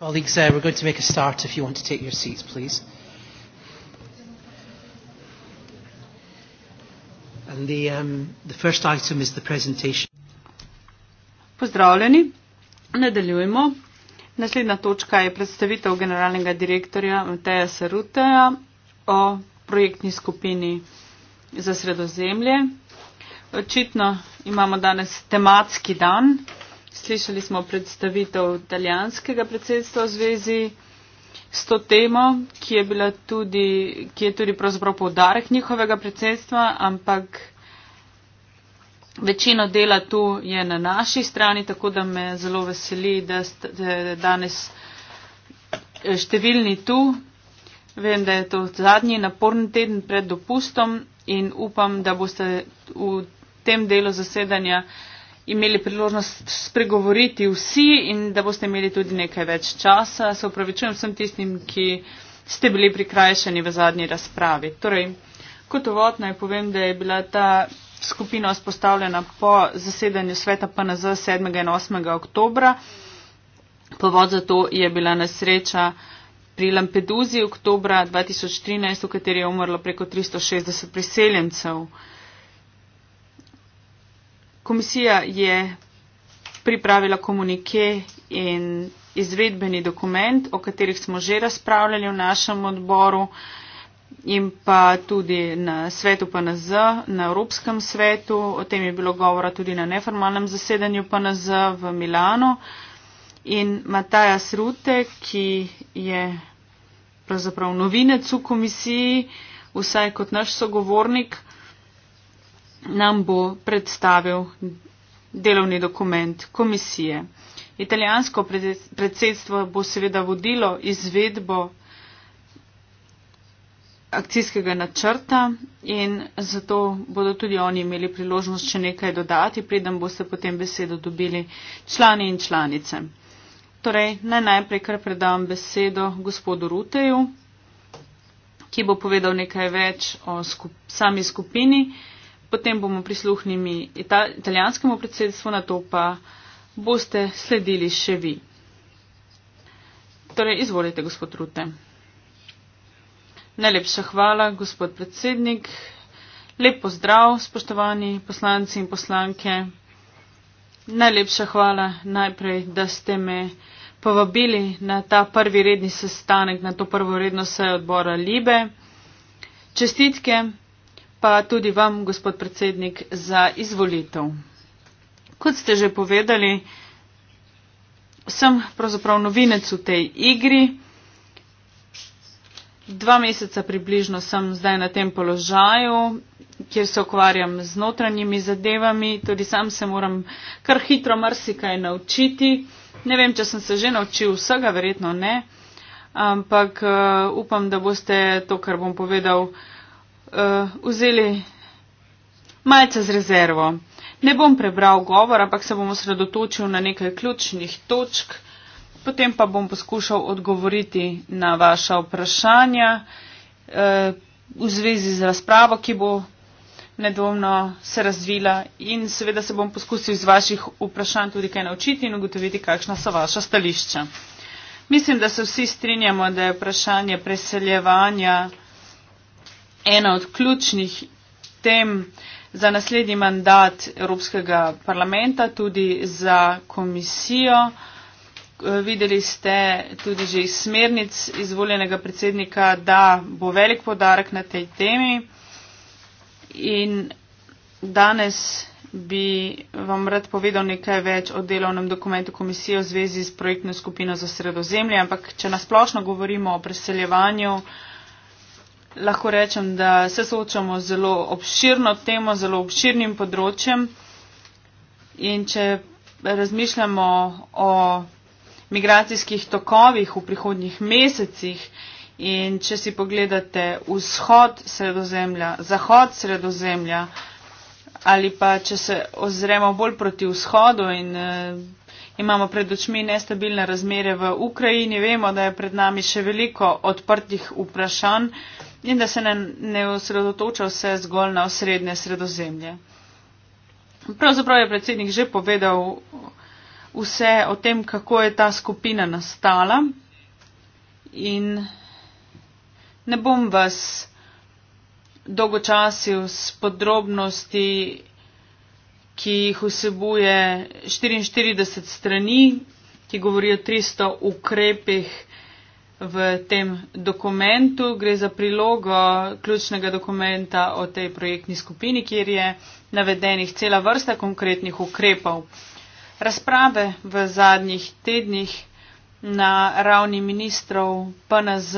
Colleagues, uh, we're going to make a start if you want to take your seats, please. And the, um, the first item is the presentation. Pozdravljeni. Nadaljujemo. Naslednja točka je predstavitev generalnega direktorja Mateja Saruteja o projektni skupini za sredozemlje. Očitno imamo danes tematski dan. Slišali smo predstavitev italijanskega predsedstva v zvezi s to temo, ki je bila tudi, ki je tudi pravzaprav povdarek njihovega predsedstva, ampak večino dela tu je na naši strani, tako da me zelo veseli, da ste danes eh, številni tu. Vem, da je to zadnji naporni teden pred dopustom in upam, da boste v tem delu zasedanja imeli priložnost spregovoriti vsi in da boste imeli tudi nekaj več časa. Se upravičujem vsem tistim, ki ste bili prikrajšani v zadnji razpravi. Torej, kot uvod naj povem, da je bila ta skupina vzpostavljena po zasedanju sveta PNZ 7. in 8. oktobra. Povod za to je bila nesreča pri Lampeduzi oktobra 2013, v kateri je umrlo preko 360 priseljencev komisija je pripravila komunike in izvedbeni dokument, o katerih smo že razpravljali v našem odboru in pa tudi na svetu PNZ, na Evropskem svetu. O tem je bilo govora tudi na neformalnem zasedanju PNZ v Milano. In Mataja Srute, ki je pravzaprav novinec v komisiji, vsaj kot naš sogovornik, nam bo predstavil delovni dokument komisije. Italijansko predsedstvo bo seveda vodilo izvedbo akcijskega načrta in zato bodo tudi oni imeli priložnost še nekaj dodati, preden boste potem besedo dobili člani in članice. Torej, naj najprej kar predam besedo gospodu Ruteju, ki bo povedal nekaj več o skup sami skupini potem bomo prisluhnili italijanskemu predsedstvu, na to pa boste sledili še vi. Torej, izvolite, gospod Rute. Najlepša hvala, gospod predsednik. Lep pozdrav, spoštovani poslanci in poslanke. Najlepša hvala najprej, da ste me povabili na ta prvi redni sestanek, na to prvo redno sejo odbora Libe. Čestitke pa tudi vam, gospod predsednik, za izvolitev. Kot ste že povedali, sem pravzaprav novinec v tej igri. Dva meseca približno sem zdaj na tem položaju, kjer se okvarjam z notranjimi zadevami. Tudi sam se moram kar hitro marsikaj naučiti. Ne vem, če sem se že naučil vsega, verjetno ne. Ampak eh, upam, da boste to, kar bom povedal, uh, vzeli malce z rezervo. Ne bom prebral govor, ampak se bom osredotočil na nekaj ključnih točk, potem pa bom poskušal odgovoriti na vaša vprašanja uh, v zvezi z razpravo, ki bo nedvomno se razvila in seveda se bom poskusil iz vaših vprašanj tudi kaj naučiti in ugotoviti, kakšna so vaša stališča. Mislim, da se vsi strinjamo, da je vprašanje preseljevanja ena od ključnih tem za naslednji mandat Evropskega parlamenta, tudi za komisijo. Videli ste tudi že iz smernic izvoljenega predsednika, da bo velik podarek na tej temi. In danes bi vam rad povedal nekaj več o delovnem dokumentu komisije v zvezi s projektno skupino za sredozemlje, ampak če nasplošno govorimo o preseljevanju, lahko rečem, da se soočamo z zelo obširno temo, zelo obširnim področjem. In če razmišljamo o migracijskih tokovih v prihodnjih mesecih in če si pogledate vzhod sredozemlja, zahod sredozemlja ali pa če se ozremo bolj proti vzhodu in eh, imamo pred očmi nestabilne razmere v Ukrajini, vemo, da je pred nami še veliko odprtih vprašanj in da se ne, ne osredotoča vse zgolj na osrednje sredozemlje. Pravzaprav je predsednik že povedal vse o tem, kako je ta skupina nastala in ne bom vas dolgočasil s podrobnosti, ki jih vsebuje 44 strani, ki govorijo o 300 ukrepih v tem dokumentu. Gre za prilogo ključnega dokumenta o tej projektni skupini, kjer je navedenih cela vrsta konkretnih ukrepov. Razprave v zadnjih tednih na ravni ministrov PNZ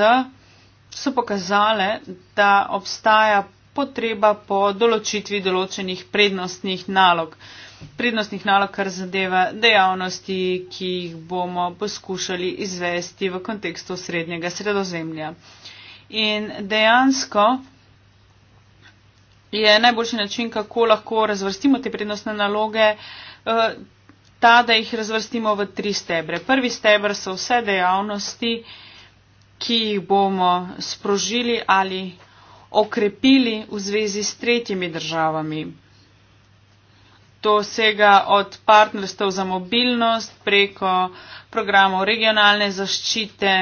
so pokazale, da obstaja potreba po določitvi določenih prednostnih nalog prednostnih nalog, kar zadeva dejavnosti, ki jih bomo poskušali izvesti v kontekstu srednjega sredozemlja. In dejansko je najboljši način, kako lahko razvrstimo te prednostne naloge, eh, ta, da jih razvrstimo v tri stebre. Prvi stebr so vse dejavnosti, ki jih bomo sprožili ali okrepili v zvezi s tretjimi državami. To sega od partnerstv za mobilnost preko programov regionalne zaščite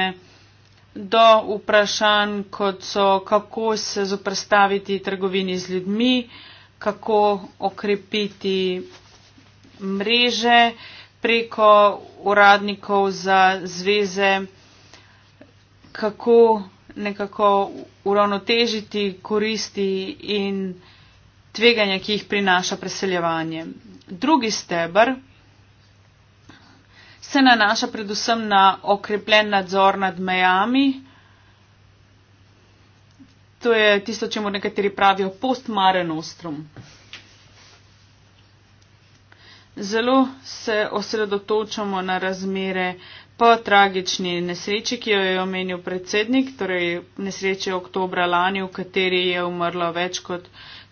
do vprašanj, kot so kako se zoprstaviti trgovini z ljudmi, kako okrepiti mreže preko uradnikov za zveze, kako nekako uravnotežiti koristi in tveganja, ki jih prinaša preseljevanje. Drugi stebr se nanaša predvsem na okrepljen nadzor nad mejami. To je tisto, čemu nekateri pravijo postmare nostrum. Zelo se osredotočamo na razmere po tragični nesreči, ki jo je omenil predsednik, torej nesreče oktobra lani, v kateri je umrlo več kot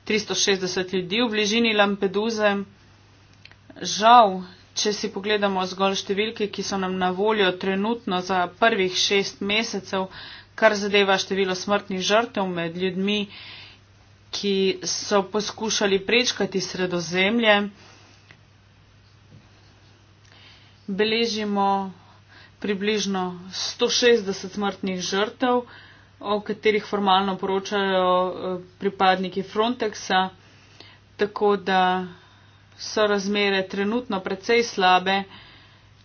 360 ljudi v bližini Lampeduze. Žal, če si pogledamo zgolj številke, ki so nam na voljo trenutno za prvih šest mesecev, kar zadeva število smrtnih žrtev med ljudmi, ki so poskušali prečkati sredozemlje, beležimo približno 160 smrtnih žrtev o katerih formalno poročajo eh, pripadniki Frontexa, tako da so razmere trenutno precej slabe,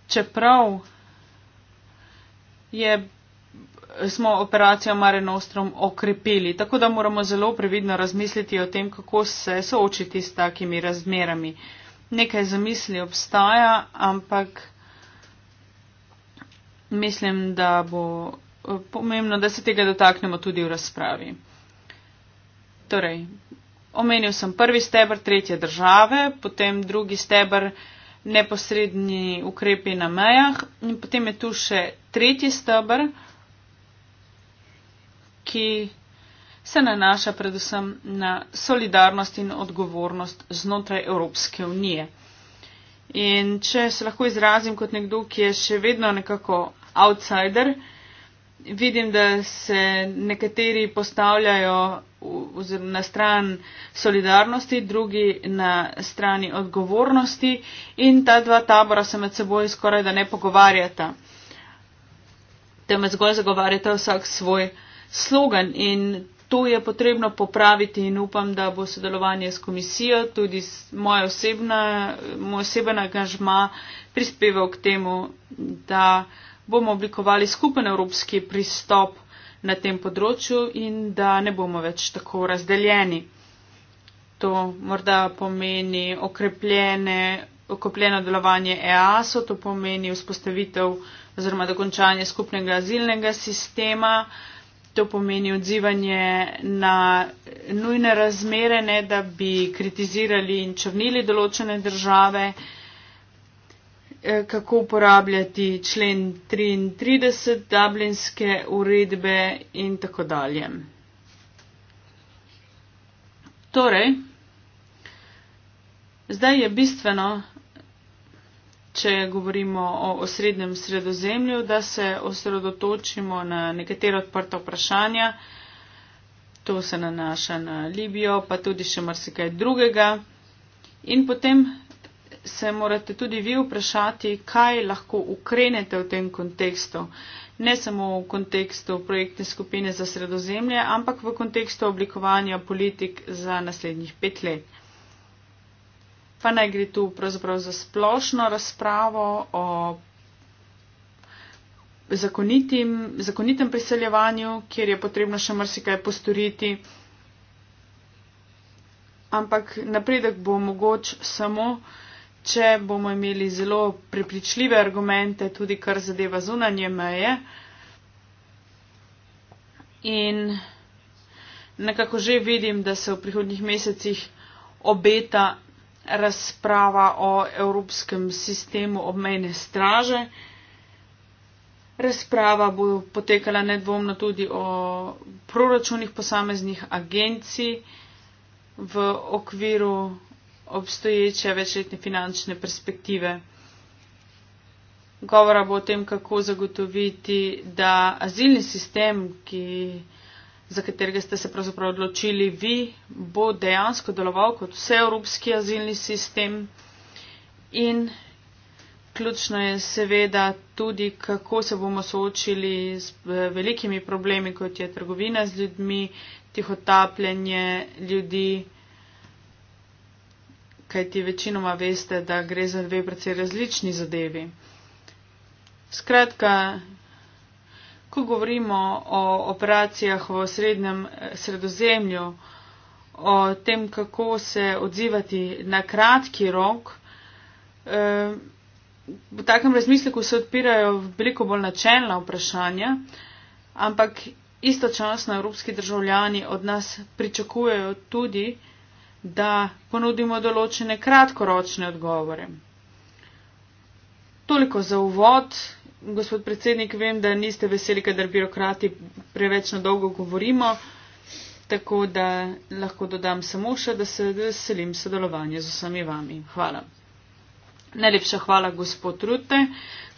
čeprav je, smo operacijo Mare Nostrom okrepili. Tako da moramo zelo previdno razmisliti o tem, kako se soočiti s takimi razmerami. Nekaj zamisli obstaja, ampak mislim, da bo. Eh, pomembno, da se tega dotaknemo tudi v razpravi. Torej, omenil sem prvi stebr tretje države, potem drugi stebr neposrednji ukrepi na mejah in potem je tu še tretji stebr, ki se nanaša predvsem na solidarnost in odgovornost znotraj Evropske unije. In če se lahko izrazim kot nekdo, ki je še vedno nekako outsider, vidim, da se nekateri postavljajo na stran solidarnosti, drugi na strani odgovornosti in ta dva tabora se med seboj skoraj da ne pogovarjata. Temveč zgolj zagovarjata vsak svoj slogan in to je potrebno popraviti in upam, da bo sodelovanje s komisijo, tudi moj, osebna, moj osebna gažma prispeval k temu, da bomo oblikovali skupen evropski pristop na tem področju in da ne bomo več tako razdeljeni. To morda pomeni okrepljene, okrepljeno delovanje EASO, to pomeni vzpostavitev oziroma dokončanje skupnega azilnega sistema, to pomeni odzivanje na nujne razmere, ne da bi kritizirali in črnili določene države. Eh, kako uporabljati člen 33 Dublinske uredbe in tako dalje. Torej, zdaj je bistveno, če govorimo o osrednjem sredozemlju, da se osredotočimo na nekatera odprta vprašanja. To se nanaša na Libijo, pa tudi še marsikaj drugega. In potem se morate tudi vi vprašati, kaj lahko ukrenete v tem kontekstu. Ne samo v kontekstu projektne skupine za sredozemlje, ampak v kontekstu oblikovanja politik za naslednjih pet let. Pa naj gre tu pravzaprav za splošno razpravo o zakonitim, zakonitem priseljevanju, kjer je potrebno še marsikaj postoriti. Ampak napredek bo mogoč samo, če bomo imeli zelo prepričljive argumente, tudi kar zadeva zunanje meje. In nekako že vidim, da se v prihodnjih mesecih obeta razprava o evropskem sistemu obmejne straže. Razprava bo potekala nedvomno tudi o proračunih posameznih agencij v okviru obstoječe večletne finančne perspektive. Govora bo o tem, kako zagotoviti, da azilni sistem, ki, za katerega ste se pravzaprav odločili vi, bo dejansko deloval kot vseevropski azilni sistem in ključno je seveda tudi, kako se bomo soočili z eh, velikimi problemi, kot je trgovina z ljudmi, tihotapljanje ljudi kajti večinoma veste, da gre za dve precej različni zadevi. Skratka, ko govorimo o operacijah v srednjem eh, sredozemlju, o tem, kako se odzivati na kratki rok, eh, v takem razmisleku se odpirajo veliko bolj načelna vprašanja, ampak istočasno evropski državljani od nas pričakujejo tudi, da ponudimo določene kratkoročne odgovore. Toliko za uvod. Gospod predsednik, vem, da niste veseli, kadar birokrati preveč na dolgo govorimo, tako da lahko dodam samo še, da se veselim sodelovanja z vsemi vami. Hvala. Najlepša hvala, gospod Rute.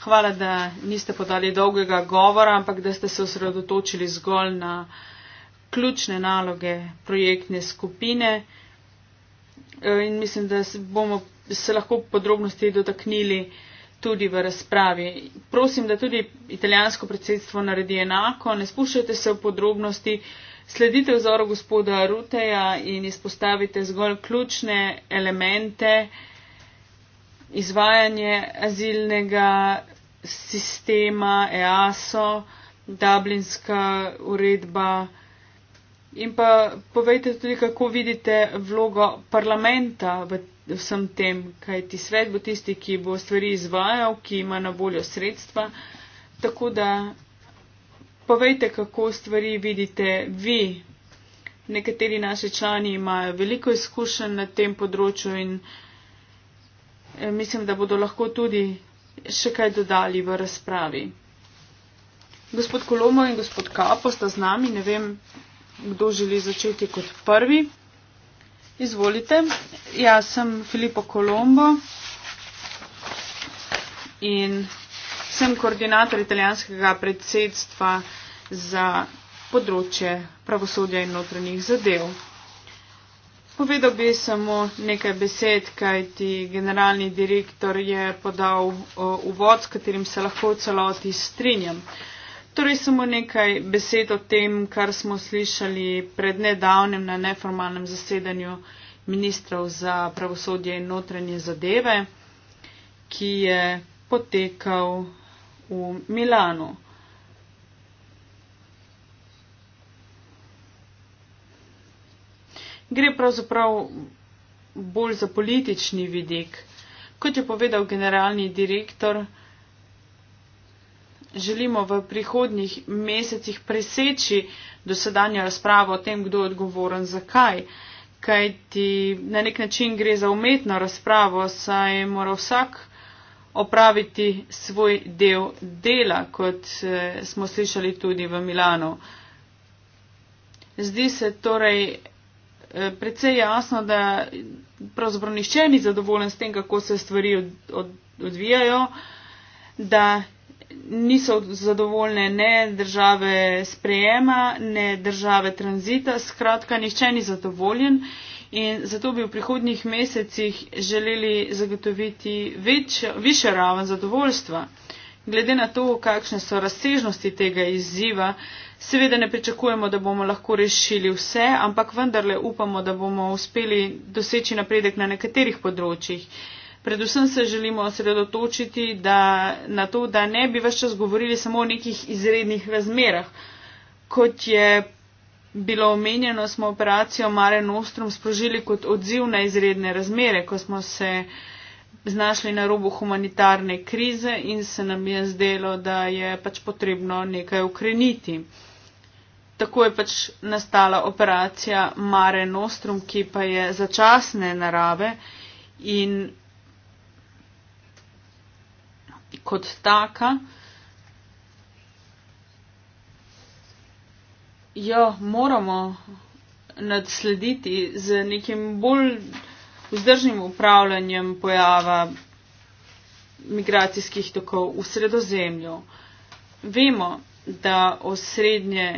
Hvala, da niste podali dolgega govora, ampak da ste se osredotočili zgolj na ključne naloge projektne skupine. Eh, in mislim, da se bomo se lahko podrobnosti dotaknili tudi v razpravi. Prosim, da tudi italijansko predsedstvo naredi enako, ne spuščajte se v podrobnosti, sledite vzoru gospoda Ruteja in izpostavite zgolj ključne elemente izvajanje azilnega sistema EASO, Dublinska uredba. In pa povejte tudi, kako vidite vlogo parlamenta v vsem tem, kaj ti svet bo tisti, ki bo stvari izvajal, ki ima na voljo sredstva. Tako da povejte, kako stvari vidite vi. Nekateri naši člani imajo veliko izkušenj na tem področju in eh, mislim, da bodo lahko tudi še kaj dodali v razpravi. Gospod Kolomo in gospod Kapo sta z nami, ne vem, kdo želi začeti kot prvi. Izvolite, jaz sem Filipo Kolombo in sem koordinator italijanskega predsedstva za področje pravosodja in notranjih zadev. Povedal bi samo nekaj besed, kajti generalni direktor je podal eh, uvod, s katerim se lahko celoti strinjam. Uh, Torej, samo nekaj besed o tem, kar smo slišali pred nedavnim na neformalnem zasedanju ministrov za pravosodje in notranje zadeve, ki je potekal v Milano. Gre pravzaprav bolj za politični vidik. Kot je povedal generalni direktor, želimo v prihodnjih mesecih preseči dosedanje razpravo o tem, kdo je odgovoren za kaj. Kaj ti na nek način gre za umetno razpravo, saj mora vsak opraviti svoj del dela, kot eh, smo slišali tudi v Milano. Zdi se torej eh, precej jasno, da pravzaprav nišče ni zadovoljen s tem, kako se stvari odvijajo, da niso zadovoljne ne države sprejema, ne države tranzita, skratka, nihče ni zadovoljen in zato bi v prihodnjih mesecih želeli zagotoviti više raven zadovoljstva. Glede na to, kakšne so razsežnosti tega izziva, seveda ne pričakujemo, da bomo lahko rešili vse, ampak vendarle upamo, da bomo uspeli doseči napredek na nekaterih področjih predvsem se želimo osredotočiti da, na to, da ne bi vse čas govorili samo o nekih izrednih razmerah. Kot je bilo omenjeno, smo operacijo Mare Nostrum sprožili kot odziv na izredne razmere, ko smo se znašli na robu humanitarne krize in se nam je zdelo, da je pač potrebno nekaj ukreniti. Tako je pač nastala operacija Mare Nostrum, ki pa je začasne narave in kot taka jo moramo nadslediti z nekim bolj vzdržnim upravljanjem pojava migracijskih tokov v sredozemlju. Vemo, da osrednje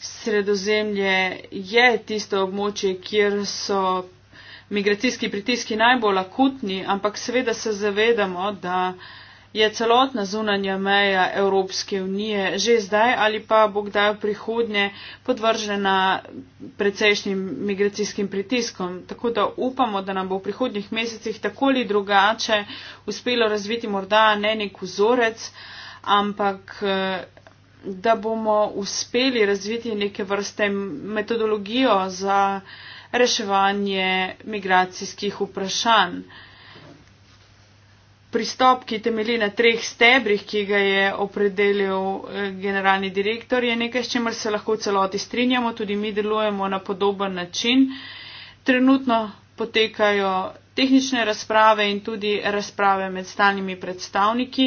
sredozemlje je tisto območje, kjer so migracijski pritiski najbolj akutni, ampak seveda se zavedamo, da je celotna zunanja meja Evropske unije že zdaj ali pa bo kdaj v prihodnje podvržena precejšnjim migracijskim pritiskom. Tako da upamo, da nam bo v prihodnjih mesecih tako ali drugače uspelo razviti morda ne nek vzorec, ampak eh, da bomo uspeli razviti neke vrste metodologijo za reševanje migracijskih vprašanj pristop, ki temelji na treh stebrih, ki ga je opredelil eh, generalni direktor, je nekaj, s čimer se lahko v celoti strinjamo. Tudi mi delujemo na podoben način. Trenutno potekajo tehnične razprave in tudi razprave med stalnimi predstavniki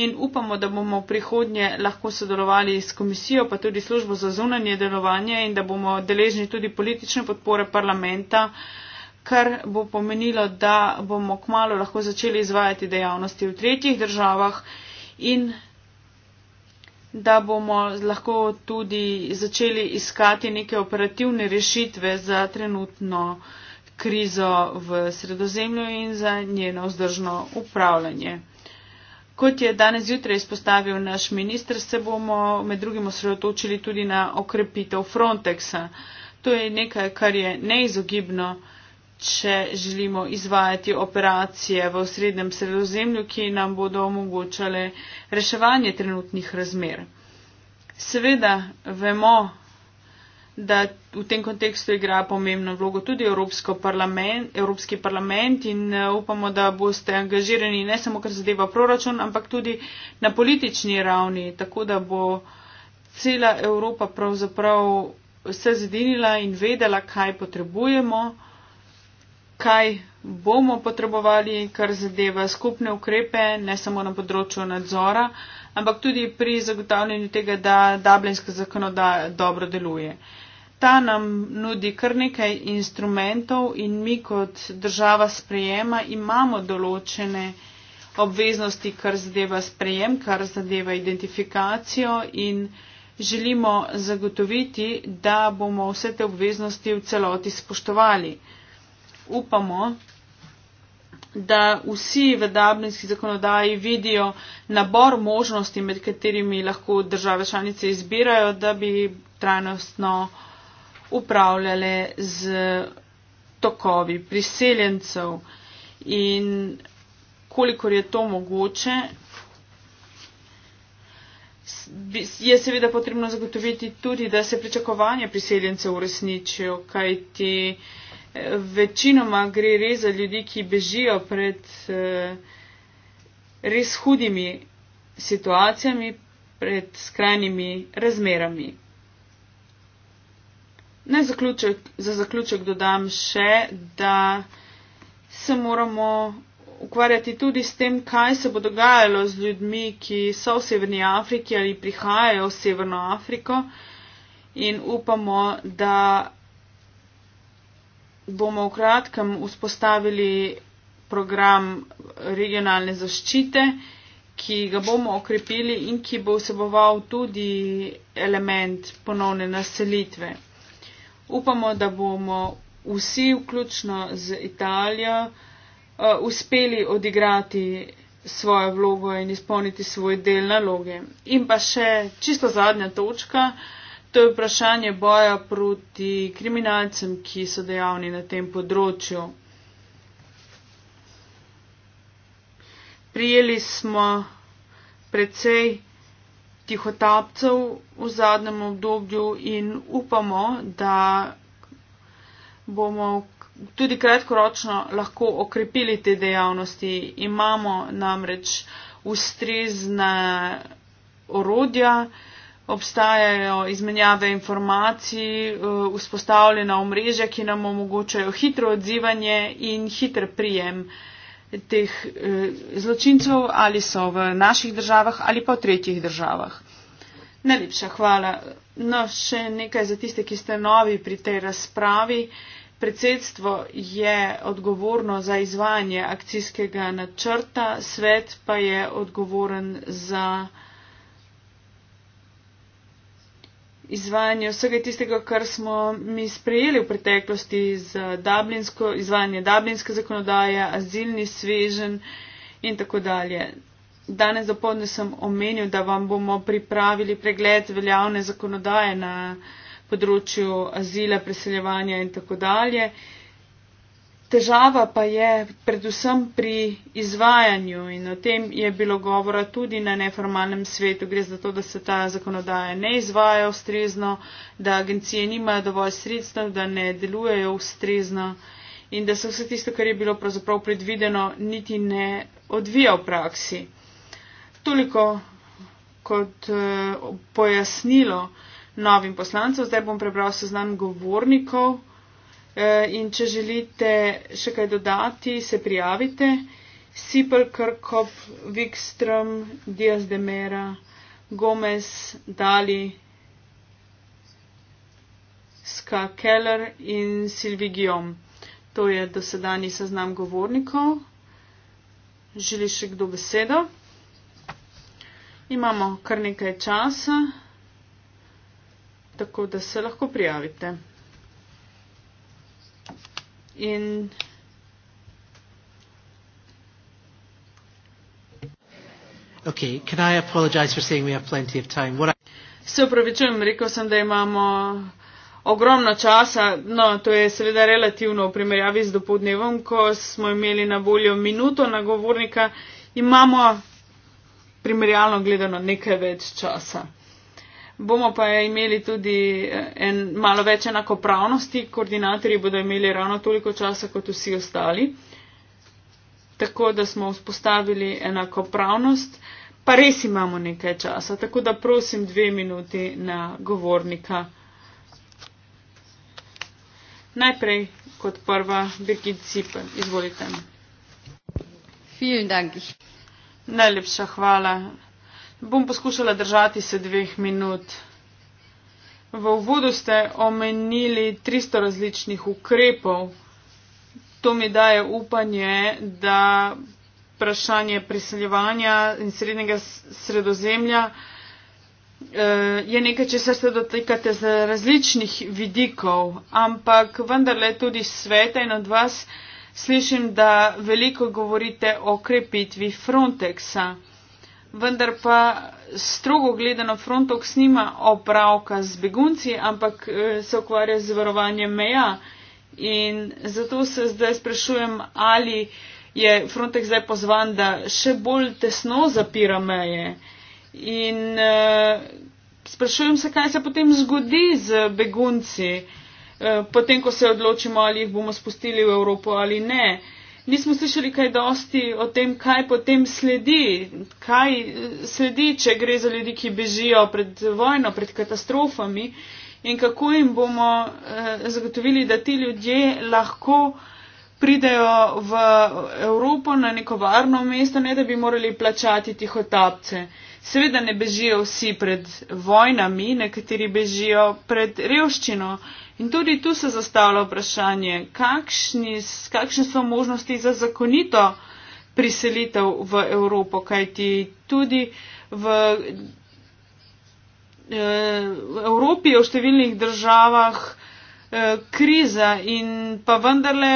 in upamo, da bomo v prihodnje lahko sodelovali s komisijo, pa tudi službo za zunanje delovanje in da bomo deležni tudi politične podpore parlamenta. Uh, kar bo pomenilo, da bomo kmalo lahko začeli izvajati dejavnosti v tretjih državah in da bomo lahko tudi začeli iskati neke operativne rešitve za trenutno krizo v sredozemlju in za njeno vzdržno upravljanje. Kot je danes jutraj izpostavil naš minister, se bomo med drugim osredotočili tudi na okrepitev Frontexa. To je nekaj, kar je neizogibno če želimo izvajati operacije v srednjem sredozemlju, ki nam bodo omogočale reševanje trenutnih razmer. Seveda vemo, da v tem kontekstu igra pomembno vlogo tudi parlament, Evropski parlament in eh, upamo, da boste angažirani ne samo kar zadeva proračun, ampak tudi na politični ravni, tako da bo cela Evropa pravzaprav se zedinila in vedela, kaj potrebujemo kaj bomo potrebovali, kar zadeva skupne ukrepe, ne samo na področju nadzora, ampak tudi pri zagotavljanju tega, da dublinska zakonodaja dobro deluje. Ta nam nudi kar nekaj instrumentov in mi kot država sprejema imamo določene obveznosti, kar zadeva sprejem, kar zadeva identifikacijo in želimo zagotoviti, da bomo vse te obveznosti v celoti spoštovali upamo, da vsi v dablinski zakonodaji vidijo nabor možnosti, med katerimi lahko države članice izbirajo, da bi trajnostno upravljale z tokovi priseljencev in kolikor je to mogoče. Je seveda potrebno zagotoviti tudi, da se pričakovanje priseljencev uresničijo, kajti uh, Večinoma gre res za ljudi, ki bežijo pred eh, res hudimi situacijami, pred skrajnimi razmerami. Naj zaključek, za zaključek dodam še, da se moramo ukvarjati tudi s tem, kaj se bo dogajalo z ljudmi, ki so v Severni Afriki ali prihajajo v Severno Afriko in upamo, da bomo v kratkem vzpostavili program regionalne zaščite, ki ga bomo okrepili in ki bo vseboval tudi element ponovne naselitve. Upamo, da bomo vsi, vključno z Italijo, eh, uspeli odigrati svojo vlogo in izpolniti svoj del naloge. In pa še čisto zadnja točka. To je vprašanje boja proti kriminalcem, ki so dejavni na tem področju. Prijeli smo precej tihotapcev v zadnjem obdobju in upamo, da bomo tudi kratkoročno lahko okrepili te dejavnosti. Imamo namreč ustrezne orodja, obstajajo izmenjave informacij, eh, vzpostavljena omrežja, ki nam omogočajo hitro odzivanje in hiter prijem teh eh, zločincev, ali so v naših državah ali pa v tretjih državah. Najlepša hvala. No, še nekaj za tiste, ki ste novi pri tej razpravi. Predsedstvo je odgovorno za izvajanje akcijskega načrta, svet pa je odgovoren za. izvajanje vsega tistega, kar smo mi sprejeli v preteklosti z Dublinsko, izvajanje Dublinske zakonodaje, azilni svežen in tako dalje. Danes dopoledne sem omenil, da vam bomo pripravili pregled veljavne zakonodaje na področju azila, preseljevanja in tako dalje. Težava pa je predvsem pri izvajanju in o tem je bilo govora tudi na neformalnem svetu. Gre za to, da se ta zakonodaja ne izvaja ustrezno, da agencije nimajo dovolj sredstev, da ne delujejo ustrezno in da se vse tisto, kar je bilo pravzaprav predvideno, niti ne odvija v praksi. Toliko kot eh, pojasnilo novim poslancem, zdaj bom prebral seznam govornikov. Eh, in če želite še kaj dodati, se prijavite. Sipel, Krkop, Vikström, Diaz de Mera, Gomez, Dali, Ska Keller in Silvi Guillaume. To je dosedani seznam govornikov. Želi še kdo besedo? Imamo kar nekaj časa, tako da se lahko prijavite in Okay, can I apologize for saying we have plenty of time? What I... Se upravičujem, rekel sem, da imamo ogromno časa, no, to je seveda relativno v primerjavi z dopodnevom, ko smo imeli na voljo minuto nagovornika, imamo primerjalno gledano nekaj več časa bomo pa imeli tudi eh, en, malo več enakopravnosti, koordinatorji bodo imeli ravno toliko časa kot vsi ostali. Tako da smo vzpostavili enakopravnost, pa res imamo nekaj časa, tako da prosim dve minuti na govornika. Najprej kot prva Birgit Cipen, izvolite. Najlepša hvala. Bom poskušala držati se dveh minut. V uvodu ste omenili 300 različnih ukrepov. To mi daje upanje, da vprašanje priseljevanja in srednjega sredozemlja eh, je nekaj, če se dotikate z različnih vidikov, ampak vendarle tudi sveta in od vas slišim, da veliko govorite o krepitvi Frontexa vendar pa strogo gledano Frontox nima opravka z begunci, ampak eh, se ukvarja z varovanjem meja. In zato se zdaj sprašujem, ali je Frontex zdaj pozvan, da še bolj tesno zapira meje. In e, sprašujem se, kaj se potem zgodi z begunci, e, potem, ko se odločimo, ali jih bomo spustili v Evropo ali ne. E, nismo slišali kaj dosti o tem, kaj potem sledi, kaj eh, sledi, če gre za ljudi, ki bežijo pred vojno, pred katastrofami in kako jim bomo eh, zagotovili, da ti ljudje lahko pridejo v Evropo na neko varno mesto, ne da bi morali plačati tih otapce. Seveda ne bežijo vsi pred vojnami, nekateri bežijo pred revščino. In tudi tu se zastavlja vprašanje, kakšni, kakšne so možnosti za zakonito priselitev v Evropo, kajti tudi v eh, Evropi je v številnih državah eh, kriza in pa vendarle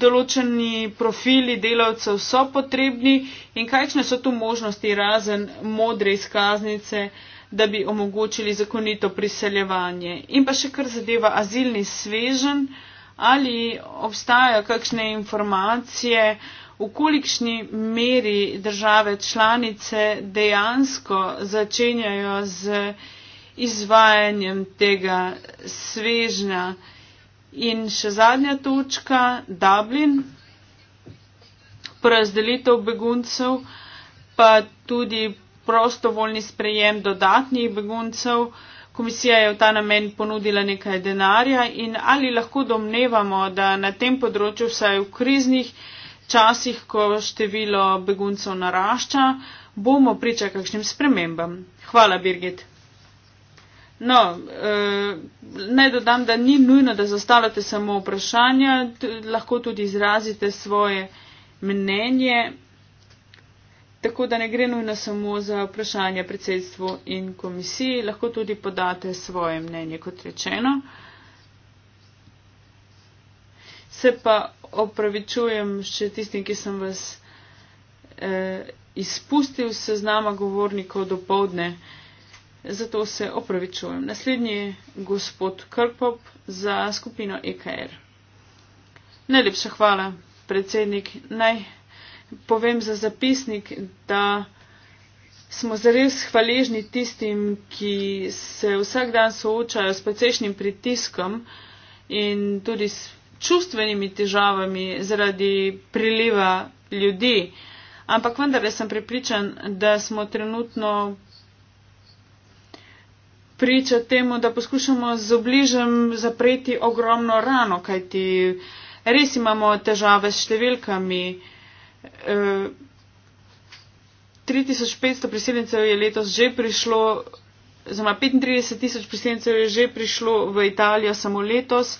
določeni profili delavcev so potrebni in kakšne so tu možnosti razen modre izkaznice. Eh, da bi omogočili zakonito priseljevanje. In pa še kar zadeva azilni svežen, ali obstajajo kakšne informacije, v kolikšni meri države članice dejansko začenjajo z izvajanjem tega svežnja. In še zadnja točka, Dublin, porazdelitev beguncev, pa tudi prostovoljni sprejem dodatnih beguncev. Komisija je v ta namen ponudila nekaj denarja in ali lahko domnevamo, da na tem področju vsaj v kriznih časih, ko število beguncev narašča, bomo priča kakšnim spremembam. Hvala, Birgit. No, eh, naj dodam, da ni nujno, da zastavljate samo vprašanja, lahko tudi izrazite svoje mnenje. Tako da ne gre nujno samo za vprašanje predsedstvu in komisiji, lahko tudi podate svoje mnenje, kot rečeno. Se pa opravičujem še tistim, ki sem vas eh, izpustil seznama govornikov do povdne, zato se opravičujem. Naslednji je gospod Krpop za skupino EKR. Najlepša hvala, predsednik. Naj povem za zapisnik, da smo zares hvaležni tistim, ki se vsak dan soočajo s precejšnjim pritiskom in tudi s čustvenimi težavami zaradi priliva ljudi. Ampak vendar je sem prepričan, da smo trenutno priča temu, da poskušamo z obližem zapreti ogromno rano, kajti res imamo težave s številkami. 3500 eh, priseljencev je letos že prišlo, oziroma 35000 priseljencev je že prišlo v Italijo samo letos.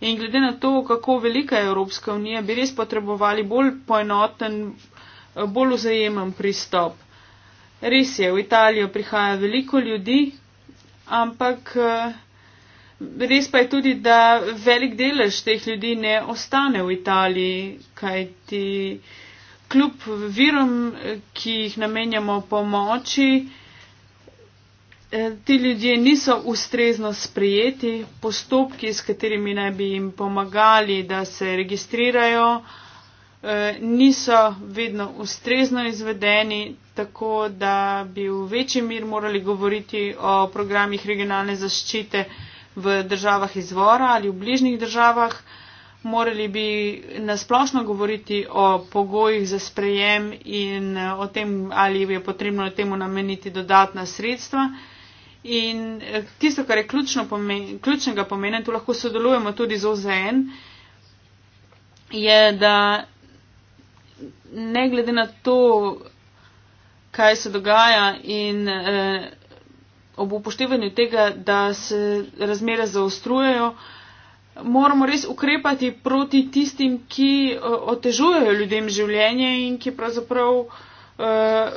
In glede na to, kako velika je Evropska unija, bi res potrebovali bolj poenoten, eh, bolj vzajemen pristop. Res je, v Italijo prihaja veliko ljudi, ampak eh, res pa je tudi, da velik delež teh ljudi ne ostane v Italiji, kajti kljub virom, ki jih namenjamo pomoči, eh, ti ljudje niso ustrezno sprijeti, postopki, s katerimi naj bi jim pomagali, da se registrirajo, eh, niso vedno ustrezno izvedeni, tako da bi v večji mir morali govoriti o programih regionalne zaščite v državah izvora ali v bližnjih državah morali bi nasplošno govoriti o pogojih za sprejem in eh, o tem, ali je potrebno temu nameniti dodatna sredstva. In eh, tisto, kar je pomen, ključnega pomena, tu lahko sodelujemo tudi z OZN, je, da ne glede na to, kaj se dogaja in eh, ob upoštevanju tega, da se razmere zaostrujejo, eh, moramo res ukrepati proti tistim, ki uh, otežujejo ljudem življenje in ki pravzaprav uh, eh,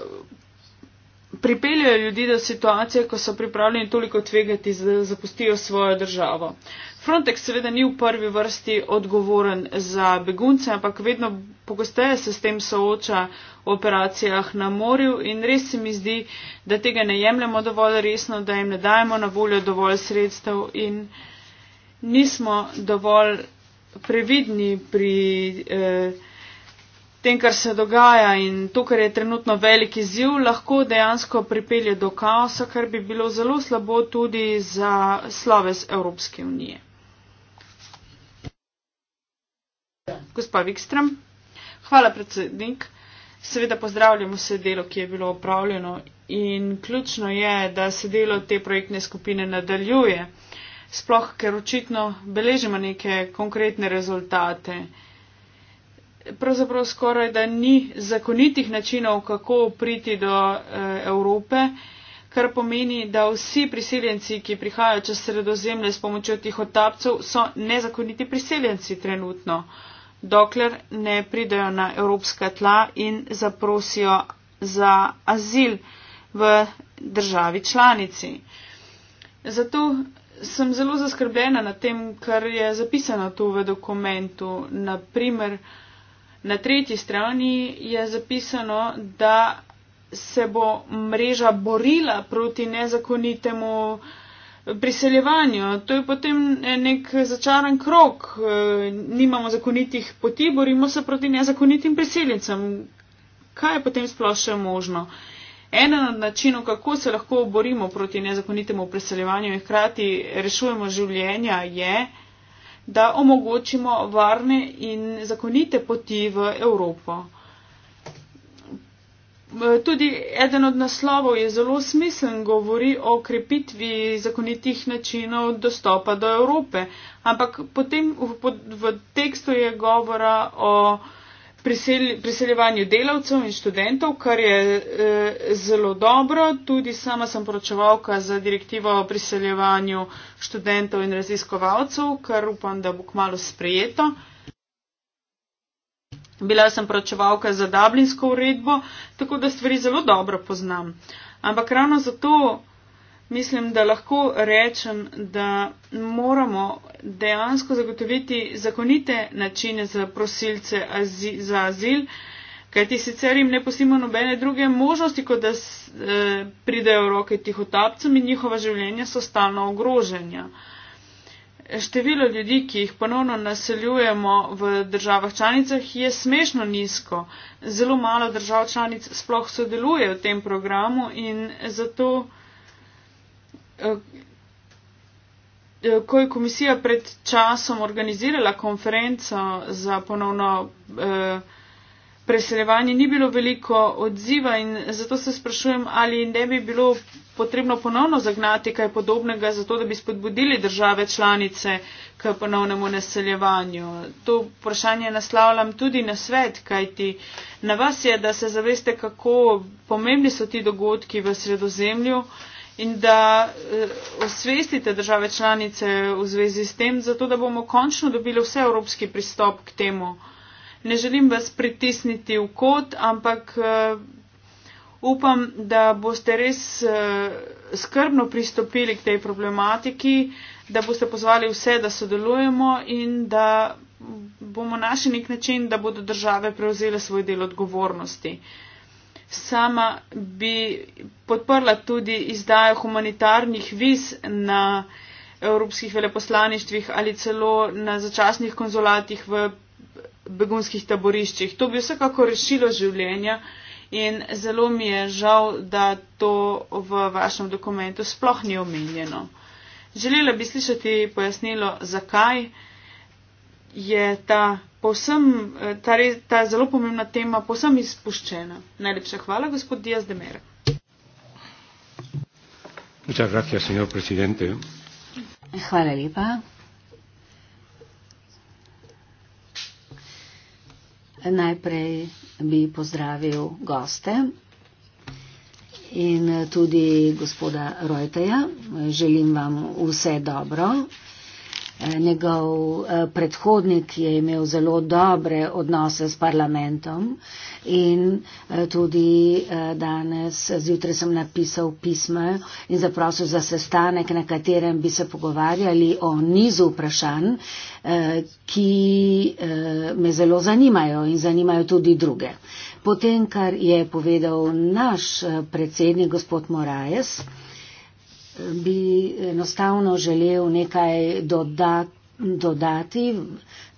pripeljajo ljudi do situacije, ko so pripravljeni toliko tvegati, da zapustijo svojo državo. Frontex seveda ni v prvi vrsti odgovoren za begunce, ampak vedno pogosteje se s tem sooča v operacijah na morju in res se mi zdi, da tega ne jemljemo dovolj resno, da jim ne dajemo na voljo dovolj sredstev in uh, nismo dovolj previdni pri eh, tem, kar se dogaja in to, kar je trenutno veliki ziv, lahko dejansko pripelje do kaosa, kar bi bilo zelo slabo tudi za sloves Evropske unije. Gospa Vikstrom, hvala predsednik. Seveda pozdravljamo vse delo, ki je bilo opravljeno in ključno je, da se delo te projektne skupine nadaljuje sploh ker očitno beležimo neke konkretne rezultate. Pravzaprav skoraj da ni zakonitih načinov, kako priti do eh, Evrope, kar pomeni, da vsi priseljenci, ki prihajajo čez sredozemlje s pomočjo tih otapcev, so nezakoniti priseljenci trenutno, dokler ne pridajo na evropska tla in zaprosijo za azil v državi članici. Zato sem zelo zaskrbljena nad tem, kar je zapisano tu v dokumentu. Naprimer, na tretji strani je zapisano, da se bo mreža borila proti nezakonitemu priseljevanju. To je potem nek začaran krok. E, nimamo zakonitih poti, borimo se proti nezakonitim priseljencem. Kaj je potem sploh še možno? Uh, Ena od načinov, kako se lahko borimo proti nezakonitemu preseljevanju in hkrati rešujemo življenja, je, da omogočimo varne in zakonite poti v Evropo. Tudi eden od naslovov je zelo smislen, govori o krepitvi zakonitih načinov dostopa do Evrope, ampak potem v, v tekstu je govora o prisel, priseljevanju delavcev in študentov, kar je e, zelo dobro. Tudi sama sem poročevalka za direktivo o priseljevanju študentov in raziskovalcev, kar upam, da bo kmalo sprejeto. Bila sem poročevalka za Dublinsko uredbo, tako da stvari zelo dobro poznam. Ampak ravno zato mislim, da lahko rečem, da moramo dejansko zagotoviti zakonite načine za prosilce azi, za azil, kajti sicer jim ne posimo nobene druge možnosti, kot da e, pridejo roke tihotapcem in njihova življenja so stalno ogroženja. Število ljudi, ki jih ponovno naseljujemo v državah članicah, je smešno nizko. Zelo malo držav članic sploh sodeluje v tem programu in zato. Eh, ko je komisija pred časom organizirala konferenco za ponovno eh, preseljevanje, ni bilo veliko odziva in zato se sprašujem, ali ne bi bilo potrebno ponovno zagnati kaj podobnega, zato da bi spodbudili države članice k ponovnemu naseljevanju. To vprašanje naslavljam tudi na svet, kajti na vas je, da se zaveste, kako pomembni so ti dogodki v sredozemlju in da eh, osvestite države članice v zvezi s tem, zato da bomo končno dobili vse evropski pristop k temu. Ne želim vas pritisniti v kot, ampak eh, upam, da boste res eh, skrbno pristopili k tej problematiki, da boste pozvali vse, da sodelujemo in da bomo našli nek način, da bodo države prevzele svoj del odgovornosti. Sama bi podprla tudi izdajo humanitarnih viz na evropskih veleposlaništvih ali celo na začasnih konzulatih v begunskih taboriščih. To bi vsekako rešilo življenja in zelo mi je žal, da to v vašem dokumentu sploh ni omenjeno. Želela bi slišati pojasnilo, zakaj je ta povsem, eh, ta, re, ta zelo pomembna tema povsem izpuščena. Najlepša hvala, gospod Diaz de Mera. Gracias, hvala lepa. Najprej bi pozdravil goste in tudi gospoda Rojteja. Želim vam vse dobro. Eh, njegov eh, predhodnik je imel zelo dobre odnose s parlamentom in eh, tudi danes zjutraj sem napisal pisme in zaprosil za sestanek, na katerem bi se pogovarjali o nizu vprašanj, ki me zelo zanimajo in zanimajo tudi druge. Potem, kar je povedal naš predsednik gospod Moraes, bi enostavno želel nekaj dodati dodati,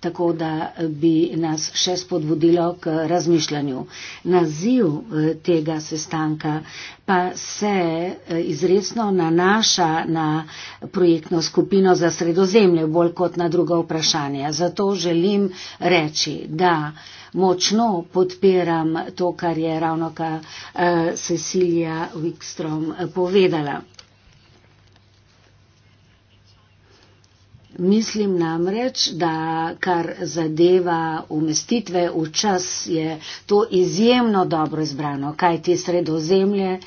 tako da bi nas še spodbudilo k razmišljanju. Naziv e, tega sestanka pa se e, izresno nanaša na projektno skupino za sredozemlje, bolj kot na druga vprašanja. Zato želim reči, da močno podpiram to, kar je ravno ka e, Cecilija Wikstrom povedala. Mislim namreč, da kar zadeva umestitve v čas, je to izjemno dobro izbrano, kaj ti sredozemlje,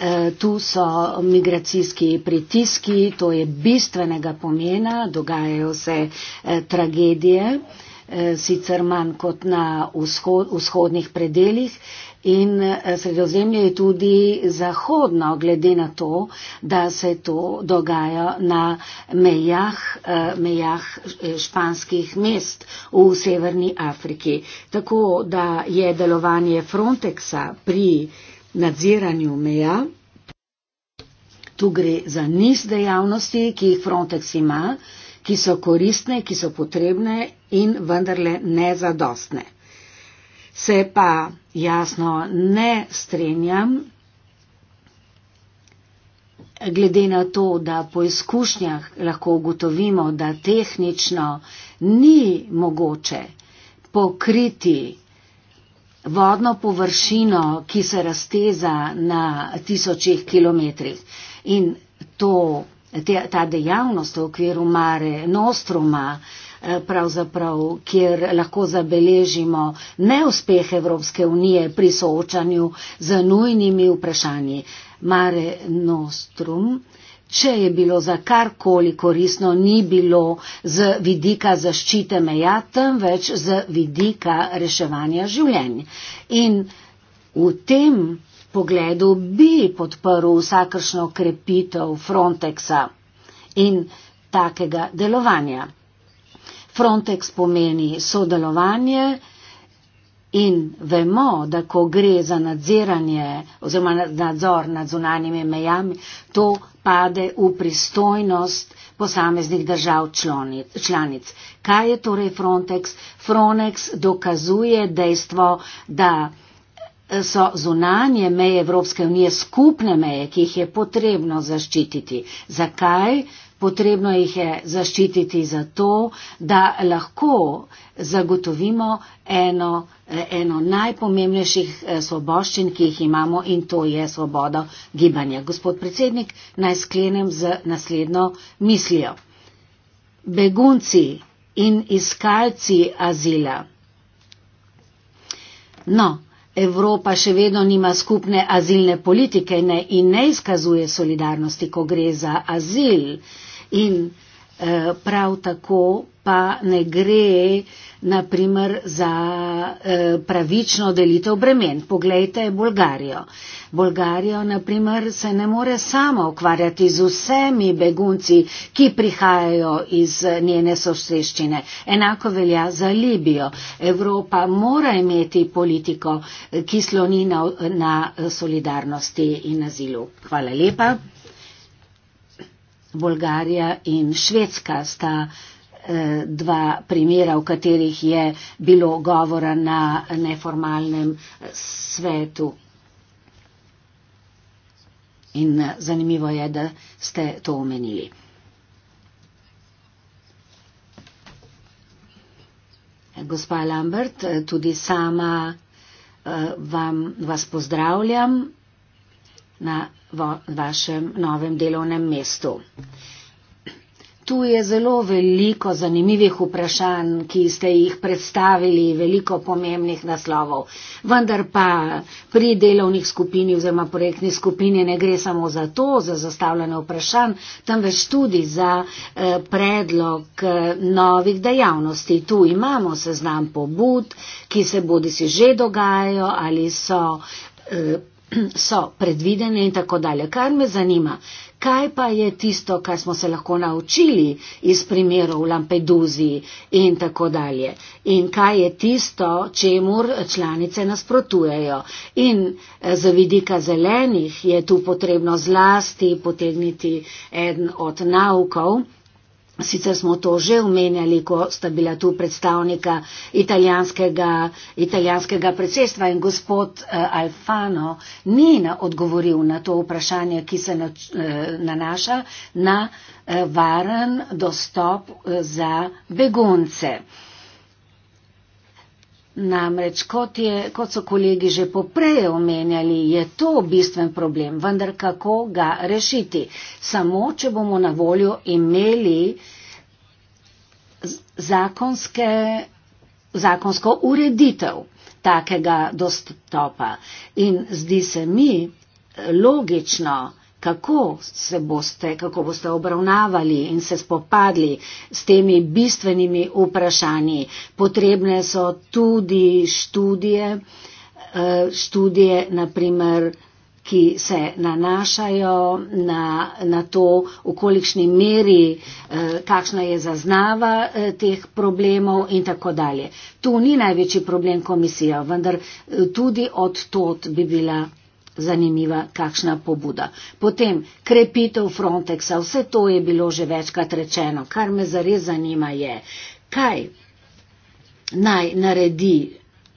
eh, tu so migracijski pritiski, to je bistvenega pomena, dogajajo se eh, tragedije, eh, sicer manj kot na vzhodnih predeljih in eh, sredozemlje je tudi zahodno, glede na to, da se to dogaja na mejah, eh, mejah eh, španskih mest v Severni Afriki. Tako da je delovanje Frontexa pri nadziranju meja. Tu gre za niz dejavnosti, ki jih Frontex ima, ki so koristne, ki so potrebne in vendarle nezadostne. Se pa jasno ne strenjam, glede na to, da po izkušnjah lahko ugotovimo, da tehnično ni mogoče pokriti vodno površino, ki se razteza na tisočih kilometrih. In to, te, ta dejavnost v okviru Mare Nostruma, eh, Eh, pravzaprav, kjer lahko zabeležimo neuspeh Evropske unije pri soočanju z nujnimi vprašanji. Mare Nostrum, če je bilo za kar koli korisno, ni bilo z vidika zaščite meja, temveč z vidika reševanja življenj. In v tem pogledu bi podprl vsakršno krepitev Frontexa in takega delovanja. Frontex pomeni sodelovanje in vemo, da ko gre za nadziranje oziroma nadzor nad zunanjimi mejami, to pade v pristojnost posameznih držav članic. Kaj je torej Frontex? Frontex dokazuje dejstvo, da so zunanje meje Evropske unije skupne meje, ki jih je potrebno zaščititi. Zakaj? Potrebno jih je zaščititi zato, da lahko zagotovimo eno, eno najpomembnejših eh, svoboščin, ki jih imamo in to je svobodo gibanja. Gospod predsednik, naj sklenem z naslednjo mislijo. Begunci in iskalci azila. No, Evropa še vedno nima skupne azilne politike ne, in ne izkazuje solidarnosti, ko gre za azil. Uh, in eh, prav tako pa ne gre naprimer za eh, pravično delitev bremen. Poglejte Bolgarijo. Bolgarijo naprimer se ne more sama ukvarjati z vsemi begunci, ki prihajajo iz njene sosedščine. Enako velja za Libijo. Evropa mora imeti politiko, eh, ki sloni na, na solidarnosti in azilu. Hvala lepa. Bolgarija in Švedska sta eh, dva primera, v katerih je bilo govora na neformalnem eh, svetu. In eh, zanimivo je, da ste to omenili. Gospa Lambert, tudi sama vam, vas pozdravljam na v vašem novem delovnem mestu. Tu je zelo veliko zanimivih vprašanj, ki ste jih predstavili, veliko pomembnih naslovov. Vendar pa pri delovnih skupini oziroma projektni skupini ne gre samo za to, za zastavljanje vprašanj, temveč tudi za eh, predlog eh, novih dejavnosti. Tu imamo seznam pobud, ki se bodi si že dogajajo ali so. Eh, so predvidene in tako dalje. Kar me zanima, kaj pa je tisto, kar smo se lahko naučili iz primerov v Lampeduzi in tako dalje. In kaj je tisto, čemu članice nasprotujejo. In eh, za vidika zelenih je tu potrebno zlasti potegniti en od naukov Sicer smo to že omenjali, ko sta bila tu predstavnika italijanskega, italijanskega predsedstva in gospod uh, Alfano ni na, odgovoril na to vprašanje, ki se na, uh, eh, nanaša na uh, varen dostop uh, za begunce. Uh, Namreč, kot, je, kot so kolegi že poprej omenjali, je to bistven problem, vendar kako ga rešiti? Samo, če bomo na voljo imeli zakonske, zakonsko ureditev takega dostopa. In zdi se mi logično, kako se boste, kako boste obravnavali in se spopadli s temi bistvenimi vprašanji. Potrebne so tudi študije, eh, študije naprimer, ki se nanašajo na, na to, v kolikšni meri, eh, kakšna je zaznava eh, teh problemov in tako dalje. Tu ni največji problem komisija, vendar tudi od tot bi bila zanimiva kakšna pobuda. Potem krepitev Frontexa, vse to je bilo že večkrat rečeno. Kar me zares zanima je, kaj naj naredi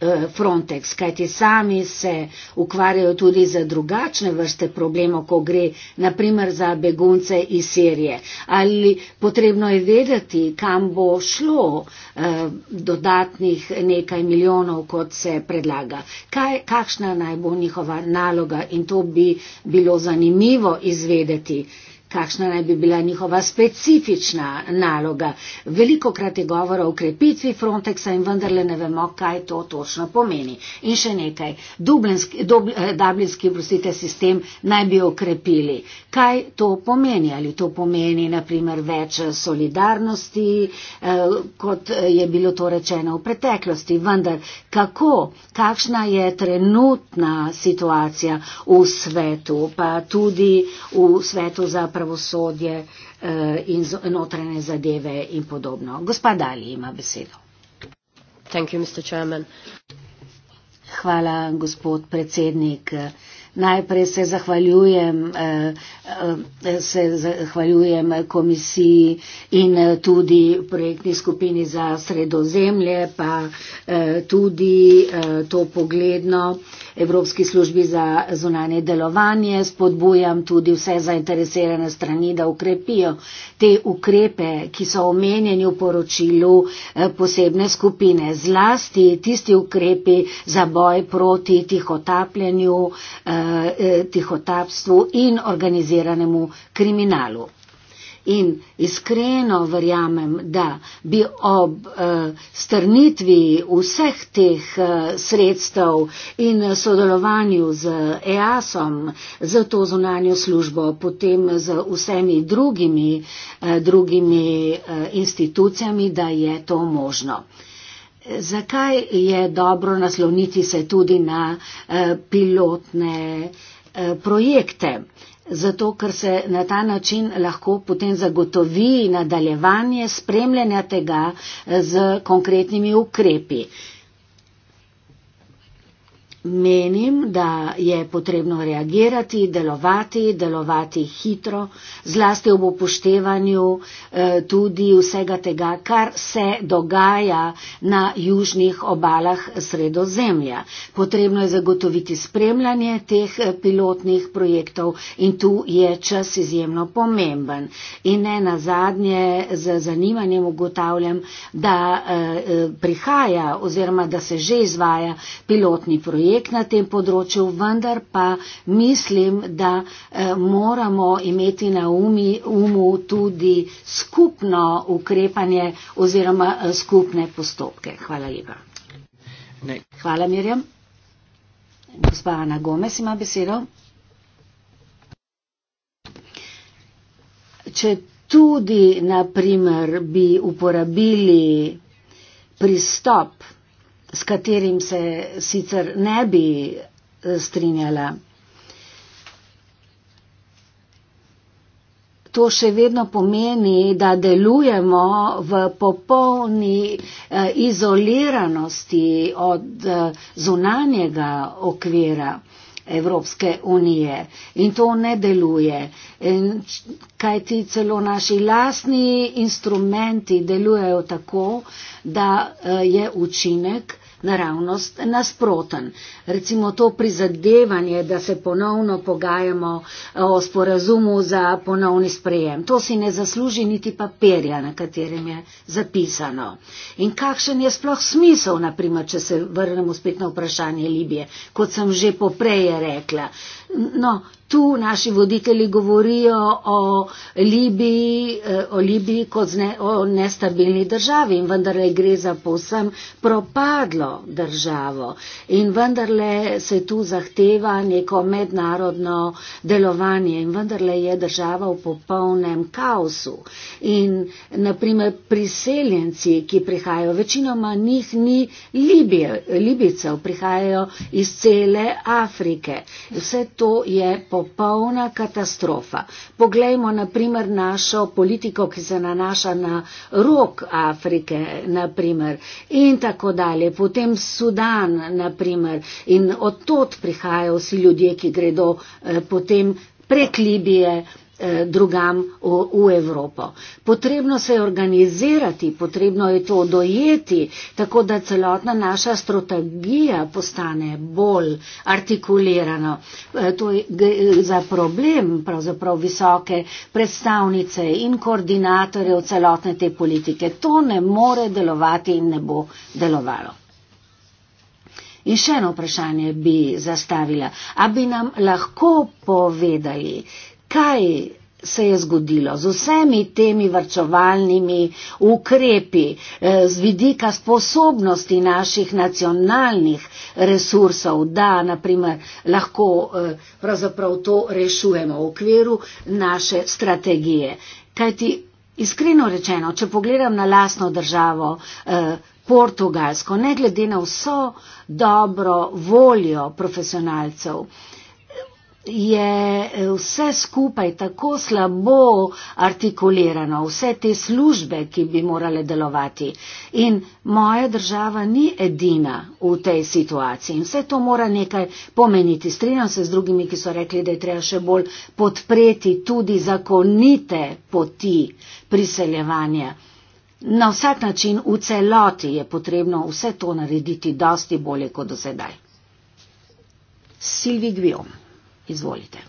Eh, Frontex, kajti sami se ukvarjajo tudi za drugačne vrste problemov, ko gre naprimer za begunce iz Sirije. Ali potrebno je vedeti, kam bo šlo eh, dodatnih nekaj milijonov, kot se predlaga. Kaj, kakšna naj bo njihova naloga in to bi bilo zanimivo izvedeti. Eh, kakšna naj bi bila njihova specifična naloga. Veliko krat je govora o krepitvi Frontexa in vendarle ne vemo, kaj to točno pomeni. In še nekaj, dublinski eh, prosite, sistem naj bi okrepili. Kaj to pomeni? Ali to pomeni naprimer več solidarnosti, eh, kot je bilo to rečeno v preteklosti? Vendar kako, kakšna je trenutna situacija v svetu, pa tudi v svetu za pravosodje? pravosodje uh, in notranje zadeve in podobno. Gospa Dali ima besedo. Thank you, Hvala, gospod predsednik. Uh, Najprej se zahvaljujem, eh, eh, se zahvaljujem komisiji in eh, tudi projektni skupini za sredozemlje, pa tudi to pogledno Evropski službi za zunanje delovanje. Spodbujam tudi vse zainteresirane strani, da ukrepijo te ukrepe, ki so omenjeni v poročilu posebne skupine. Zlasti tisti ukrepi za boj proti tihotapljenju Eh, eh, tihotapstvu in organiziranemu kriminalu. In iskreno verjamem, da bi ob eh, strnitvi vseh teh eh, sredstev in sodelovanju z EAS-om, z to zunanjo službo, potem z vsemi drugimi, eh, drugimi eh, institucijami, da je to možno. Eh, Zakaj je dobro nasloniti se tudi na eh, pilotne eh, projekte? Zato, ker se na ta način lahko potem zagotovi nadaljevanje spremljanja tega z eh, konkretnimi ukrepi menim, da je potrebno reagirati, delovati, delovati hitro, zlasti ob upoštevanju eh, tudi vsega tega, kar se dogaja na južnih obalah sredozemlja. Potrebno je zagotoviti spremljanje teh eh, pilotnih projektov in tu je čas izjemno pomemben. In ne na zadnje z zanimanjem ugotavljam, da eh, eh, prihaja oziroma da se že izvaja pilotni projekt projekt na tem področju, vendar pa mislim, da eh, moramo imeti na umi, umu tudi skupno ukrepanje oziroma eh, skupne postopke. Hvala lepa. Ne. Hvala, Mirjam. Gospa Ana Gomez ima besedo. Če tudi, naprimer, bi uporabili pristop, s katerim se sicer ne bi eh, strinjala. To še vedno pomeni, da delujemo v popolni eh, izoliranosti od eh, zunanjega okvira. Evropske unije in to ne deluje. In kaj ti celo naši lastni instrumenti delujejo tako, da eh, je učinek, naravnost nasproten. Recimo to prizadevanje, da se ponovno pogajamo eh, o sporazumu za ponovni sprejem. To si ne zasluži niti papirja, na katerem je zapisano. In kakšen je sploh smisel, naprimer, če se vrnemo spet na vprašanje Libije, kot sem že popreje rekla. No, Tu naši voditelji govorijo o Libiji, eh, o Libiji kot ne, o nestabilni državi in vendarle gre za povsem propadlo državo. In vendarle se tu zahteva neko mednarodno delovanje in vendarle je država v popolnem kaosu. In naprimer priseljenci, ki prihajajo, večinoma njih ni Libije, Libicev, prihajajo iz cele Afrike. Vse to je popolnoma popolna katastrofa. Poglejmo naprimer našo politiko, ki se nanaša na rok Afrike naprimer, in tako dalje, potem Sudan naprimer, in odtot prihajajo vsi ljudje, ki gredo eh, potem prek Libije. Eh, drugam v, v Evropo. Potrebno se je organizirati, potrebno je to dojeti, tako da celotna naša strategija postane bolj artikulirana. Eh, to je eh, za problem pravzaprav visoke predstavnice in koordinatorje v celotne te politike. To ne more delovati in ne bo delovalo. In še eno vprašanje bi zastavila. A bi nam lahko povedali, kaj se je zgodilo z vsemi temi vrčevalnimi ukrepi eh, z vidika sposobnosti naših nacionalnih resursov, da naprimer lahko eh, pravzaprav to rešujemo v okviru naše strategije. Kajti iskreno rečeno, če pogledam na lasno državo, eh, Portugalsko, ne glede na vso dobro voljo profesionalcev, je eh, vse skupaj tako slabo artikulirano, vse te službe, ki bi morale delovati. In moja država ni edina v tej situaciji. In vse to mora nekaj pomeniti. Strinjam se z drugimi, ki so rekli, da je treba še bolj podpreti tudi zakonite poti priseljevanja. Na vsak način v celoti je potrebno vse to narediti dosti bolje kot do sedaj. Silvi Gvion. Izvolite.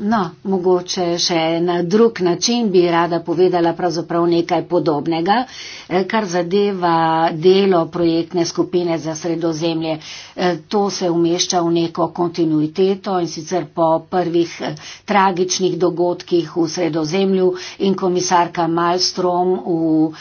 No, mogoče še na drug način bi rada povedala pravzaprav nekaj podobnega, eh, kar zadeva delo projektne skupine za sredozemlje. Eh, to se umešča v neko kontinuiteto in sicer po prvih eh, tragičnih dogodkih v sredozemlju in komisarka Malmström v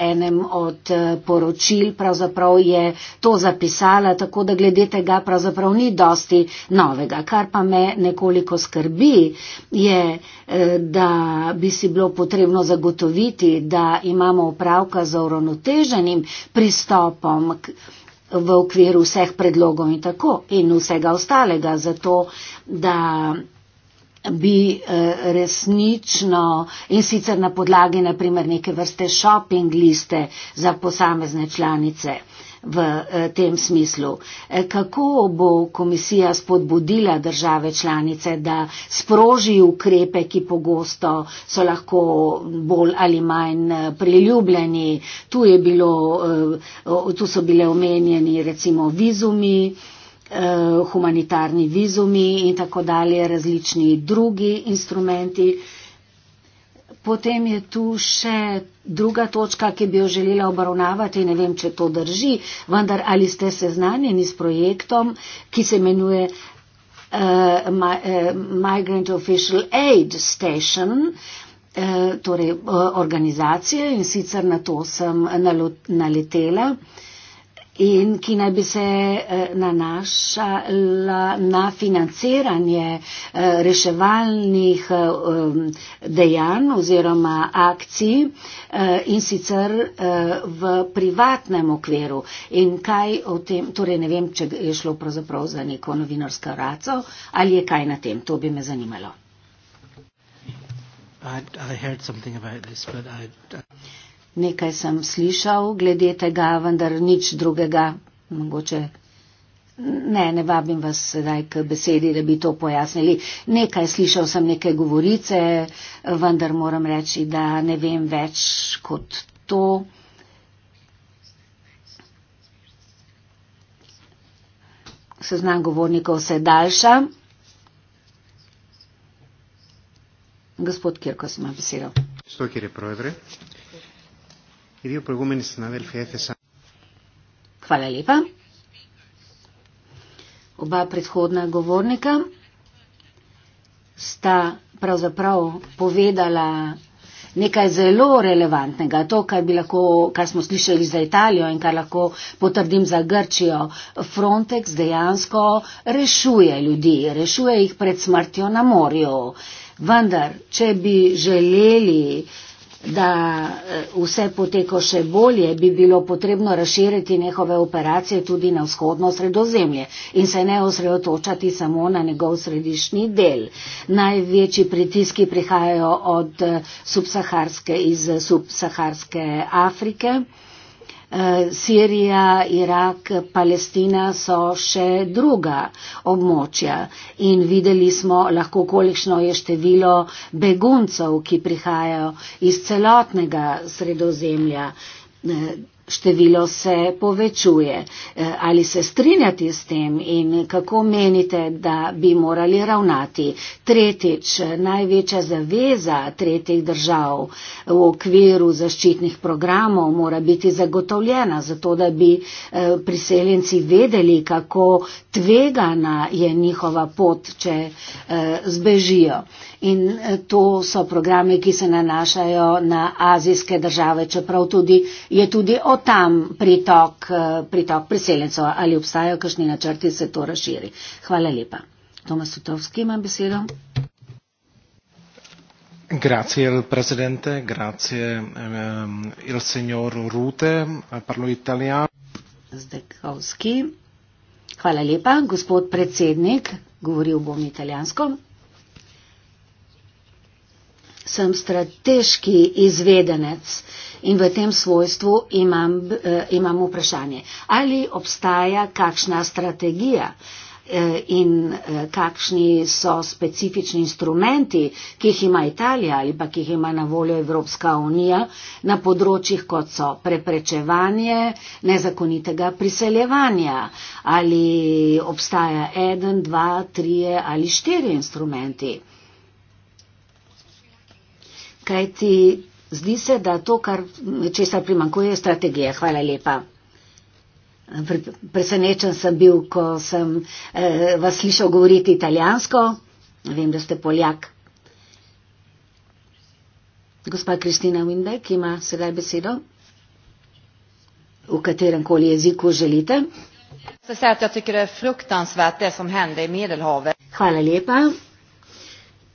enem od poročil pravzaprav je to zapisala, tako da glede tega pravzaprav ni dosti novega, kar pa me nekoliko poskrbi, je, eh, da bi si bilo potrebno zagotoviti, da imamo opravka z uravnoteženim pristopom v okviru vseh predlogov in tako in vsega ostalega, zato da bi eh, resnično in sicer na podlagi naprimer neke vrste shopping liste za posamezne članice v eh, tem smislu. Eh, kako bo komisija spodbudila države članice, da sproži ukrepe, ki pogosto so lahko bolj ali manj eh, priljubljeni? Tu, bilo, tu so bile omenjeni recimo vizumi humanitarni vizumi in tako dalje, različni drugi instrumenti. Uh, potem je tu še druga točka, ki bi jo želela obravnavati, ne vem, če to drži, vendar ali ste seznanjeni s projektom, ki se imenuje uh, Migrant Official Aid Station, uh, torej uh, organizacija in sicer na to sem nalo, naletela. Uh, in ki naj bi se eh, nanašala na financiranje eh, reševalnih eh, dejanj oziroma akcij in sicer v privatnem okviru. In kaj o tem, torej ne vem, če je šlo pravzaprav za neko novinarsko raco ali je kaj na tem, to bi me zanimalo. I, I heard something about this, but I, I nekaj sem slišal glede tega, vendar nič drugega. Mogoče ne, ne vabim vas sedaj k besedi, da bi to pojasnili. Nekaj slišal sem neke govorice, vendar moram reči, da ne vem več kot to. Seznam govornikov se daljša. Gospod Kirko, sem vam besedal. Stokire, projevre οι δύο προηγούμενοι συναδέλφοι έθεσαν. Χαλά λίπα. Οπα πριθόντα γοβόρνικα. Στα πραζαπράω ποβίδαλα nekaj zelo relevantnega, to, kaj, lahko, kaj smo slišali za Italijo in kar lahko potrdim za Grčijo. Frontex dejansko rešuje ljudi, rešuje jih pred smrtjo na morju. Vendar, če bi želeli uh, da eh, vse poteko še bolje, bi bilo potrebno razširiti njihove operacije tudi na vzhodno sredozemlje in se ne osredotočati samo na njegov središnji del. Največji pritiski prihajajo od eh, subsaharske iz eh, subsaharske Afrike. Eh, Sirija, Irak, Palestina so še druga območja in videli smo lahko, kolikšno je število beguncev, ki prihajajo iz celotnega sredozemlja. Eh, število se povečuje. E, ali se strinjate s tem in kako menite, da bi morali ravnati? Tretjič, največja zaveza tretjih držav v okviru zaščitnih programov mora biti zagotovljena, zato da bi e, priseljenci vedeli, kako tvegana je njihova pot, če e, zbežijo. In to so programe, ki se nanašajo na azijske države, čeprav tudi, je tudi odprto tam pritok, eh, pritok priseljencev ali obstajajo kakšni načrti, da se to razširi. Hvala lepa. Tomas Sutovski ima besedo. Grazie, presidente, grazie, um, il signor Rute, eh, parlo italijan. Zdekovski. Hvala lepa, gospod predsednik, govoril bom italijansko. Sem strateški izvedenec. Uh, in v tem svojstvu imam, uh, imam vprašanje, ali obstaja kakšna strategija uh, in uh, kakšni so specifični instrumenti, ki jih ima Italija ali pa ki jih ima na voljo Evropska unija na področjih, kot so preprečevanje nezakonitega priseljevanja, ali obstaja eden, dva, tri ali štiri instrumenti. Kaj ti Zdi se, da to, kar česar primankuje, je strategija. Hvala lepa. Presenečen sem bil, ko sem eh, vas slišal govoriti italijansko. Vem, da ste poljak. Gospa Kristina Windbeck ima sedaj besedo. V katerem koli jeziku želite. Hvala lepa.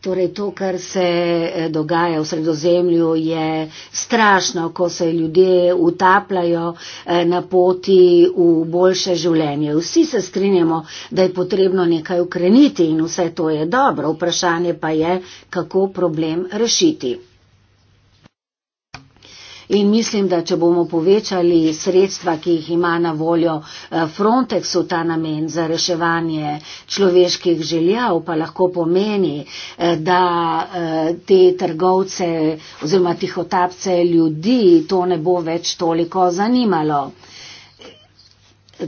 Torej, to, kar se eh, dogaja v sredozemlju, je strašno, ko se ljudje utapljajo eh, na poti v boljše življenje. Vsi se strinjamo, da je potrebno nekaj ukreniti in vse to je dobro. Vprašanje pa je, kako problem rešiti. In mislim, da če bomo povečali sredstva, ki jih ima na voljo eh, Frontex v ta namen za reševanje človeških željav, pa lahko pomeni, eh, da eh, te trgovce oziroma tihotapce ljudi to ne bo več toliko zanimalo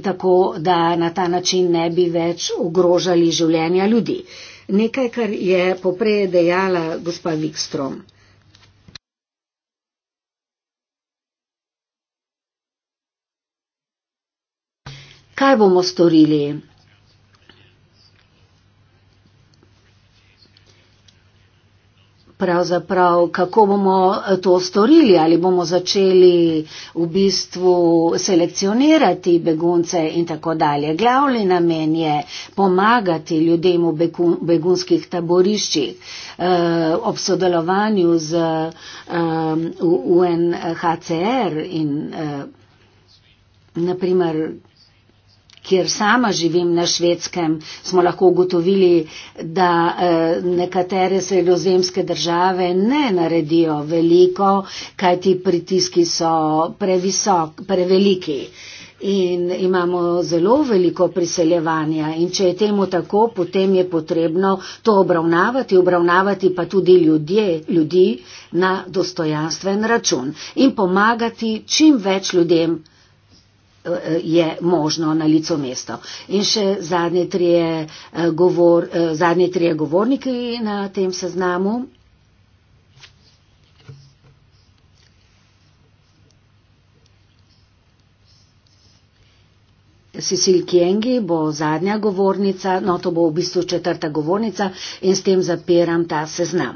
tako da na ta način ne bi več ogrožali življenja ljudi. Nekaj, kar je poprej dejala gospa Vikstrom. Kaj bomo storili? Pravzaprav, kako bomo eh, to storili, ali bomo začeli v bistvu selekcionirati begunce in tako dalje. Glavni namen je pomagati ljudem v begunskih taboriščih eh, ob sodelovanju z UNHCR in eh, naprimer kjer sama živim na švedskem, smo lahko ugotovili, da eh, nekatere sredozemske države ne naredijo veliko, kaj ti pritiski so previsok, preveliki. In imamo zelo veliko priseljevanja in če je temu tako, potem je potrebno to obravnavati, obravnavati pa tudi ljudje, ljudi na dostojanstven račun in pomagati čim več ljudem je možno na lico mesto. In še zadnje trije, eh, govor, eh, zadnje trije govorniki na tem seznamu. Cecil Kjengi bo zadnja govornica, no to bo v bistvu četrta govornica in s tem zapiram ta seznam.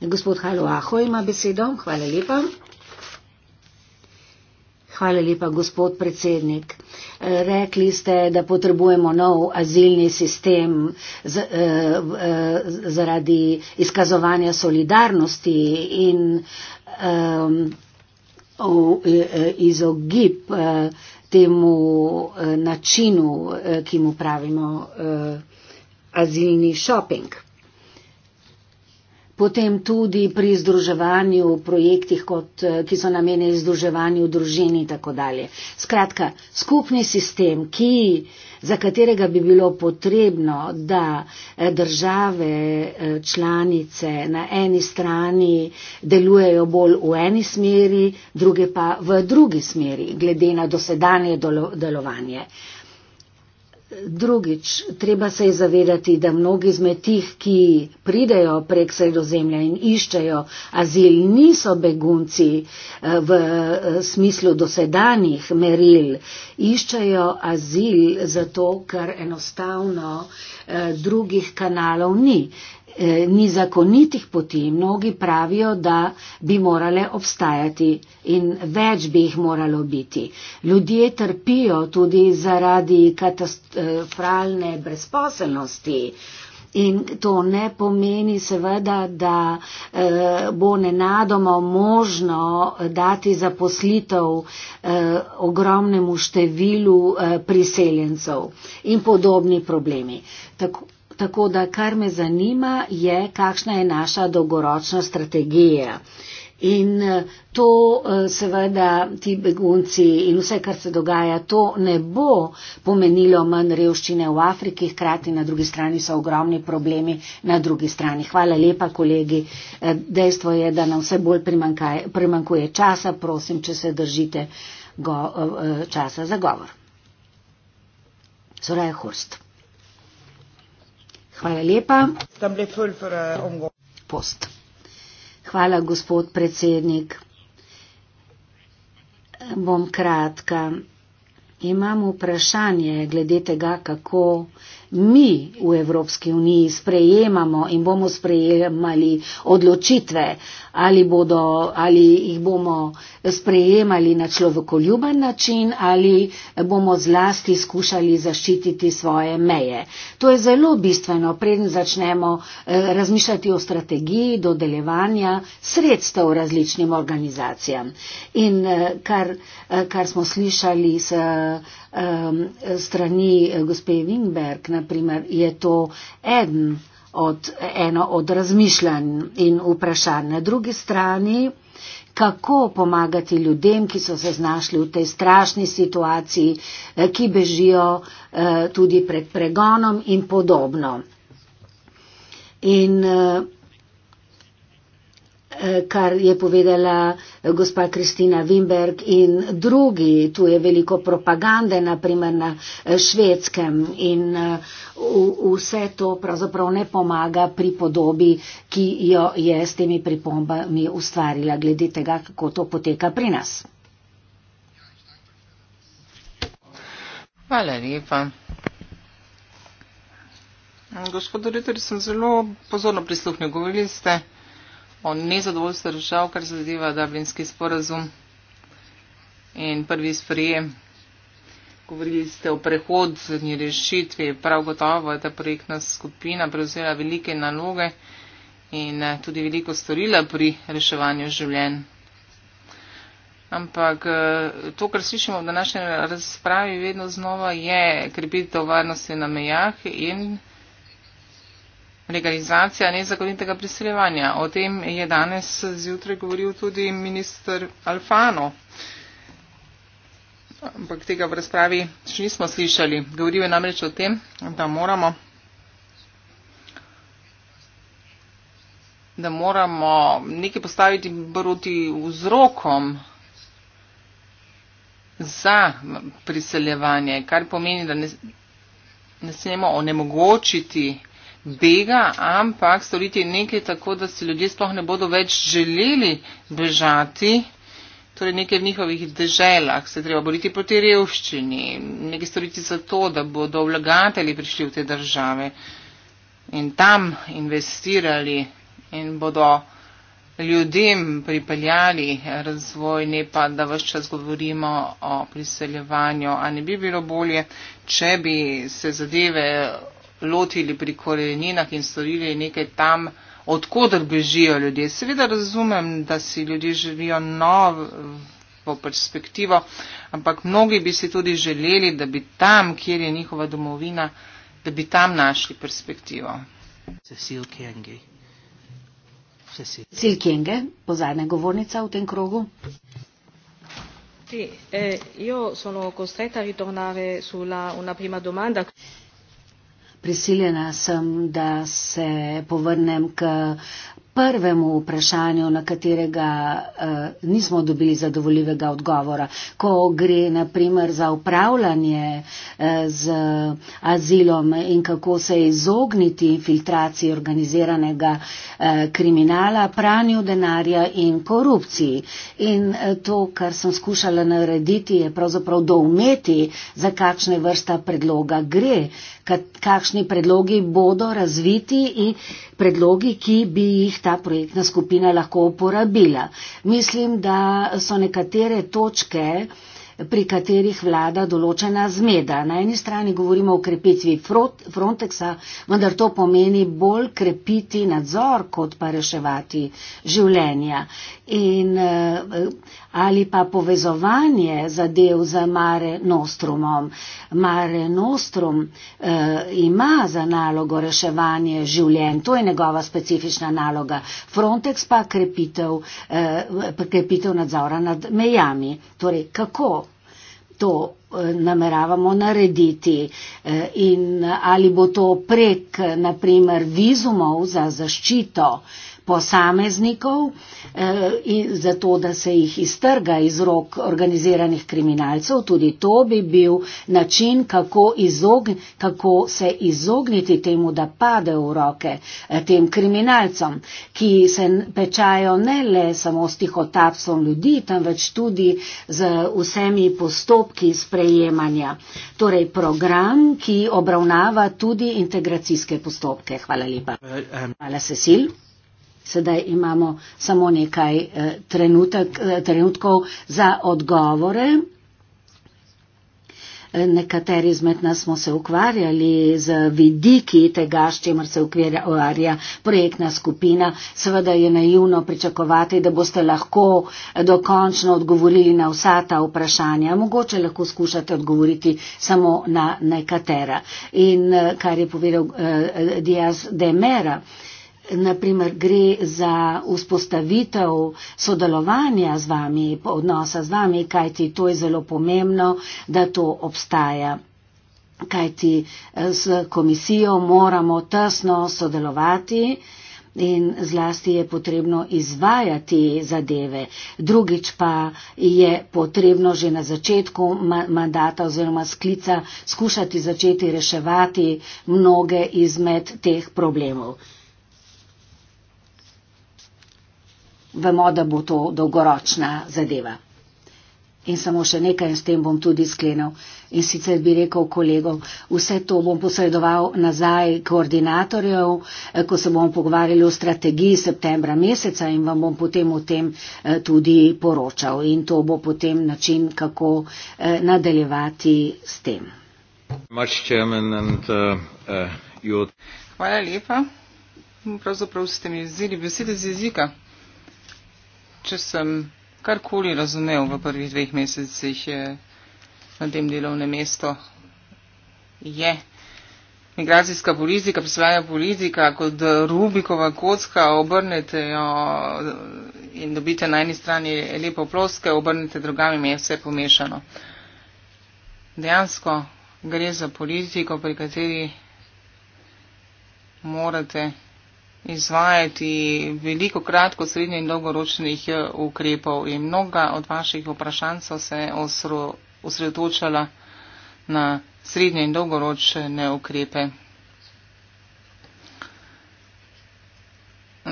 Gospod Halo Aho ima besedo. Hvala lepa. Hvala lepa, gospod predsednik. Eh, rekli ste, da potrebujemo nov azilni sistem z, eh, eh, zaradi izkazovanja solidarnosti in ehm, izogib temu načinu, ki mu pravimo azilni šoping potem tudi pri združevanju v projektih, kot, eh, ki so namenjeni združevanju v družini itd. Skratka, skupni sistem, ki, za katerega bi bilo potrebno, da eh, države eh, članice na eni strani delujejo bolj v eni smeri, druge pa v drugi smeri, glede na dosedanje delovanje. Dolo Drugič, treba se je zavedati, da mnogi izmed tih, ki pridejo prek sredozemlja in iščejo azil, niso begunci eh, v eh, smislu dosedanjih meril. Iščejo azil zato, ker enostavno eh, drugih kanalov ni. Eh, ni zakonitih poti. Mnogi pravijo, da bi morale obstajati in več bi jih moralo biti. Ljudje trpijo tudi zaradi katastrofalne brezposelnosti. In to ne pomeni seveda, da eh, bo nenadoma možno dati zaposlitev eh, ogromnemu številu eh, priseljencev in podobni problemi. Tako, Tako da kar me zanima je, kakšna je naša dolgoročna strategija. In eh, to eh, seveda ti begunci in vse, kar se dogaja, to ne bo pomenilo manj revščine v Afriki, hkrati na drugi strani so ogromni problemi na drugi strani. Hvala lepa, kolegi. Eh, dejstvo je, da nam vse bolj primankuje časa. Prosim, če se držite go, časa za govor. Soraya Horst. Hvala lepa. Eh, Post. Hvala, gospod predsednik. Bom kratka. Imam vprašanje glede tega, kako mi v Evropski uniji sprejemamo in bomo sprejemali odločitve uh, ali, bodo, ali jih bomo sprejemali na človekoljuben način ali bomo zlasti skušali zaščititi svoje meje. To je zelo bistveno, preden začnemo eh, razmišljati o strategiji dodeljevanja sredstev različnim organizacijam. In eh, kar, eh, kar smo slišali s strani gospe Wingberg, naprimer, je to eden od, eno od razmišljanj in vprašanj. Na drugi strani, kako pomagati ljudem, ki so se znašli v tej strašni situaciji, eh, ki bežijo eh, tudi pred pregonom in podobno. In eh, Eh, kar je povedala eh, gospa Kristina Wimberg in drugi. Tu je veliko propagande, naprimer na eh, švedskem in vse to pravzaprav ne pomaga pri podobi, ki jo je s temi pripombami ustvarila glede tega, kako to poteka pri nas. Hvala lepa. Gospod Ritter, sem zelo pozorno prisluhnil, govorili ste o nezadovoljstvu držav, kar zadeva Dublinski sporazum in prvi sprejem. Govorili ste o prehodni rešitvi, prav gotovo je ta projektna skupina prevzela velike naloge in eh, tudi veliko storila pri reševanju življenj. Ampak eh, to, kar slišimo v današnji razpravi, vedno znova je krepitev varnosti na mejah in legalizacija nezakonitega priseljevanja. O tem je danes zjutraj govoril tudi minister Alfano. Ampak tega v razpravi še nismo slišali. Govoril je namreč o tem, da moramo, da moramo nekaj postaviti proti vzrokom za priseljevanje, kar pomeni, da ne, ne smemo onemogočiti bega, ampak storiti nekaj tako, da si ljudje sploh ne bodo več želeli bežati, torej nekaj v njihovih deželah, se treba boriti proti revščini, nekaj storiti za to, da bodo vlagatelji prišli v te države in tam investirali in bodo ljudem pripeljali razvoj, ne pa da vse čas govorimo o priseljevanju, a ne bi bilo bolje, če bi se zadeve lotili pri koreninah in storili nekaj tam, odkudr bežijo ljudje. Seveda razumem, da si ljudje želijo novo perspektivo, ampak mnogi bi si tudi želeli, da bi tam, kjer je njihova domovina, da bi tam našli perspektivo. Cecil Kenge. Cecil Kenge, pozadnja govornica v tem krogu. Sì, eh, io sono costretta a ritornare su una prima domanda prisiljena sem, da se povrnem k prvemu vprašanju, na katerega uh, nismo dobili zadovoljivega odgovora. Ko gre naprimer za upravljanje uh, z azilom in kako se izogniti infiltraciji organiziranega uh, kriminala, pranju denarja in korupciji. In uh, to, kar sem skušala narediti, je pravzaprav doumeti, za kakšne vrsta predloga gre kakšni predlogi bodo razviti in predlogi, ki bi jih ta projektna skupina lahko uporabila. Mislim, da so nekatere točke pri katerih vlada določena zmeda. Na eni strani govorimo o krepitvi Frontexa, vendar to pomeni bolj krepiti nadzor, kot pa reševati življenja. In, eh, ali pa povezovanje zadev za Mare Nostrumom. Mare Nostrum eh, ima za nalogo reševanje življenj, to je njegova specifična naloga. Frontex pa krepitev, eh, krepitev nadzora nad mejami. Torej, kako to eh, nameravamo narediti eh, in ali bo to prek, naprimer, vizumov za zaščito eh, posameznikov eh, in zato, da se jih iztrga iz rok organiziranih kriminalcev. Tudi to bi bil način, kako, izog, kako se izogniti temu, da pade v roke eh, tem kriminalcem, ki se pečajo ne le samo s tihotapstvom ljudi, temveč tudi z vsemi postopki sprejemanja. Torej program, ki obravnava tudi integracijske postopke. Hvala lepa. Uh, um, Hvala Cecil. Sedaj imamo samo nekaj eh, trenutek, eh, trenutkov za odgovore. Eh, nekateri izmed nas smo se ukvarjali z vidiki tega, s čemer se ukvarja projektna skupina. Seveda je naivno pričakovati, da boste lahko dokončno odgovorili na vsa ta vprašanja. Mogoče lahko skušate odgovoriti samo na nekatera. In kar je povedal eh, Diaz de Mera. Eh, naprimer gre za vzpostavitev sodelovanja z vami, odnosa z vami, kajti to je zelo pomembno, da to obstaja. Kajti eh, s komisijo moramo tesno sodelovati in zlasti je potrebno izvajati zadeve. Drugič pa je potrebno že na začetku mandata oziroma sklica skušati začeti reševati mnoge izmed teh problemov. vemo, da bo to dolgoročna zadeva. In samo še nekaj in s tem bom tudi sklenil. In sicer bi rekel kolegom, vse to bom posredoval nazaj koordinatorjev, eh, ko se bomo pogovarjali o strategiji septembra meseca in vam bom potem o tem eh, tudi poročal. In to bo potem način, kako eh, nadaljevati s tem. Uh, uh, Hvala lepa. Pravzaprav ste mi vzeli besede z jezika če sem karkoli razumel v prvih dveh mesecih na tem delovnem mestu, je migracijska politika, poslovanja politika kot Rubikova kocka, obrnete jo in dobite na eni strani lepo ploske, obrnete drugami, je vse pomešano. Dejansko gre za politiko, pri kateri morate izvajati veliko kratko, srednje in dolgoročnih eh, ukrepov. In mnoga od vaših vprašanj so se osro, osredotočala na srednje in dolgoročne ukrepe.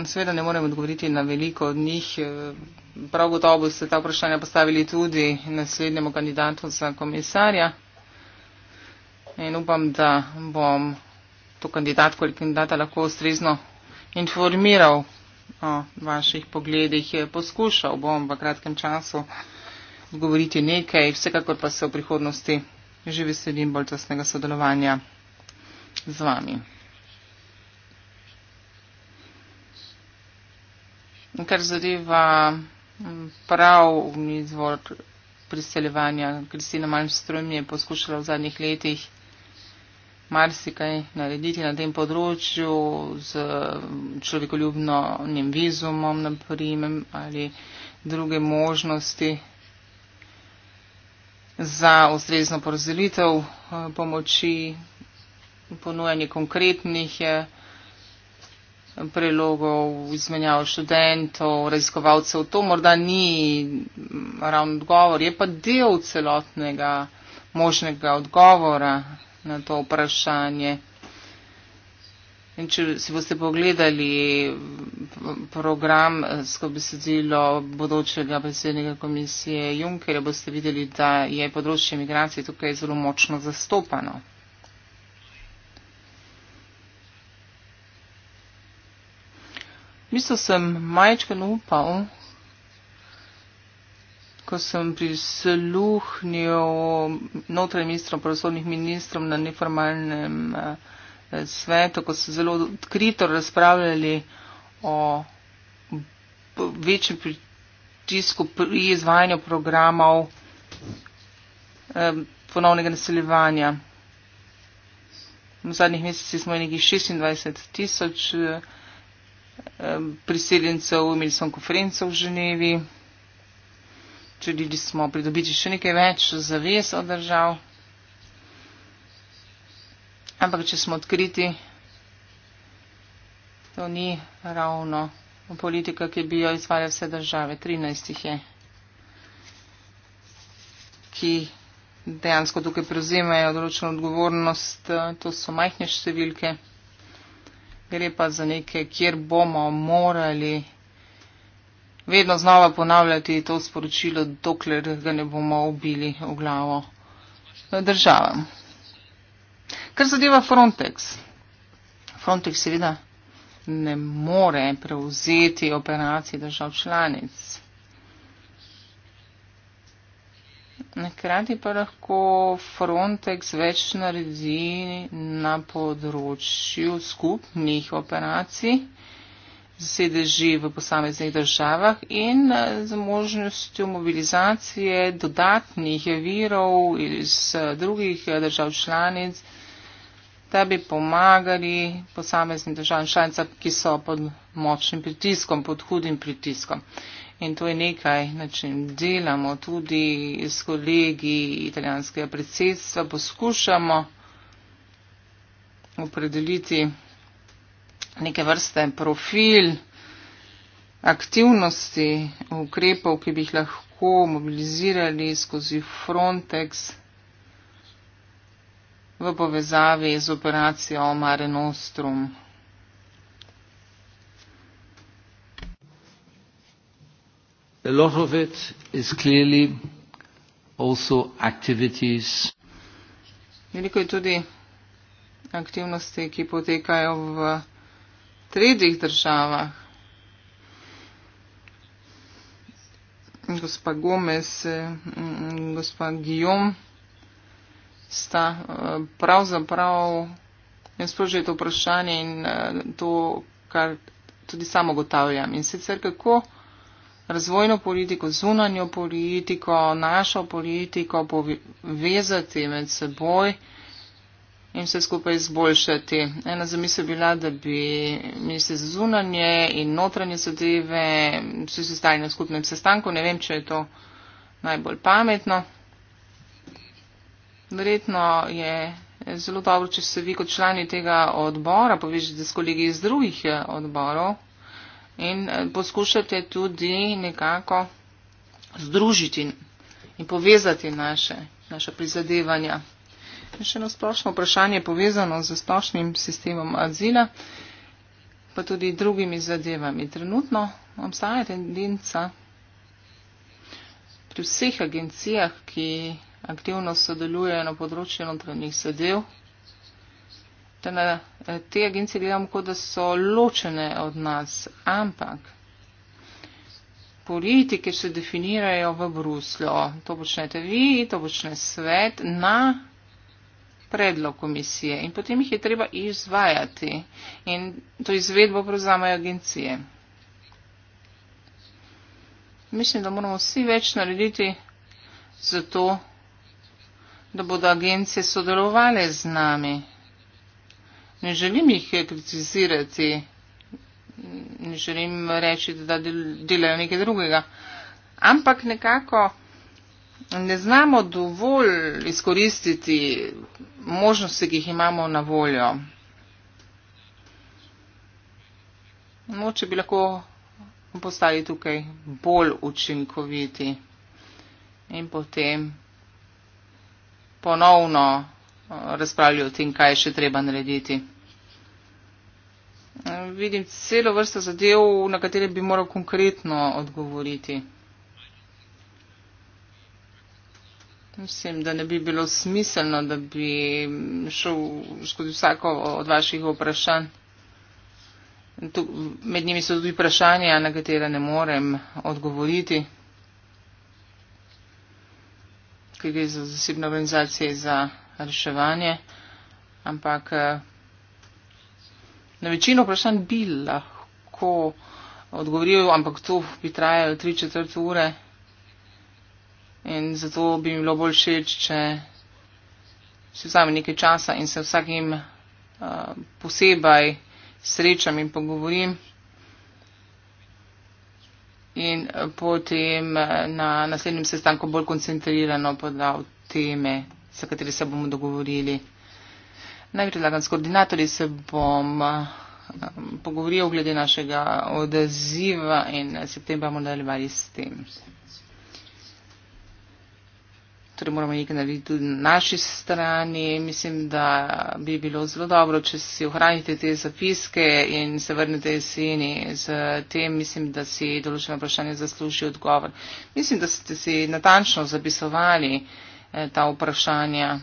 Sveda ne morem odgovoriti na veliko od njih. Eh, prav gotovo ste ta vprašanja postavili tudi naslednjemu kandidatu za komisarja. In upam, da bom to kandidatko ali kandidata lahko ustrezno informiral o vaših pogledih. Poskušal bom v kratkem času odgovoriti nekaj, vsekakor pa se v prihodnosti že veselim bolj tesnega sodelovanja z vami. Kar zadeva prav izvor priseljevanja, Kristina Malmström je poskušala v zadnjih letih marsikaj narediti na tem področju z človekoljubnim vizumom, naprimer, ali druge možnosti za ustrezno porazdelitev eh, pomoči, ponujanje konkretnih eh, prelogov, izmenjav študentov, raziskovalcev. To morda ni mm, ravno odgovor, je pa del celotnega možnega odgovora na to vprašanje. In če si boste pogledali program skupisodilo bodočega predsednika komisije Junkerja, boste videli, da je področje migracije tukaj zelo močno zastopano. Mislil sem, majčkan upal, ko sem prisluhnil notranjim ministrom, pravosodnim ministrom na neformalnem eh, svetu, ko so zelo odkrito razpravljali o večjem pritisku pri izvajanju programov eh, ponovnega naseljevanja. V zadnjih mesecih smo imeli 26 tisoč eh, priseljencev, imeli smo konferenco v Ženevi. Želili smo pridobiti še nekaj več zavez od držav. Ampak, če smo odkriti, to ni ravno politika, ki bi jo izvajale vse države. 13 jih je, ki dejansko tukaj prevzemajo določeno odgovornost. To so majhne številke. Gre pa za neke, kjer bomo morali vedno znova ponavljati to sporočilo, dokler ga ne bomo ubili v glavo državam. Kar zadeva Frontex. Frontex seveda ne more prevzeti operacij držav članic. Nekrati pa lahko Frontex več naredi na področju skupnih operacij, sedeži v posameznih državah in eh, z možnostjo mobilizacije dodatnih virov iz eh, drugih eh, držav članic, da bi pomagali posameznim državam članicam, ki so pod močnim pritiskom, pod hudim pritiskom. In to je nekaj, na čem delamo tudi s kolegi italijanskega predsedstva. Poskušamo opredeliti neke vrste profil aktivnosti, ukrepov, ki bi jih lahko mobilizirali skozi Frontex v povezavi z operacijo Mare Nostrum. A lot of it is clearly also activities. Veliko je tudi aktivnosti, ki potekajo v tretjih državah. Gospa Gomez, mm, gospa Guillaume sta eh, pravzaprav in sprožili to vprašanje in eh, to, kar tudi samo ugotavljam. In sicer kako razvojno politiko, zunanjo politiko, našo politiko povezati med seboj in vse skupaj izboljšati. Ena zamisel bila, da bi ministr za zunanje in notranje zadeve vsi sestali na skupnem sestanku. Ne vem, če je to najbolj pametno. Verjetno je zelo dobro, če se vi kot člani tega odbora povežete s kolegi iz drugih eh, odborov in eh, poskušate tudi nekako združiti in povezati naše, naše prizadevanja je še eno splošno vprašanje povezano z splošnim sistemom azila, pa tudi drugimi zadevami. Trenutno obstaja tendenca pri vseh agencijah, ki aktivno sodelujejo na področju notranjih zadev, da na eh, te agencije gledamo, kot da so ločene od nas, ampak politike se definirajo v Bruslju. To počnete vi, to počne svet na predlog komisije in potem jih je treba izvajati in to izvedbo prevzamejo agencije. Mislim, da moramo vsi več narediti za to, da bodo agencije sodelovali z nami. Ne želim jih kritizirati, ne želim reči, da delajo nekaj drugega, ampak nekako ne znamo dovolj izkoristiti možnosti, ki jih imamo na voljo. Moče bi lahko postali tukaj bolj učinkoviti in potem ponovno eh, razpravljajo o tem, kaj je še treba narediti. Vidim celo vrsto zadev, na katere bi moral konkretno odgovoriti. Mislim, da ne bi bilo smiselno, da bi šel skozi vsako od vaših vprašanj. Tu, med njimi so tudi vprašanja, na katera ne morem odgovoriti, ker gre za zasebne organizacije za reševanje, ampak eh, na večino vprašanj bi lahko odgovoril, ampak tu bi trajalo tri četrt ure. In zato bi mi bilo bolj všeč, če si vzame nekaj časa in se vsakim uh, eh, posebej srečam in pogovorim. In eh, potem eh, na naslednjem sestanku bolj koncentrirano podal teme, za katere se bomo dogovorili. Naj predlagam s koordinatorji, se bom um, pogovoril glede našega odaziva in septembra bomo nadaljevali s tem torej moramo nekaj narediti tudi na naši strani. Mislim, da bi bilo zelo dobro, če si ohranite te zapiske in se vrnete jeseni. Z tem mislim, da si določeno vprašanje zasluži odgovor. Mislim, da ste si natančno zapisovali eh, ta vprašanja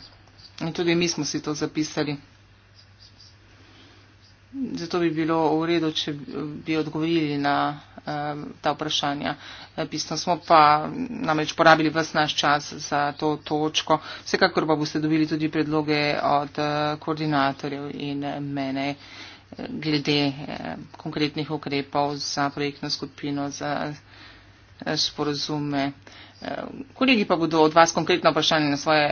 in tudi mi smo si to zapisali. Zato bi bilo v redu, če bi odgovorili na um, ta vprašanja. E, pisno smo pa namreč porabili vse naš čas za to točko. Vsekakor pa boste dobili tudi predloge od uh, koordinatorjev in mene e, glede uh, konkretnih ukrepov za projektno skupino, za uh, sporozume. Uh, kolegi pa bodo od vas konkretno vprašanje na svoje,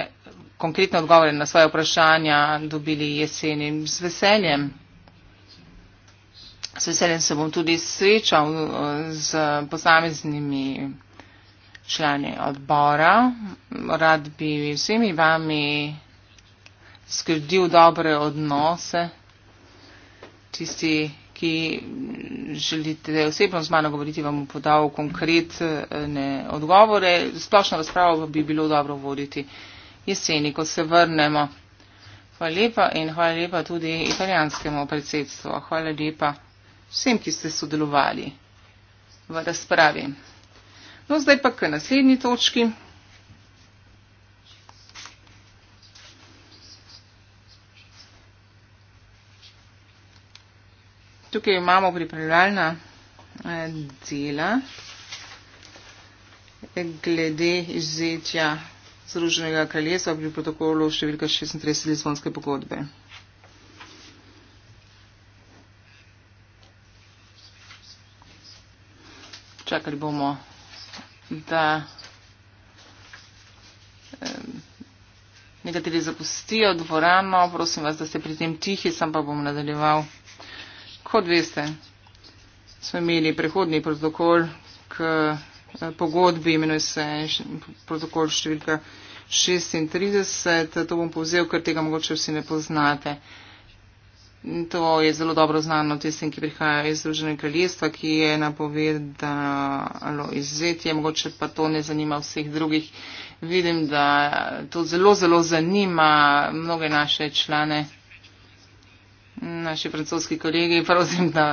konkretne odgovore na svoje vprašanja dobili jeseni z veseljem z veseljem se bom tudi srečal eh, z posameznimi člani odbora. Rad bi vsemi vami skrbil dobre odnose, tisti, ki želite osebno z mano govoriti, vam podal konkretne odgovore. Splošno razpravo bi bilo dobro voditi jeseni, ko se vrnemo. Hvala lepa in hvala lepa tudi italijanskemu predsedstvu. Hvala lepa vsem, ki ste sodelovali v razpravi. No, zdaj pa k naslednji točki. Tukaj imamo pripravljalna eh, dela glede izzetja Združenega kraljestva pri protokolu številka 36 Lizbonske pogodbe. čakali bomo, da eh, nekateri zapustijo dvorano. Prosim vas, da ste pri tem tihi, sam pa bom nadaljeval. Kot veste, smo imeli prehodni protokol k eh, pogodbi, imenuje se protokol številka 36. To bom povzel, ker tega mogoče vsi ne poznate. To je zelo dobro znano tistim, ki prihajajo iz Združenega kraljestva, ki je napovedalo izzetje, mogoče pa to ne zanima vseh drugih. Vidim, da to zelo, zelo zanima mnoge naše člane, naši francoski kolegi, prosim, da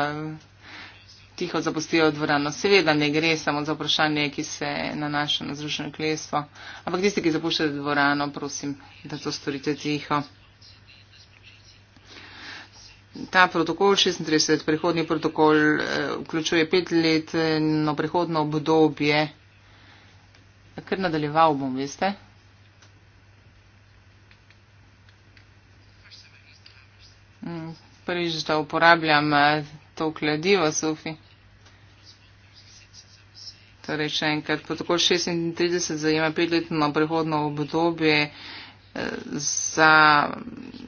tiho zapustijo dvorano. Seveda ne gre samo za vprašanje, ki se nanaša na Združeno kraljestvo, ampak tisti, ki zapuščajo dvorano, prosim, da to storite tiho. Ta protokol 36, prehodni protokol, eh, vključuje petletno prehodno obdobje. Kar nadaljeval bom, veste. Mm, prvič, da uporabljam eh, to kladivo, Sufi. Torej, še enkrat, protokol 36 zajema petletno prehodno obdobje za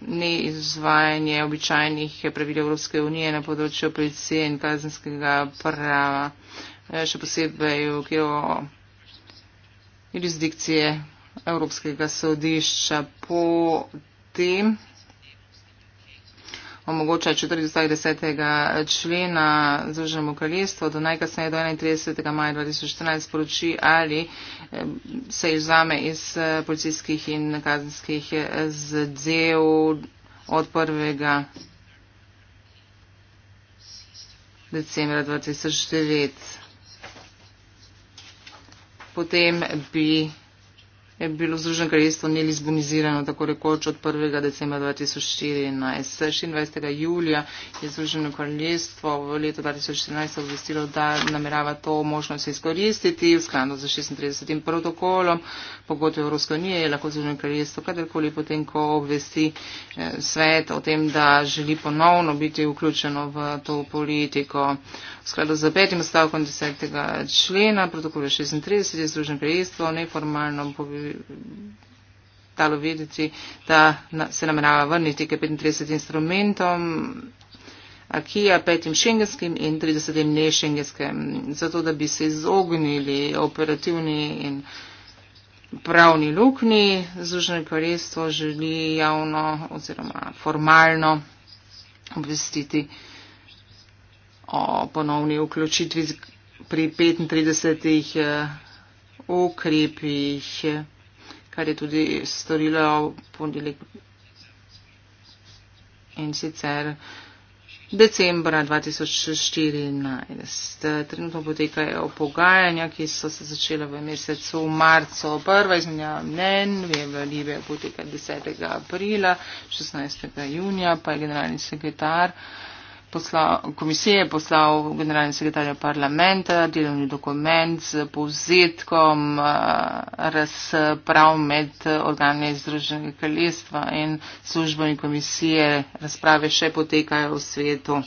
neizvajanje običajnih pravil Evropske unije na področju policije in kazenskega prava, eh, še posebej v okviru jurisdikcije Evropskega sodišča. Potem omogoča četrti odstavek desetega člena Združenemu kraljestvu, da najkasneje do 31. maja 2014 poroči ali se izvzame iz eh, policijskih in kazenskih eh, zadev od 1. decembra 2009. Potem bi je bilo Združeno kraljestvo nelizbonizirano, tako rekoč od 1. decembra 2014. 26. julija je Združeno kraljestvo v letu 2014 obvestilo, da namerava to možnost izkoristiti v skladu z 36. protokolom. Pogodbe Evropske unije je lahko Združeno kraljestvo kadarkoli potem, ko obvesti eh, svet o tem, da želi ponovno biti vključeno v to politiko. V skladu z petim stavkom 10. člena protokola 36 je Združeno kraljestvo neformalno povedalo, dalo vedeti, da se namerava vrniti k 35 instrumentom Akija, petim šengenskim in 30 nešengenskim, zato da bi se izognili operativni in pravni luknji. Združeno kraljestvo želi javno oziroma formalno obvestiti o ponovni vključitvi pri 35 eh, ukrepih. Uh, kar je tudi storila v ponedeljek in sicer decembra 2014. Trenutno potekajo pogajanja, ki so se začela v mesecu marcu. Prva izmenjava mnen je v Libiji poteka 10. aprila, 16. junija pa je generalni sekretar poslal, komisije poslal generalni sekretarja parlamenta, delovni dokument z povzetkom eh, razprav med organe Združenega kraljestva in službami komisije. Razprave še potekajo v svetu.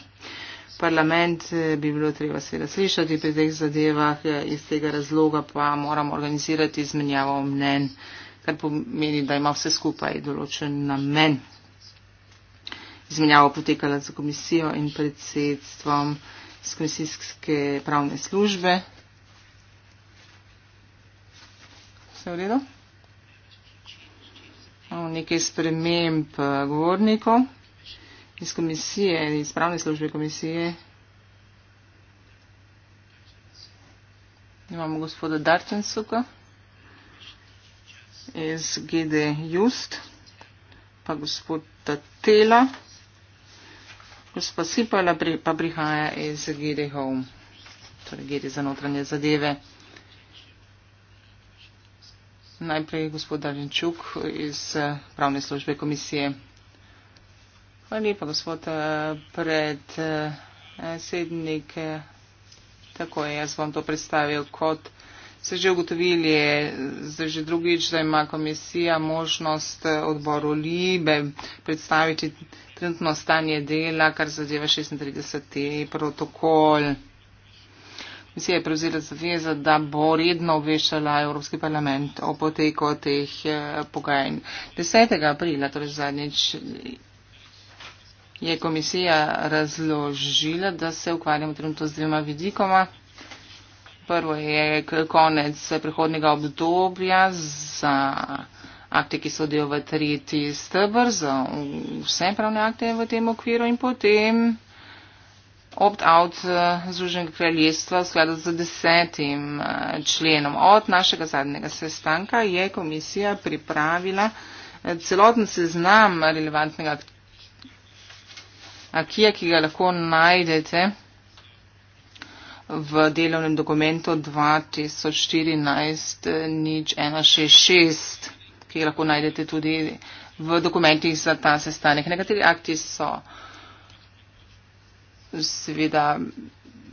Parlament eh, bi bilo treba seveda slišati pri teh zadevah, eh, iz tega razloga pa moramo organizirati izmenjavo mnen, kar pomeni, da ima vse skupaj določen namen izmenjava potekala z komisijo in predsedstvom z komisijske pravne službe. Vse v redu? Nekaj sprememb eh, govornikov iz komisije, iz pravne službe komisije. Imamo gospoda Dartensuka iz GD Just, pa gospoda Tela. Gospa Sipala pa prihaja iz Giri Home, torej Giri za notranje zadeve. Najprej gospod Darinčuk iz eh, pravne službe komisije. Hvala lepa, gospod eh, predsednik. Tako je, jaz vam to predstavil kot se že ugotovili, zdaj že drugič, da ima komisija možnost odboru Libe predstaviti trenutno stanje dela, kar zadeva 36. E protokol. Komisija je prevzela zaveza, da bo redno obveščala Evropski parlament o poteku teh eh, pogajanj. 10. aprila, torej zadnjič, je komisija razložila, da se ukvarjamo trenutno z dvema vidikoma. Prvo je konec prehodnega obdobja za akte, ki sodijo v tretji stebr, za vse pravne akte v tem okviru in potem opt-out eh, Združenega kraljestva v skladu z desetim eh, členom. Od našega zadnjega sestanka je komisija pripravila eh, celoten seznam relevantnega akija, ki ga lahko najdete v delovnem dokumentu 2014-166, eh, ki jih lahko najdete tudi v dokumentih za ta sestanek. Nekateri akti so seveda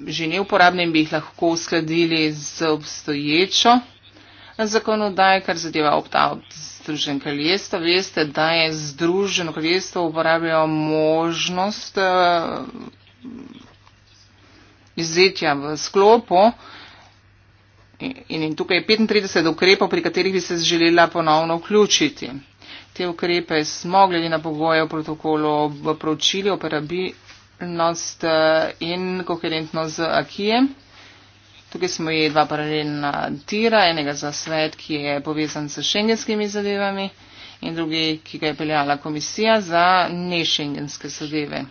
že neuporabni in bi jih lahko uskladili z obstoječo zakonodaj, kar zadeva opt-out Združen kraljestvo. Veste, da je Združeno kraljestvo uporabljalo možnost eh, izvzetja v sklopu in, in tukaj je 35 ukrepov, pri katerih bi se želela ponovno vključiti. Te ukrepe smo glede na pogoje v protokolu v pročili operabilnost eh, in koherentnost z akijem. Tukaj smo je dva paralelna tira, enega za svet, ki je povezan s šengenskimi zadevami in drugi, ki ga je peljala komisija za nešengenske zadeve.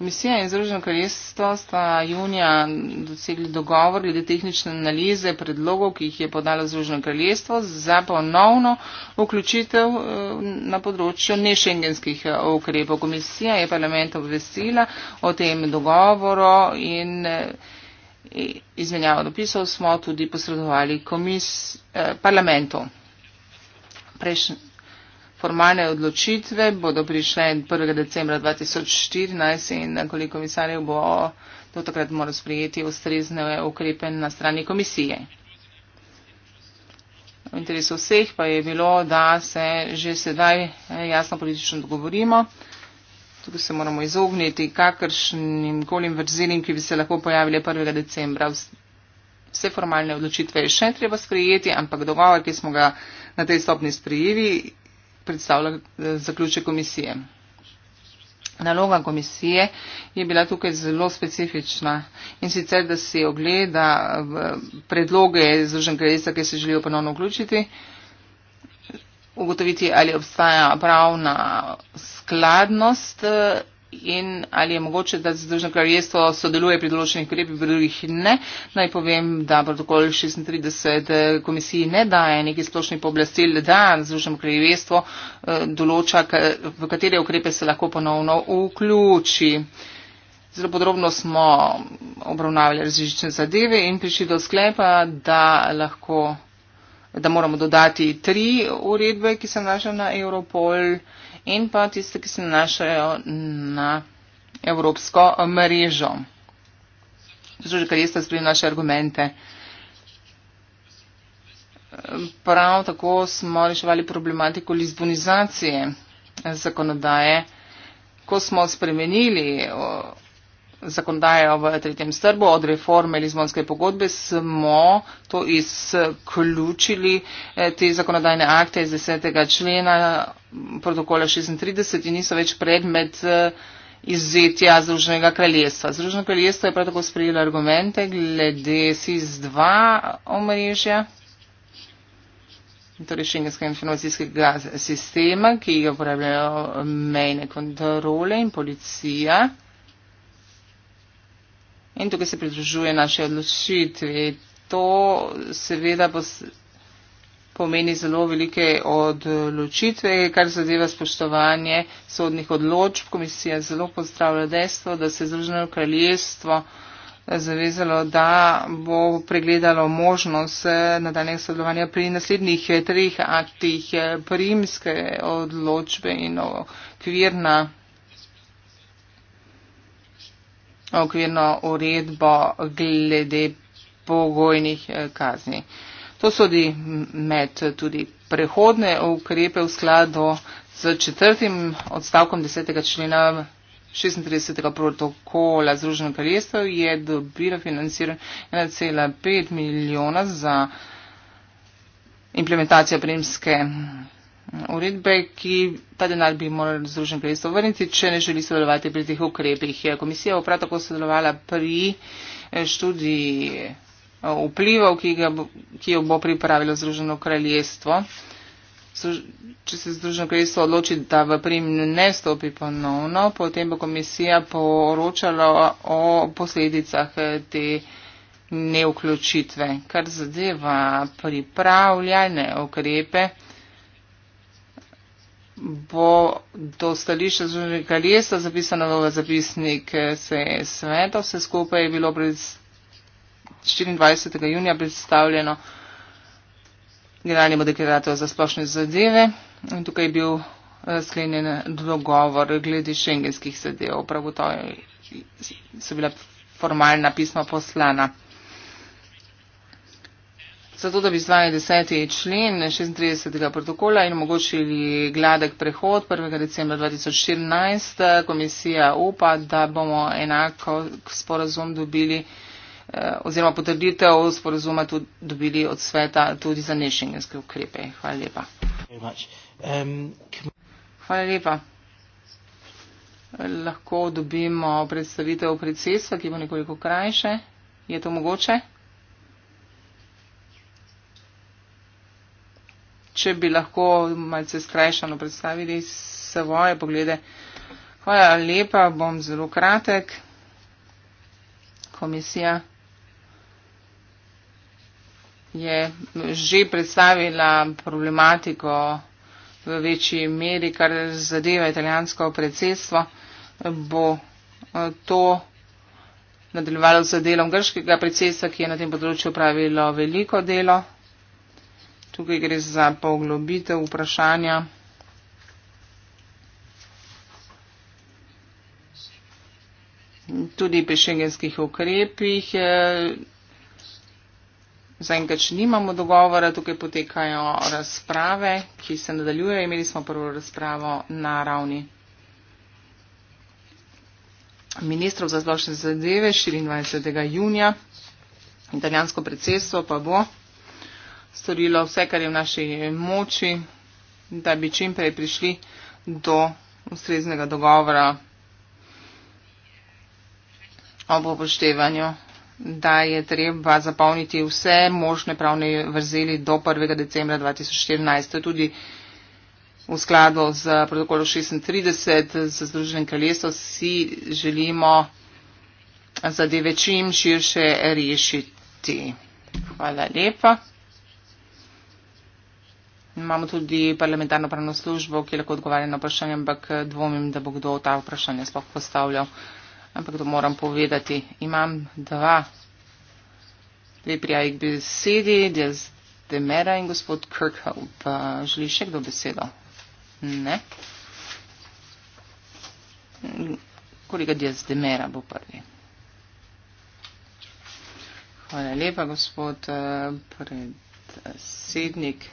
Komisija in Združeno kraljestvo sta junija dosegli dogovor glede tehnične analize predlogov, ki jih je podalo Združeno kraljestvo za ponovno vključitev eh, na področju nešengenskih eh, ukrepov. Komisija je parlament obvestila o tem dogovoru in eh, izmenjavo dopisov smo tudi posredovali komis, eh, parlamentu. Prejšnji. Formalne odločitve bodo prišle 1. decembra 2014 in koliko komisarjev bo do takrat moral sprijeti ustrezne ukrepe na strani komisije. V interesu vseh pa je bilo, da se že sedaj eh, jasno politično dogovorimo. Tukaj se moramo izogniti kakršnim kolim vrzelim, ki bi se lahko pojavili 1. decembra. Vse formalne odločitve je še treba sprijeti, ampak dogovor, ki smo ga na tej stopni sprijeli, predstavlja eh, zaključek komisije. Naloga komisije je bila tukaj zelo specifična in sicer, da si ogleda eh, predloge izraženega resa, ki se želijo ponovno vključiti, ugotoviti, ali obstaja pravna skladnost eh, in ali je mogoče, da Združeno kraljestvo sodeluje pri določenih ukrepih, pri drugih ne. Naj povem, da protokol 36 eh, komisiji ne daje nekih splošnih pooblastil, da Združeno kraljestvo eh, določa, v katere ukrepe se lahko ponovno vključi. Zelo podrobno smo obravnavali različne zadeve in prišli do sklepa, da, lahko, da moramo dodati tri uredbe, ki se nanašajo na Europol in pa tiste, ki se nanašajo na evropsko mrežo. Zdaj, kaj jeste sprejeli naše argumente? Prav tako smo reševali problematiko lizbonizacije zakonodaje, ko smo spremenili zakonodaje v tretjem strbu, od reforme Lizbonske pogodbe smo to izključili, eh, te zakonodajne akte iz 10. člena protokola 36 in niso več predmet eh, izzetja Združenega kraljestva. Združeno kraljestvo je prav tako sprejelo argumente glede SIS-2 omrežja, torej šengenskega informacijskega sistema, ki ga uporabljajo mejne kontrole in policija. In tukaj se pridružuje naše odločitvi. To seveda pomeni zelo velike odločitve, kar zadeva spoštovanje sodnih odločb. Komisija zelo pozdravlja dejstvo, da se je Združeno kraljestvo zavezalo, da bo pregledalo možnost nadaljnega sodelovanja pri naslednjih treh aktih eh, primske odločbe in okvirna okvirno uredbo glede pogojnih eh, kazni. To sodi med tudi prehodne ukrepe v skladu z četrtim odstavkom 10. člena 36. protokola Združenih kraljestv je dobila financiranje 1,5 milijona za implementacijo primske uredbe, ki ta denar bi morali združen kredstvo vrniti, če ne želi sodelovati pri teh ukrepih. Komisija bo prav tako sodelovala pri eh, študiji eh, vplivov, ki, ga, ki jo bo pripravilo Združeno kraljestvo. Če se Združeno kraljestvo odloči, da v prim ne stopi ponovno, potem bo komisija poročala o posledicah eh, te neuključitve. Kar zadeva pripravljanje ukrepe, bo do stališča zunanjega lesa zapisano v zapisnik eh, seje sveta. Vse skupaj je bilo pred 24. junija predstavljeno generalnemu deklaratu za splošne zadeve. In tukaj je bil sklenjen dogovor glede šengenskih zadev. Prav gotovo so bila formalna pisma poslana zato da bi izvajali 10. člen 36. protokola in omogočili gladek prehod 1. decembra 2014. Komisija upa, da bomo enako sporazum dobili eh, oziroma potrditev sporazuma tudi dobili od sveta tudi za nešengenske ukrepe. Hvala lepa. Um, Hvala lepa. Lahko dobimo predstavitev predsedstva, ki bo nekoliko krajše. Je to mogoče? če bi lahko malce skrajšano predstavili svoje poglede. Hvala lepa, bom zelo kratek. Komisija je že predstavila problematiko v večji meri, kar zadeva italijansko predsedstvo, bo eh, to nadaljevalo z delom grškega predsedstva, ki je na tem področju pravilo veliko delo. Tukaj gre za poglobitev vprašanja. Tudi pri šengenskih ukrepih. Eh, zaenkrat še nimamo dogovora, tukaj potekajo razprave, ki se nadaljujejo. Imeli smo prvo razpravo na ravni ministrov za zlošne zadeve 24. junija. Italijansko predsedstvo pa bo storilo vse, kar je v naši moči, da bi čim prej prišli do ustreznega dogovora ob upoštevanju, da je treba zapolniti vse možne pravne vrzeli do 1. decembra 2014. To je tudi v skladu z protokolom 36 z Združenim kraljestvom. Si želimo zadeve čim širše rešiti. Hvala lepa. Imamo tudi parlamentarno pravno službo, ki lahko odgovarja na vprašanje, ampak eh, dvomim, da bo kdo ta vprašanje sploh postavljal. Ampak to moram povedati. Imam dva, dve prijavi k besedi, Diaz Demera in gospod Kirkhope. Eh, želi še kdo besedo? Ne. Kolega Diaz Demera bo prvi. Hvala lepa, gospod eh, predsednik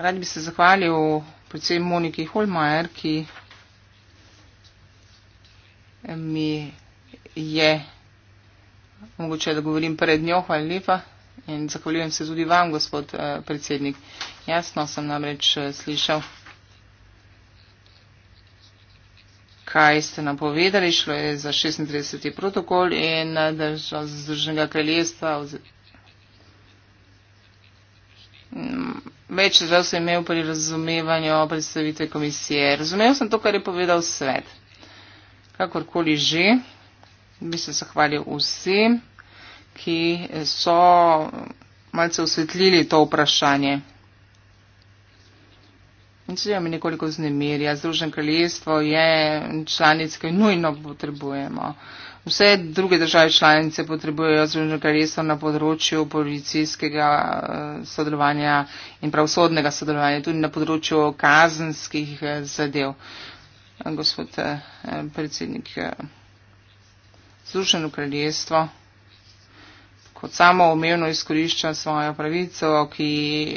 rad bi se zahvalil predvsem Moniki Holmajer, ki mi je mogoče, da govorim pred njo, hvala lepa in zahvaljujem se tudi vam, gospod eh, predsednik. Jasno sem namreč eh, slišal, kaj ste nam povedali, šlo je za 36. protokol in eh, držav Združenega kraljestva oziroma več zdaj sem imel pri razumevanju predstavitve komisije. Razumel sem to, kar je povedal svet. Kakorkoli že, bi se zahvalil vsem, ki so malce osvetlili to vprašanje. Začnejo mi nekoliko znemirja. Združen kraljestvo je članic, ki jo nujno potrebujemo. Vse druge države članice potrebujejo Združen kraljestvo na področju policijskega eh, sodelovanja in pravosodnega sodelovanja, tudi na področju kazenskih eh, zadev. Eh, gospod predsednik, Združeno kraljestvo kot samo omejeno izkorišča svojo pravico, ki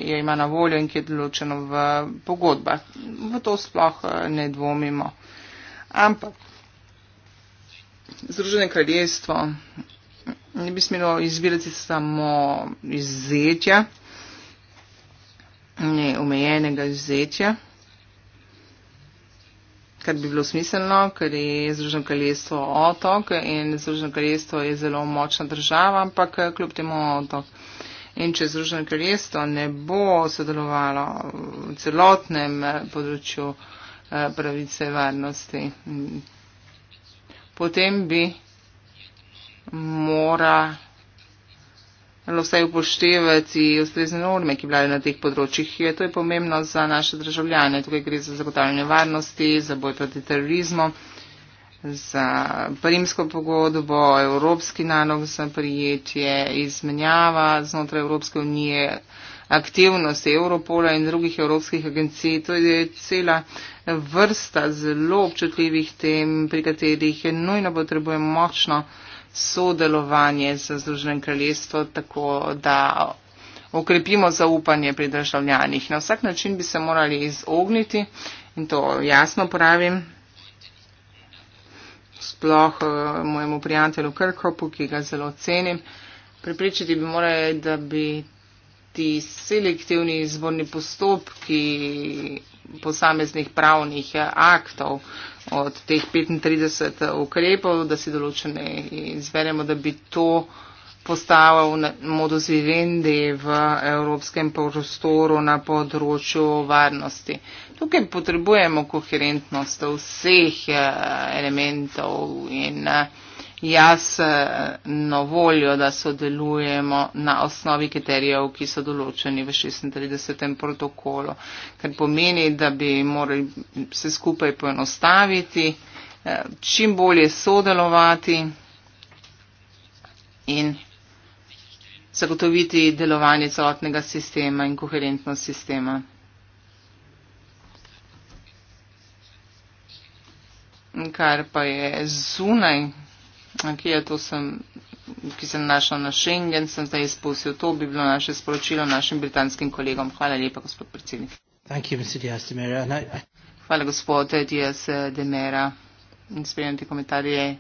jo ima na voljo in ki je določeno v pogodbah. V to sploh eh, ne dvomimo. Ampak Združene kraljestvo ne bi smelo izbirati samo izzetja, ne omejenega izzetja kar bi bilo smiselno, ker je Združeno kraljestvo otok in Združeno kraljestvo je zelo močna država, ampak eh, kljub temu otok. In če Združeno kraljestvo ne bo sodelovalo v celotnem eh, področju eh, pravice varnosti, mm, potem bi morala moralo vse upoštevati ustrezne norme, ki vladajo na teh področjih. Je, to je pomembno za naše državljane. Tukaj gre za zagotavljanje varnosti, za boj proti terorizmu, za primsko pogodbo, evropski nalog za prijetje, izmenjava znotraj Evropske unije, aktivnosti Evropola in drugih evropskih agencij. To je cela vrsta zelo občutljivih tem, pri katerih je nujno potrebujemo močno sodelovanje z Združenim kraljestvom, tako da okrepimo zaupanje pri državljanih. Na vsak način bi se morali izogniti in to jasno pravim sploh eh, mojemu prijatelju Krkopu, ki ga zelo cenim. Pripričati bi morali, da bi ti selektivni izborni postopki posameznih pravnih aktov, od teh 35 ukrepov, da si določene izveremo, da bi to postalo modus vivendi v evropskem prostoru na področju varnosti. Tukaj potrebujemo koherentnost vseh eh, elementov in eh, jaz eh, na voljo, da sodelujemo na osnovi kriterijev, ki so določeni v 36. protokolu, kar pomeni, da bi morali vse skupaj poenostaviti, eh, čim bolje sodelovati in zagotoviti delovanje celotnega sistema in koherentnost sistema. kar pa je zunaj ki je to sem, ki sem našla na Schengen, sem zdaj izpustil. To bi bilo naše sporočilo našim britanskim kolegom. Hvala lepa, gospod predsednik. Hvala, gospod Dias Demera. Spremljam te komentarje na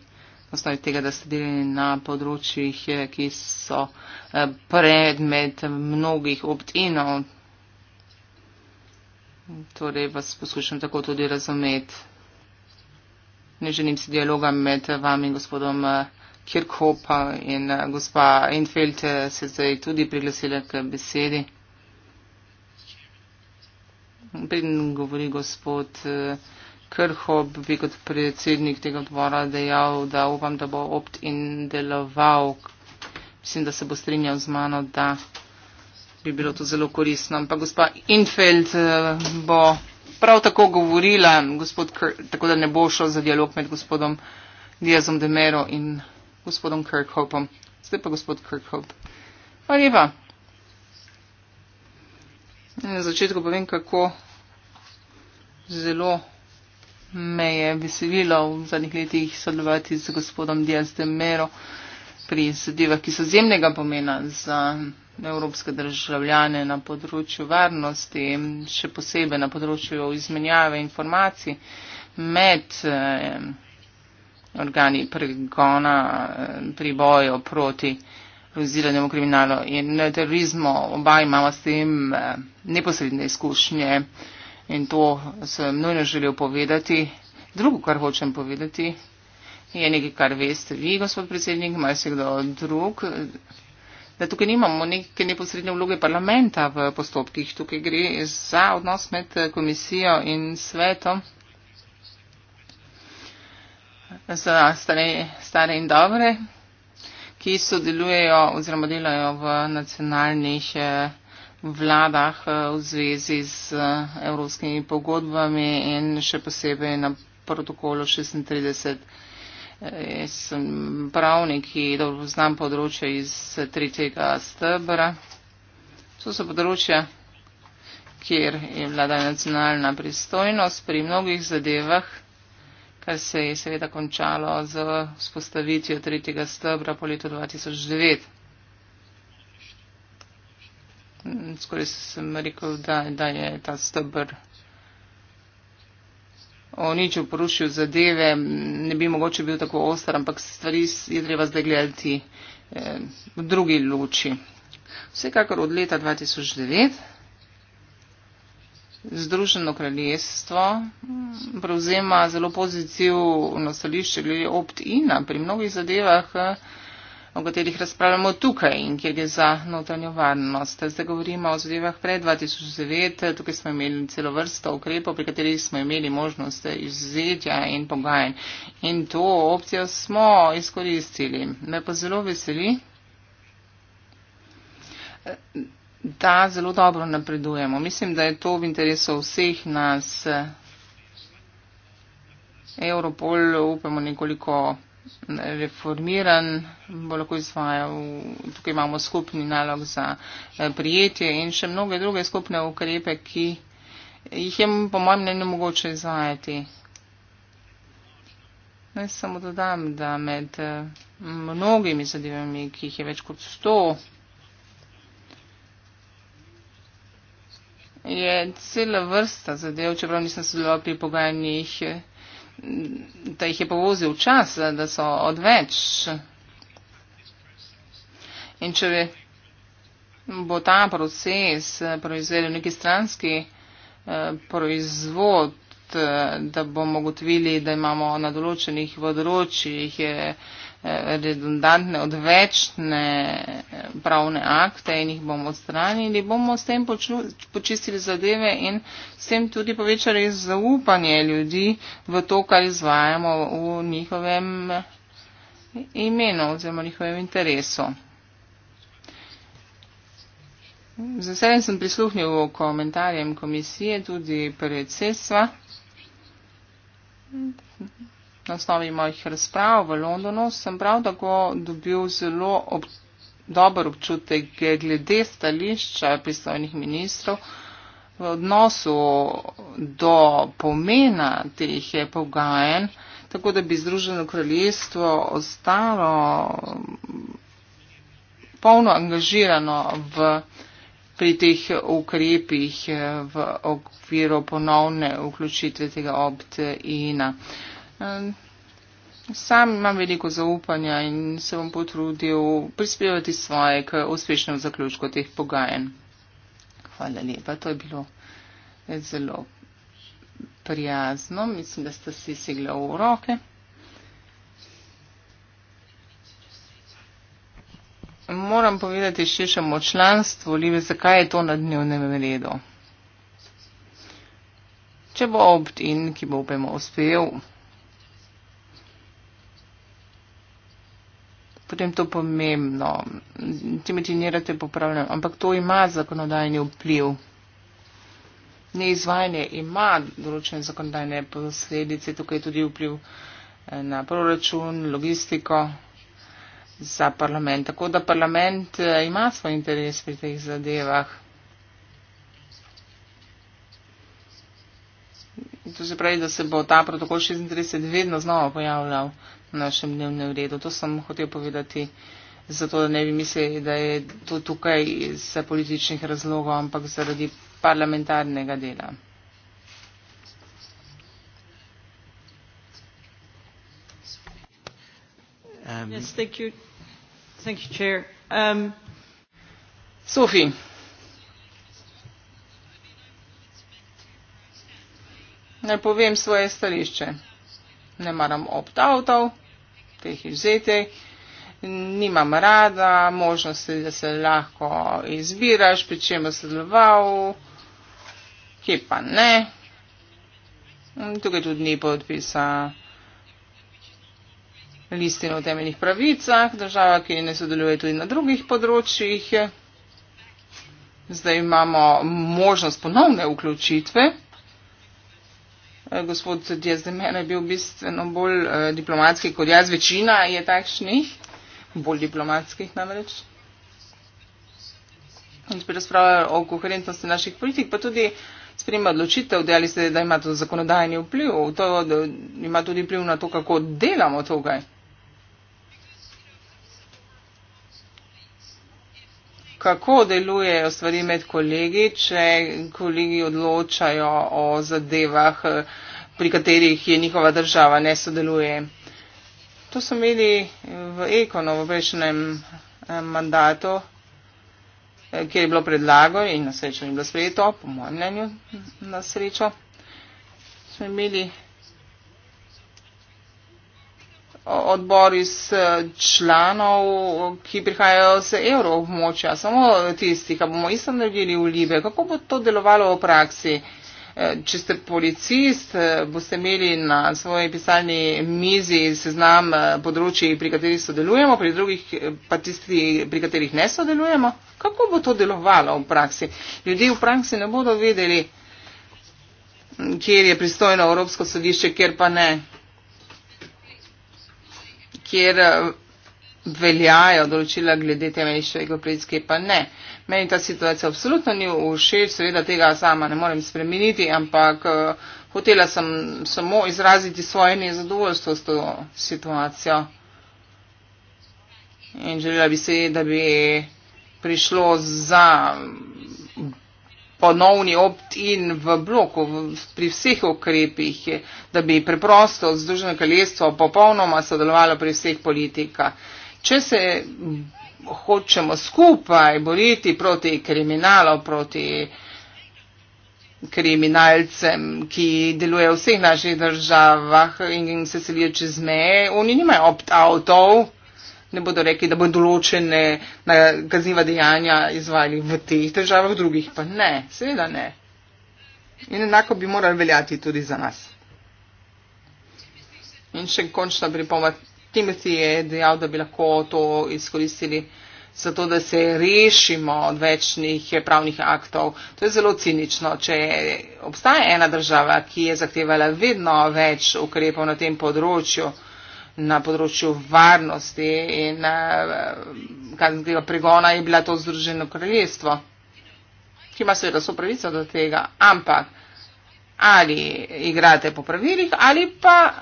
osnovi tega, da ste delili na področjih, eh, ki so eh, predmet mnogih opt-inov. Torej vas poskušam tako tudi razumeti ne želim si dialoga med vami, gospodom eh, Kirkhopa in eh, gospa Enfeld eh, se zdaj tudi priglasila k besedi. Preden govori gospod Kirkhop, bi kot predsednik tega odbora dejal, da upam, da bo opt-in deloval. Mislim, da se bo strinjal z mano, da bi bilo to zelo koristno. Ampak gospa Enfeld bo prav tako govorila, gospod, tako da ne bo šlo za dialog med gospodom Diazom Demero in gospodom Kirkhopom. Zdaj pa gospod Kirkhop. Hvala lepa. Na začetku povem, kako zelo me je veselilo v zadnjih letih sodelovati z gospodom Diaz Demero pri zadevah, ki so zemnega pomena za evropske državljane na področju varnosti, še posebej na področju izmenjave informacij med eh, organi pregona eh, pri boju proti organiziranemu kriminalu in terorizmu. Oba imamo s tem eh, neposredne izkušnje in to sem nujno želel povedati. Drugo, kar hočem povedati, je nekaj, kar veste vi, gospod predsednik, malo se kdo drug da tukaj nimamo neke neposredne vloge parlamenta v postopkih. Tukaj gre za odnos med komisijo in svetom za stare, stare in dobre, ki sodelujejo oziroma delajo v nacionalnih eh, vladah eh, v zvezi z eh, evropskimi pogodbami in še posebej na protokolu 36. Jaz sem pravnik, ki dobro poznam področje iz tretjega stebra. To so področja, kjer je vlada nacionalna pristojnost pri mnogih zadevah, kar se je seveda končalo z vzpostavitvijo tretjega stebra po letu 2009. Skoraj sem rekel, da, da je ta stebr o ničem porušil zadeve, ne bi mogoče bil tako ostar, ampak stvari je treba zdaj gledati eh, v drugi luči. Vsekakor od leta 2009 Združeno kraljestvo mm, prevzema zelo pozitivno stališče glede opt-ina pri mnogih zadevah. Eh, o katerih razpravljamo tukaj in kjer je za notranjo varnost. Zdaj govorimo o zadevah pred 2009, tukaj smo imeli celo vrsto ukrepov, pri katerih smo imeli možnost izvzetja in pogajanj. In to opcijo smo izkoristili. Me pa zelo veseli, da zelo dobro napredujemo. Mislim, da je to v interesu vseh nas. Europol upamo nekoliko reformiran, bo lahko izvajal, tukaj imamo skupni nalog za eh, prijetje in še mnoge druge skupne ukrepe, ki jih je po mojem mnenju mogoče izvajati. Naj samo dodam, da med eh, mnogimi zadevami, ki jih je več kot sto, je cela vrsta zadev, čeprav nisem sodeloval pri pogajanjih, eh, da jih je povozil čas, da so odveč. In če bo ta proces proizvedel neki stranski eh, proizvod, eh, da bomo ugotovili, da imamo na določenih področjih eh, redundantne, odvečne eh, pravne akte in jih bomo odstranili, bomo s tem poču, počistili zadeve in s tem tudi povečali zaupanje ljudi v to, kar izvajamo v njihovem eh, imenu oziroma njihovem interesu. Z veseljem sem prisluhnil komentarjem komisije, tudi predsedstva na osnovi mojih razprav v Londonu, sem prav tako dobil zelo ob, dober občutek glede stališča pristojnih ministrov v odnosu do pomena teh pogajen, tako da bi Združeno kraljestvo ostalo polno angažirano v, pri teh ukrepih v okviru ponovne vključitve tega opt-ina. Sam imam veliko zaupanja in se bom potrudil prispevati svoje k uspešnemu zaključku teh pogajanj. Hvala lepa, to je bilo zelo prijazno. Mislim, da ste si segli v roke. Moram povedati širšemu o članstvu, Live, zakaj je to na dnevnem redu. Če bo opt-in, ki bo upajmo uspel, potem to pomembno. Če medžinirate, popravljam. Ampak to ima zakonodajni vpliv. Neizvajanje ima določene zakonodajne posledice, tukaj je tudi vpliv eh, na proračun, logistiko za parlament. Tako da parlament eh, ima svoj interes pri teh zadevah. to se pravi, da se bo ta protokol 36 vedno znova pojavljal na našem dnevnem redu. To sem hotel povedati, zato da ne bi mislili, da je to tukaj iz političnih razlogov, ampak zaradi parlamentarnega dela. Um, yes, thank you. Thank you, Chair. Um, Sophie. Naj povem svoje stališče. Ne maram opt-outov, teh izvzetij, nimam rada možnosti, da se lahko izbiraš, pri čemu sodeloval, ki pa ne. Tukaj tudi ni podpisa listino o temeljnih pravicah, država, ki ne sodeluje tudi na drugih področjih. Zdaj imamo možnost ponovne vključitve. Eh, gospod Diaz de Mena je bil bistveno bolj uh, diplomatski kot jaz, večina je takšnih, bolj diplomatskih namreč. In spet razpravljajo o koherentnosti naših politik, pa tudi sprejema odločitev, da, se, da ima to zakonodajni vpliv, to, da ima tudi vpliv na to, kako delamo tukaj. Kako delujejo stvari med kolegi, če kolegi odločajo o zadevah, eh, pri katerih je njihova država ne sodeluje. To so imeli v Ekonu v prejšnjem eh, mandatu, eh, kjer je bilo predlago in na srečo ni bilo sprejeto, po mojem mnenju na srečo. Smo imeli eh, odbor iz članov, ki prihajajo z evroobmočja, samo tistih, ki bomo isto naredili v Libe. Kako bo to delovalo v praksi? če ste policist, eh, boste imeli na svoji pisalni mizi seznam eh, področji, pri katerih sodelujemo, pri drugih eh, pa tisti, pri katerih ne sodelujemo. Kako bo to delovalo v praksi? Ljudje v praksi ne bodo vedeli, kjer je pristojno Evropsko sodišče, kjer pa ne. Kjer veljajo določila glede te medijskega plitske, pa ne. Meni ta situacija absolutno ni všeč, seveda tega sama ne morem spremeniti, ampak uh, hotela sem samo izraziti svoje nezadovoljstvo s to situacijo. In želela bi se, da bi prišlo za ponovni opt-in v bloku, v, pri vseh ukrepih, da bi preprosto Združeno kraljestvo popolnoma sodelovalo pri vseh politikah če se hočemo skupaj boriti proti kriminalu, proti kriminalcem, ki delujejo v vseh naših državah in se selijo čez meje, oni nimajo opt-outov, ne bodo rekli, da bodo določene kazniva dejanja izvajali v teh državah, v drugih pa ne, seveda ne. In enako bi moralo veljati tudi za nas. In še končna pripomba Timothy je dejal, da bi lahko to izkoristili zato, da se rešimo od večnih pravnih aktov. To je zelo cinično. Če obstaja ena država, ki je zahtevala vedno več ukrepov na tem področju, na področju varnosti in eh, kaznjega pregona, je bila to Združeno kraljestvo, ki ima seveda so pravico do tega, ampak ali igrate po pravilih ali pa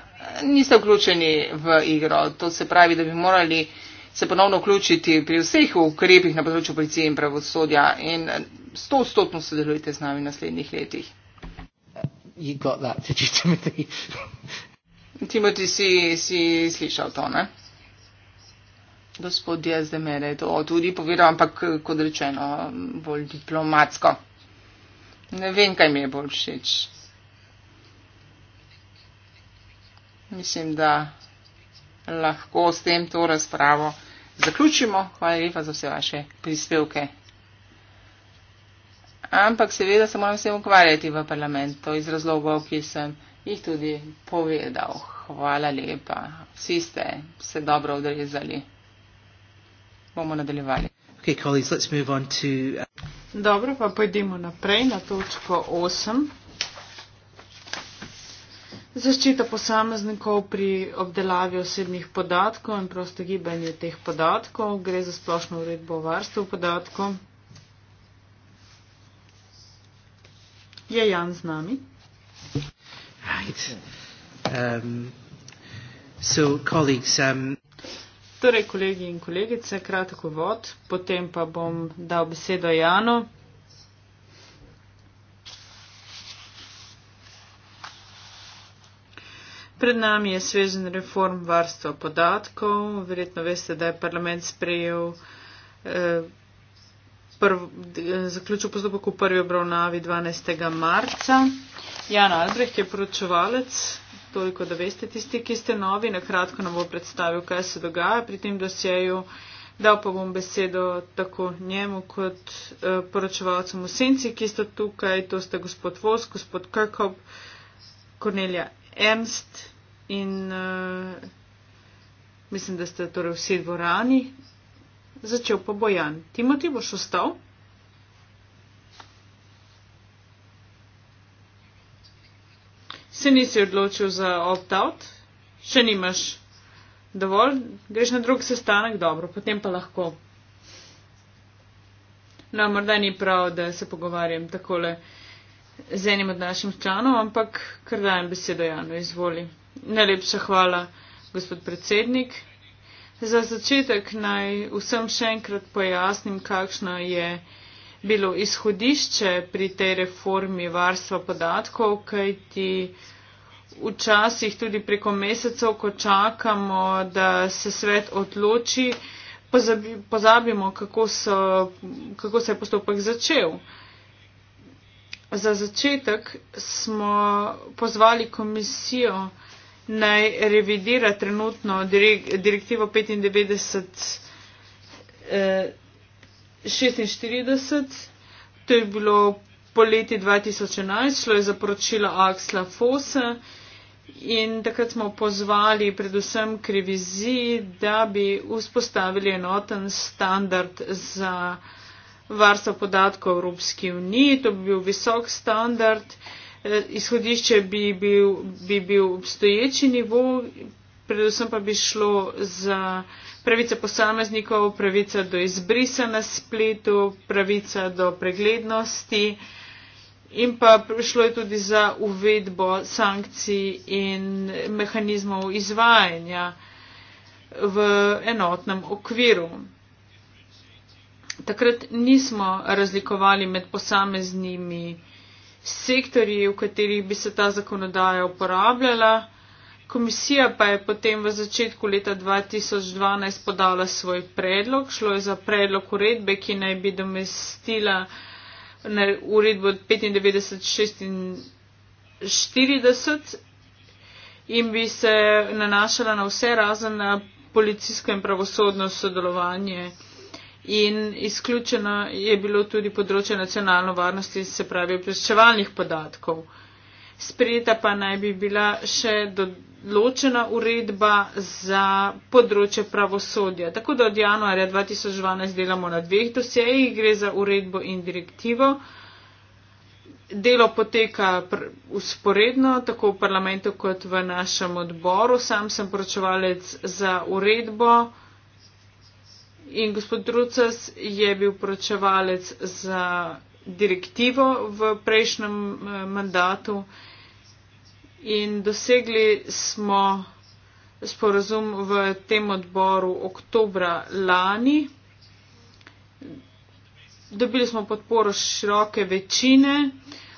niste vključeni v igro. To se pravi, da bi morali se ponovno vključiti pri vseh ukrepih na področju policije in pravosodja in stotno sodelujte z nami v naslednjih letih. Timothy, si, si slišal to, ne? Gospod je zdaj mene to tudi povedal, ampak kot rečeno, bolj diplomatsko. Ne vem, kaj mi je bolj všeč. mislim, da lahko s tem to razpravo zaključimo. Hvala lepa za vse vaše prispevke. Ampak seveda se moram s tem ukvarjati v parlamentu iz razlogov, ki sem jih tudi povedal. Hvala lepa. Vsi ste se dobro odrezali. Bomo nadaljevali. Okay, colleagues, let's move on to... Uh, dobro, pa pojdimo naprej na točko 8 zaščita posameznikov pri obdelavi osebnih podatkov in prosto gibanje teh podatkov, gre za splošno uredbo o varstvu podatkov. Je Jan z nami? Right. Um, so, colleagues, um... Torej, kolegi in kolegice, kratko vod, potem pa bom dal besedo Janu. pred nami je svežen reform varstva podatkov. Verjetno veste, da je parlament sprejel, eh, eh, zaključil postopek v prvi obravnavi 12. marca. Jana Albreh je poročevalec, toliko da veste tisti, ki ste novi, na kratko nam bo predstavil, kaj se dogaja pri tem dosjeju. Dal pa bom besedo tako njemu kot eh, poročevalcem v senci, ki sta tukaj, to sta gospod Vos, gospod Krkob, Cornelia Ernst in uh, mislim, da ste torej vsi dvorani. Začel pa bo Jan. Timoti boš ostal? Se nisi odločil za opt-out? Še nimaš dovolj? Greš na drug sestanek? Dobro, potem pa lahko. No, morda ni prav, da se pogovarjam takole z enim od naših članov, ampak kar dajem besedo Janu, izvoli. Najlepša hvala, gospod predsednik. Za začetek naj vsem še enkrat pojasnim, kakšno je bilo izhodišče pri tej reformi varstva podatkov, kajti včasih tudi preko mesecev, ko čakamo, da se svet odloči, pozabimo, kako, so, kako se je postopek začel. Za začetek smo pozvali komisijo, naj revidira trenutno direktivo 95-46, eh, to je bilo po leti 2011, šlo je za poročilo Aksla Fosa in takrat smo pozvali predvsem k reviziji, da bi vzpostavili enoten standard za varstvo podatkov Evropske unije, to bi bil visok standard. Eh, izhodišče bi bil, bi bil obstoječi nivo, predvsem pa bi šlo za pravice posameznikov, pravica do izbrisa na spletu, pravica do preglednosti in pa šlo je tudi za uvedbo sankcij in mehanizmov izvajanja v enotnem okviru. Takrat nismo razlikovali med posameznimi sektorji, v katerih bi se ta zakonodaja uporabljala. Komisija pa je potem v začetku leta 2012 podala svoj predlog. Šlo je za predlog uredbe, ki naj bi domestila uredbo 95-46 in bi se nanašala na vse razen na policijsko in pravosodno sodelovanje in izključeno je bilo tudi področje nacionalno varnosti, se pravi obveščevalnih podatkov. Sprejeta pa naj bi bila še določena uredba za področje pravosodja. Tako da od januarja 2012 delamo na dveh dosejih, gre za uredbo in direktivo. Delo poteka usporedno, tako v parlamentu kot v našem odboru. Sam sem poročevalec za uredbo. In gospod Drucas je bil poročevalec za direktivo v prejšnjem eh, mandatu in dosegli smo sporozum v tem odboru oktobra lani. Dobili smo podporo široke večine,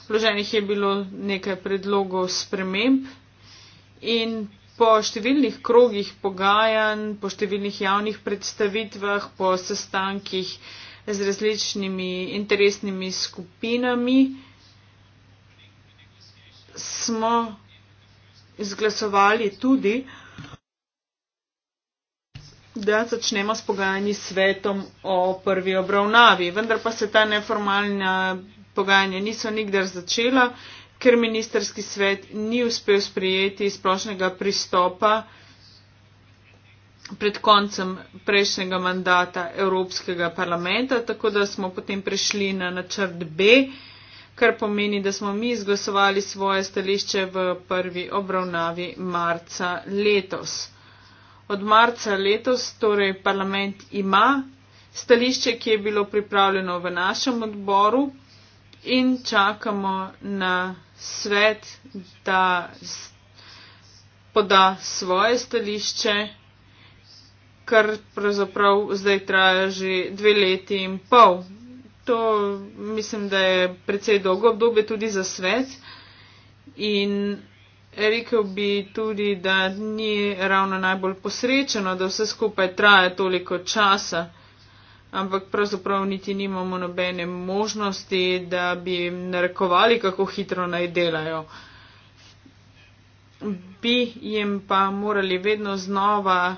vloženih je bilo nekaj predlogov sprememb in po številnih krogih pogajanj, po številnih javnih predstavitvah, po sestankih z različnimi interesnimi skupinami smo izglasovali tudi, da začnemo s pogajanji svetom o prvi obravnavi. Vendar pa se ta neformalna pogajanja niso nikdar začela, ker ministerski svet ni uspel sprejeti splošnega pristopa pred koncem prejšnjega mandata Evropskega parlamenta, tako da smo potem prešli na načrt B, kar pomeni, da smo mi izglasovali svoje stališče v prvi obravnavi marca letos. Od marca letos torej parlament ima stališče, ki je bilo pripravljeno v našem odboru in čakamo na svet, da poda svoje stališče, kar pravzaprav zdaj traja že dve leti in pol. To mislim, da je precej dolgo obdobje tudi za svet in rekel bi tudi, da ni ravno najbolj posrečeno, da vse skupaj traja toliko časa ampak pravzaprav niti nimamo nobene možnosti, da bi jim narekovali, kako hitro naj delajo. Bi jim pa morali vedno znova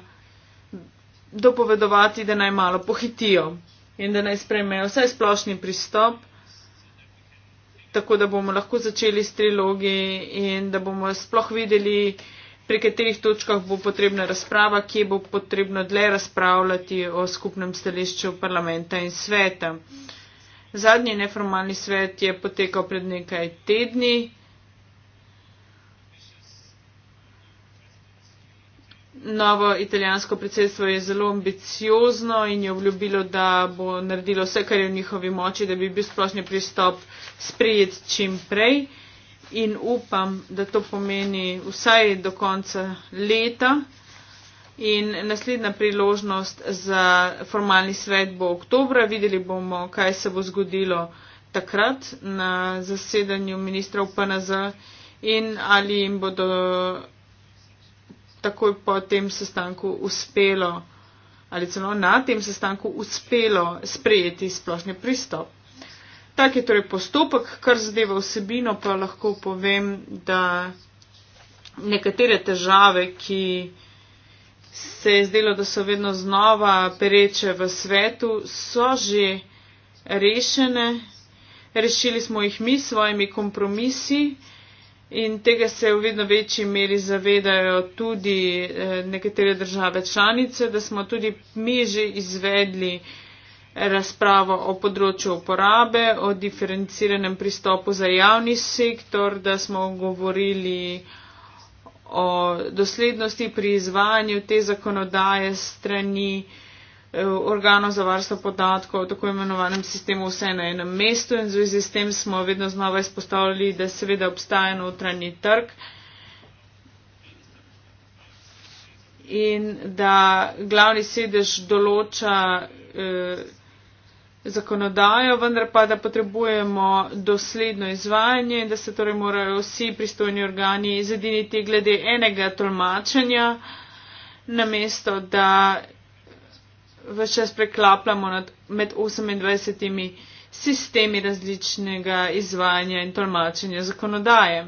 dopovedovati, da naj malo pohitijo in da naj spremejo vsaj splošni pristop. Tako da bomo lahko začeli s trilogi in da bomo sploh videli, pri katerih točkah bo potrebna razprava, kje bo potrebno dlje razpravljati o skupnem stališču parlamenta in sveta. Zadnji neformalni svet je potekal pred nekaj tedni. Novo italijansko predsedstvo je zelo ambiciozno in je obljubilo, da bo naredilo vse, kar je v njihovi moči, da bi bil splošni pristop sprejet čim prej in upam, da to pomeni vsaj do konca leta. In naslednja priložnost za formalni svet bo oktobra. Videli bomo, kaj se bo zgodilo takrat na zasedanju ministrov PNZ in ali jim bodo takoj po tem sestanku uspelo ali celo na tem sestanku uspelo sprejeti splošni pristop. Tak je torej postopek, kar zadeva vsebino, pa lahko povem, da nekatere težave, ki se je zdelo, da so vedno znova pereče v svetu, so že rešene. Rešili smo jih mi s svojimi kompromisi in tega se v vedno večji meri zavedajo tudi eh, nekatere države članice, da smo tudi mi že izvedli razpravo o področju uporabe, o diferenciranem pristopu za javni sektor, da smo govorili o doslednosti pri izvajanju te zakonodaje strani eh, organov za varstvo podatkov, tako imenovanem sistemu vse na enem mestu in zvezi s tem smo vedno znova izpostavljali, da seveda obstaja notranji trg in da glavni sedež določa eh, zakonodajo, vendar pa, da potrebujemo dosledno izvajanje in da se torej morajo vsi pristojni organi zediniti glede enega tolmačenja, namesto da vse čas preklapljamo nad, med 28 sistemi različnega izvajanja in tolmačenja zakonodaje.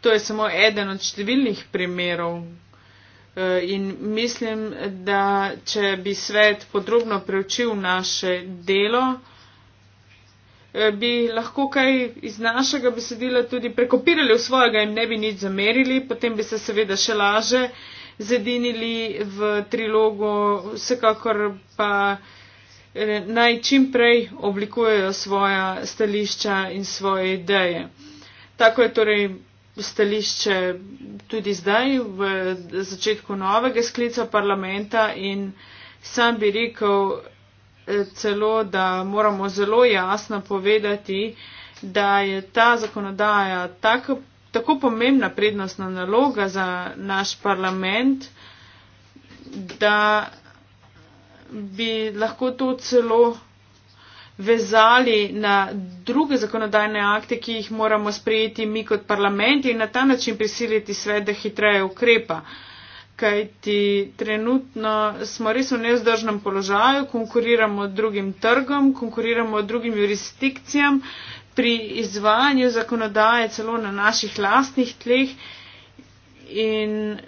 To je samo eden od številnih primerov, Eh, in mislim, da če bi svet podrobno preučil naše delo, eh, bi lahko kaj iz našega besedila tudi prekopirali v svojega in ne bi nič zamerili, potem bi se seveda še laže zedinili v trilogo, vsekakor pa eh, naj čim prej oblikujejo svoja stališča in svoje ideje. Tako je torej stališče tudi zdaj, v začetku novega sklica parlamenta in sam bi rekel eh, celo, da moramo zelo jasno povedati, da je ta zakonodaja tako, tako pomembna prednostna naloga za naš parlament, da bi lahko to celo vezali na druge zakonodajne akte, ki jih moramo sprejeti mi kot parlament in na ta način prisiliti svet, da hitreje ukrepa. Kaj ti trenutno smo res v nezdržnem položaju, konkuriramo drugim trgom, konkuriramo drugim jurisdikcijam pri izvajanju zakonodaje celo na naših lastnih tleh in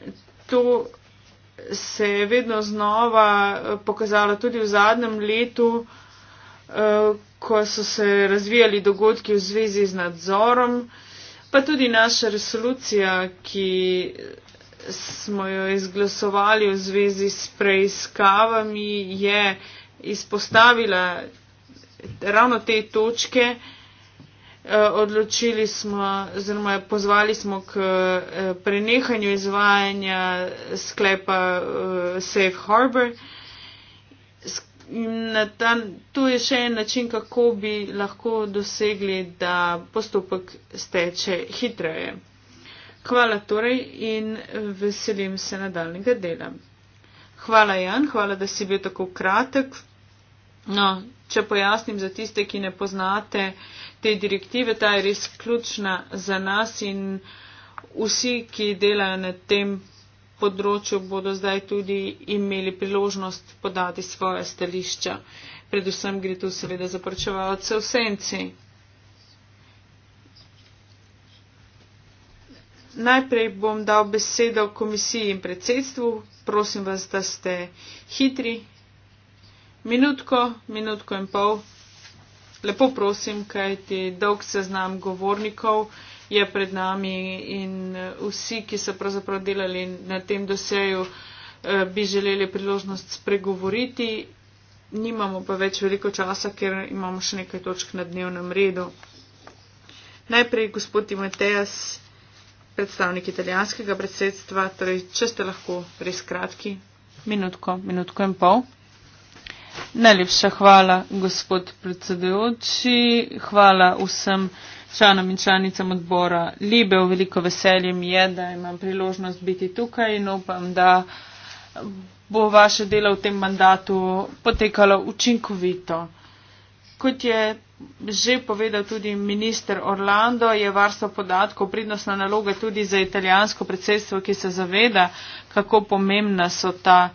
to se je vedno znova eh, pokazalo tudi v zadnjem letu ko so se razvijali dogodki v zvezi z nadzorom, pa tudi naša resolucija, ki smo jo izglasovali v zvezi s preiskavami, je izpostavila ravno te točke. E, odločili smo, oziroma pozvali smo k e, prenehanju izvajanja sklepa e, Safe Harbor. In ta, tu je še en način, kako bi lahko dosegli, da postopek steče hitreje. Hvala torej in veselim se nadaljnega dela. Hvala Jan, hvala, da si bil tako kratek. No, če pojasnim za tiste, ki ne poznate te direktive, ta je res ključna za nas in vsi, ki delajo na tem področju področju bodo zdaj tudi imeli priložnost podati svoje stališča. Predvsem gre tu seveda za poročevalce v senci. Najprej bom dal besedo komisiji in predsedstvu. Prosim vas, da ste hitri. Minutko, minutko in pol. Lepo prosim, kajti dolg seznam govornikov je pred nami in eh, vsi, ki so pravzaprav delali na tem doseju, eh, bi želeli priložnost spregovoriti. Nimamo pa več veliko časa, ker imamo še nekaj točk na dnevnem redu. Najprej gospod Timoteas, predstavnik italijanskega predsedstva, torej če ste lahko res kratki, minutko, minutko in pol. Najlepša hvala, gospod predsedujoči, hvala vsem članom in članicam odbora Libe. Veliko veselje mi je, da imam priložnost biti tukaj in upam, da bo vaše delo v tem mandatu potekalo učinkovito. Kot je že povedal tudi minister Orlando, je varstvo podatkov pridnostna naloga tudi za italijansko predsedstvo, ki se zaveda, kako pomembna so ta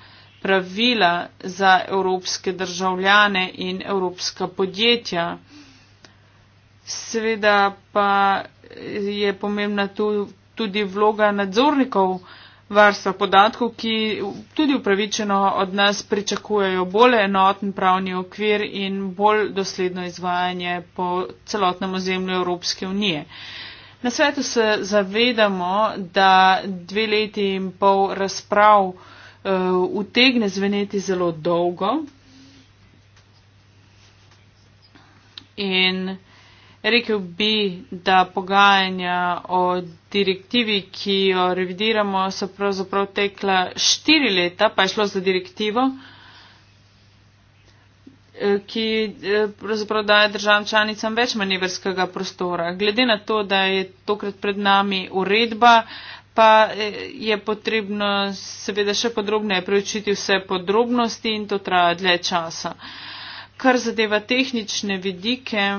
pravila za evropske državljane in evropska podjetja. Seveda pa je pomembna tu tudi vloga nadzornikov varstva podatkov, ki tudi upravičeno od nas pričakujejo bolj enoten pravni okvir in bolj dosledno izvajanje po celotnem ozemlju Evropske unije. Na svetu se zavedamo, da dve leti in pol razprav uh, utegne zveneti zelo dolgo. In Rekl bi, da pogajanja o direktivi, ki jo revidiramo, so pravzaprav tekla štiri leta, pa je šlo za direktivo, eh, ki eh, pravzaprav daje državam članicam več manevrskega prostora. Glede na to, da je tokrat pred nami uredba, pa eh, je potrebno seveda še podrobneje preučiti vse podrobnosti in to traja dlje časa. Kar zadeva tehnične vidike,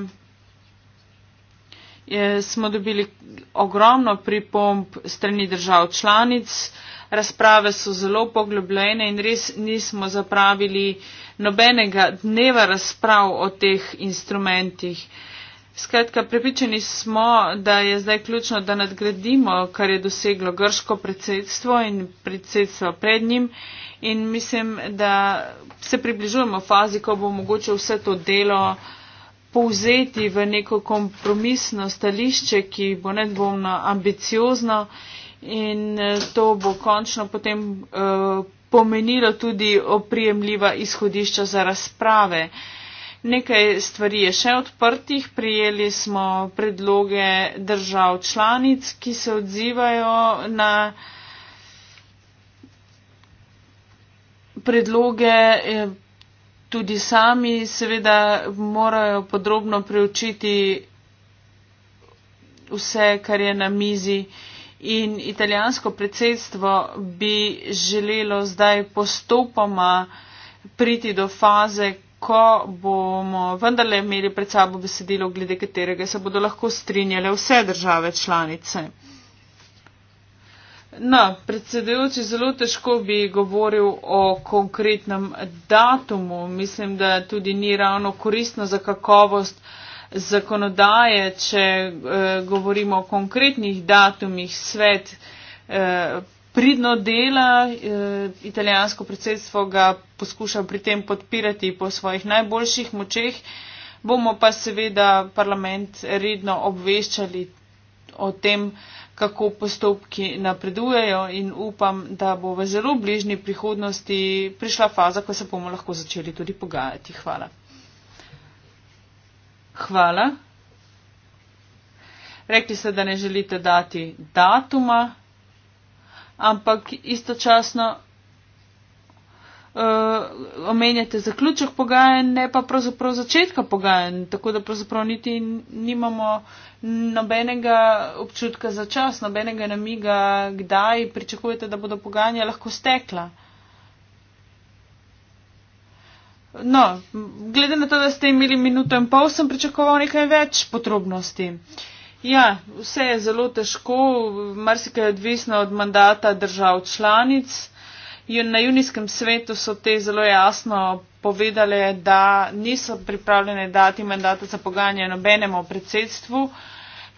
Eh, smo dobili ogromno pripomb strani držav članic, razprave so zelo poglobljene in res nismo zapravili nobenega dneva razprav o teh instrumentih. Skratka, prepričani smo, da je zdaj ključno, da nadgradimo, kar je doseglo grško predsedstvo in predsedstvo pred njim in mislim, da se približujemo fazi, ko bo mogoče vse to delo povzeti v neko kompromisno stališče, ki bo nedvomno ambiciozno in eh, to bo končno potem eh, pomenilo tudi oprijemljiva izhodišča za razprave. Nekaj stvari je še odprtih. Prijeli smo predloge držav članic, ki se odzivajo na predloge. Eh, tudi sami seveda morajo podrobno preučiti vse, kar je na mizi. In italijansko predsedstvo bi želelo zdaj postopoma priti do faze, ko bomo vendarle imeli pred sabo besedilo, glede katerega se bodo lahko strinjale vse države članice. Na, predsedujoči, zelo težko bi govoril o konkretnem datumu. Mislim, da tudi ni ravno koristno za kakovost zakonodaje, če eh, govorimo o konkretnih datumih. Svet eh, pridno dela, eh, italijansko predsedstvo ga poskuša pri tem podpirati po svojih najboljših močeh. Bomo pa seveda parlament redno obveščali o tem, eh, kako postopki napredujejo in upam, da bo v zelo bližnji prihodnosti prišla faza, ko se bomo lahko začeli tudi pogajati. Hvala. Hvala. Rekli ste, da ne želite dati datuma, ampak istočasno uh, omenjate zaključek pogajanj, ne pa pravzaprav začetka pogajanj, tako da pravzaprav niti nimamo nobenega občutka za čas, nobenega namiga, kdaj pričakujete, da bodo pogajanja lahko stekla. No, glede na to, da ste imeli minuto in pol, sem pričakoval nekaj več potrobnosti. Ja, vse je zelo težko, marsikaj je odvisno od mandata držav članic na junijskem svetu so te zelo jasno povedali, da niso pripravljene dati mandata za pogajanje nobenemu predsedstvu,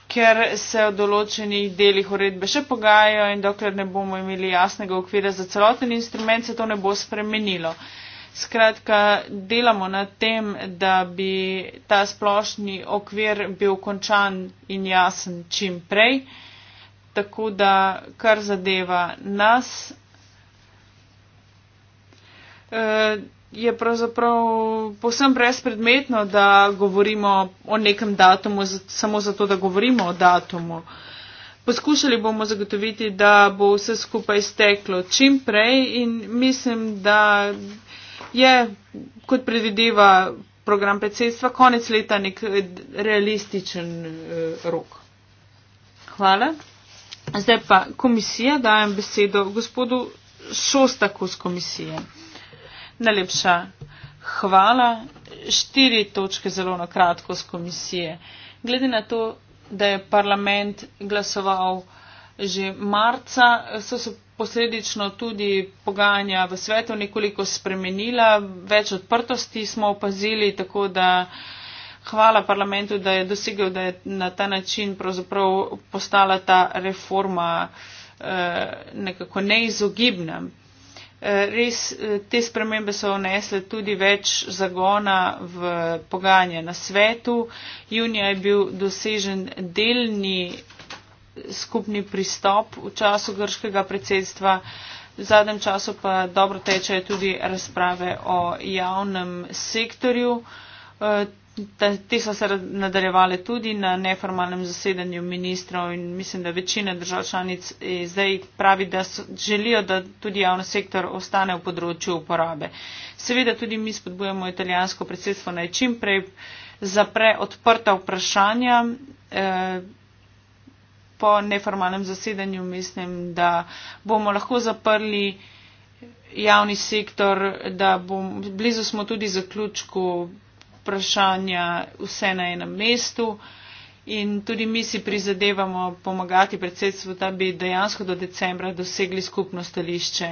ker se o določenih delih uredbe še pogajajo in dokler ne bomo imeli jasnega okvira za celoten instrument, se to ne bo spremenilo. Skratka, delamo na tem, da bi ta splošni okvir bil končan in jasen čim prej. Tako da, kar zadeva nas, Eh, je pravzaprav povsem brezpredmetno, da govorimo o nekem datumu samo zato, da govorimo o datumu. Poskušali bomo zagotoviti, da bo vse skupaj steklo čim prej in mislim, da je, kot predvideva program predsedstva, konec leta nek eh, realističen eh, rok. Hvala. Zdaj pa komisija, dajem besedo gospodu Šostaku z komisije. Najlepša hvala. Štiri točke zelo na kratko z komisije. Glede na to, da je parlament glasoval že marca, so se posledično tudi pogajanja v svetu nekoliko spremenila, več odprtosti smo opazili, tako da hvala parlamentu, da je dosegel, da je na ta način pravzaprav postala ta reforma eh, nekako neizogibna. Eh, res eh, te spremembe so vnesle tudi več zagona v pogajanje na svetu. Junija je bil dosežen delni skupni pristop v času grškega predsedstva. V zadnjem času pa dobro tečejo tudi razprave o javnem sektorju. Eh, Te so se nadaljevale tudi na neformalnem zasedanju ministrov in mislim, da večina držav članic eh, zdaj pravi, da so, želijo, da tudi javni sektor ostane v področju uporabe. Seveda tudi mi spodbujamo italijansko predsedstvo naj čimprej zapre odprta vprašanja. Eh, po neformalnem zasedanju mislim, da bomo lahko zaprli javni sektor, da bom, blizu smo tudi zaključku vprašanja, vse na enem mestu. In tudi mi si prizadevamo pomagati predsedstvu, da bi dejansko do decembra dosegli skupno stališče.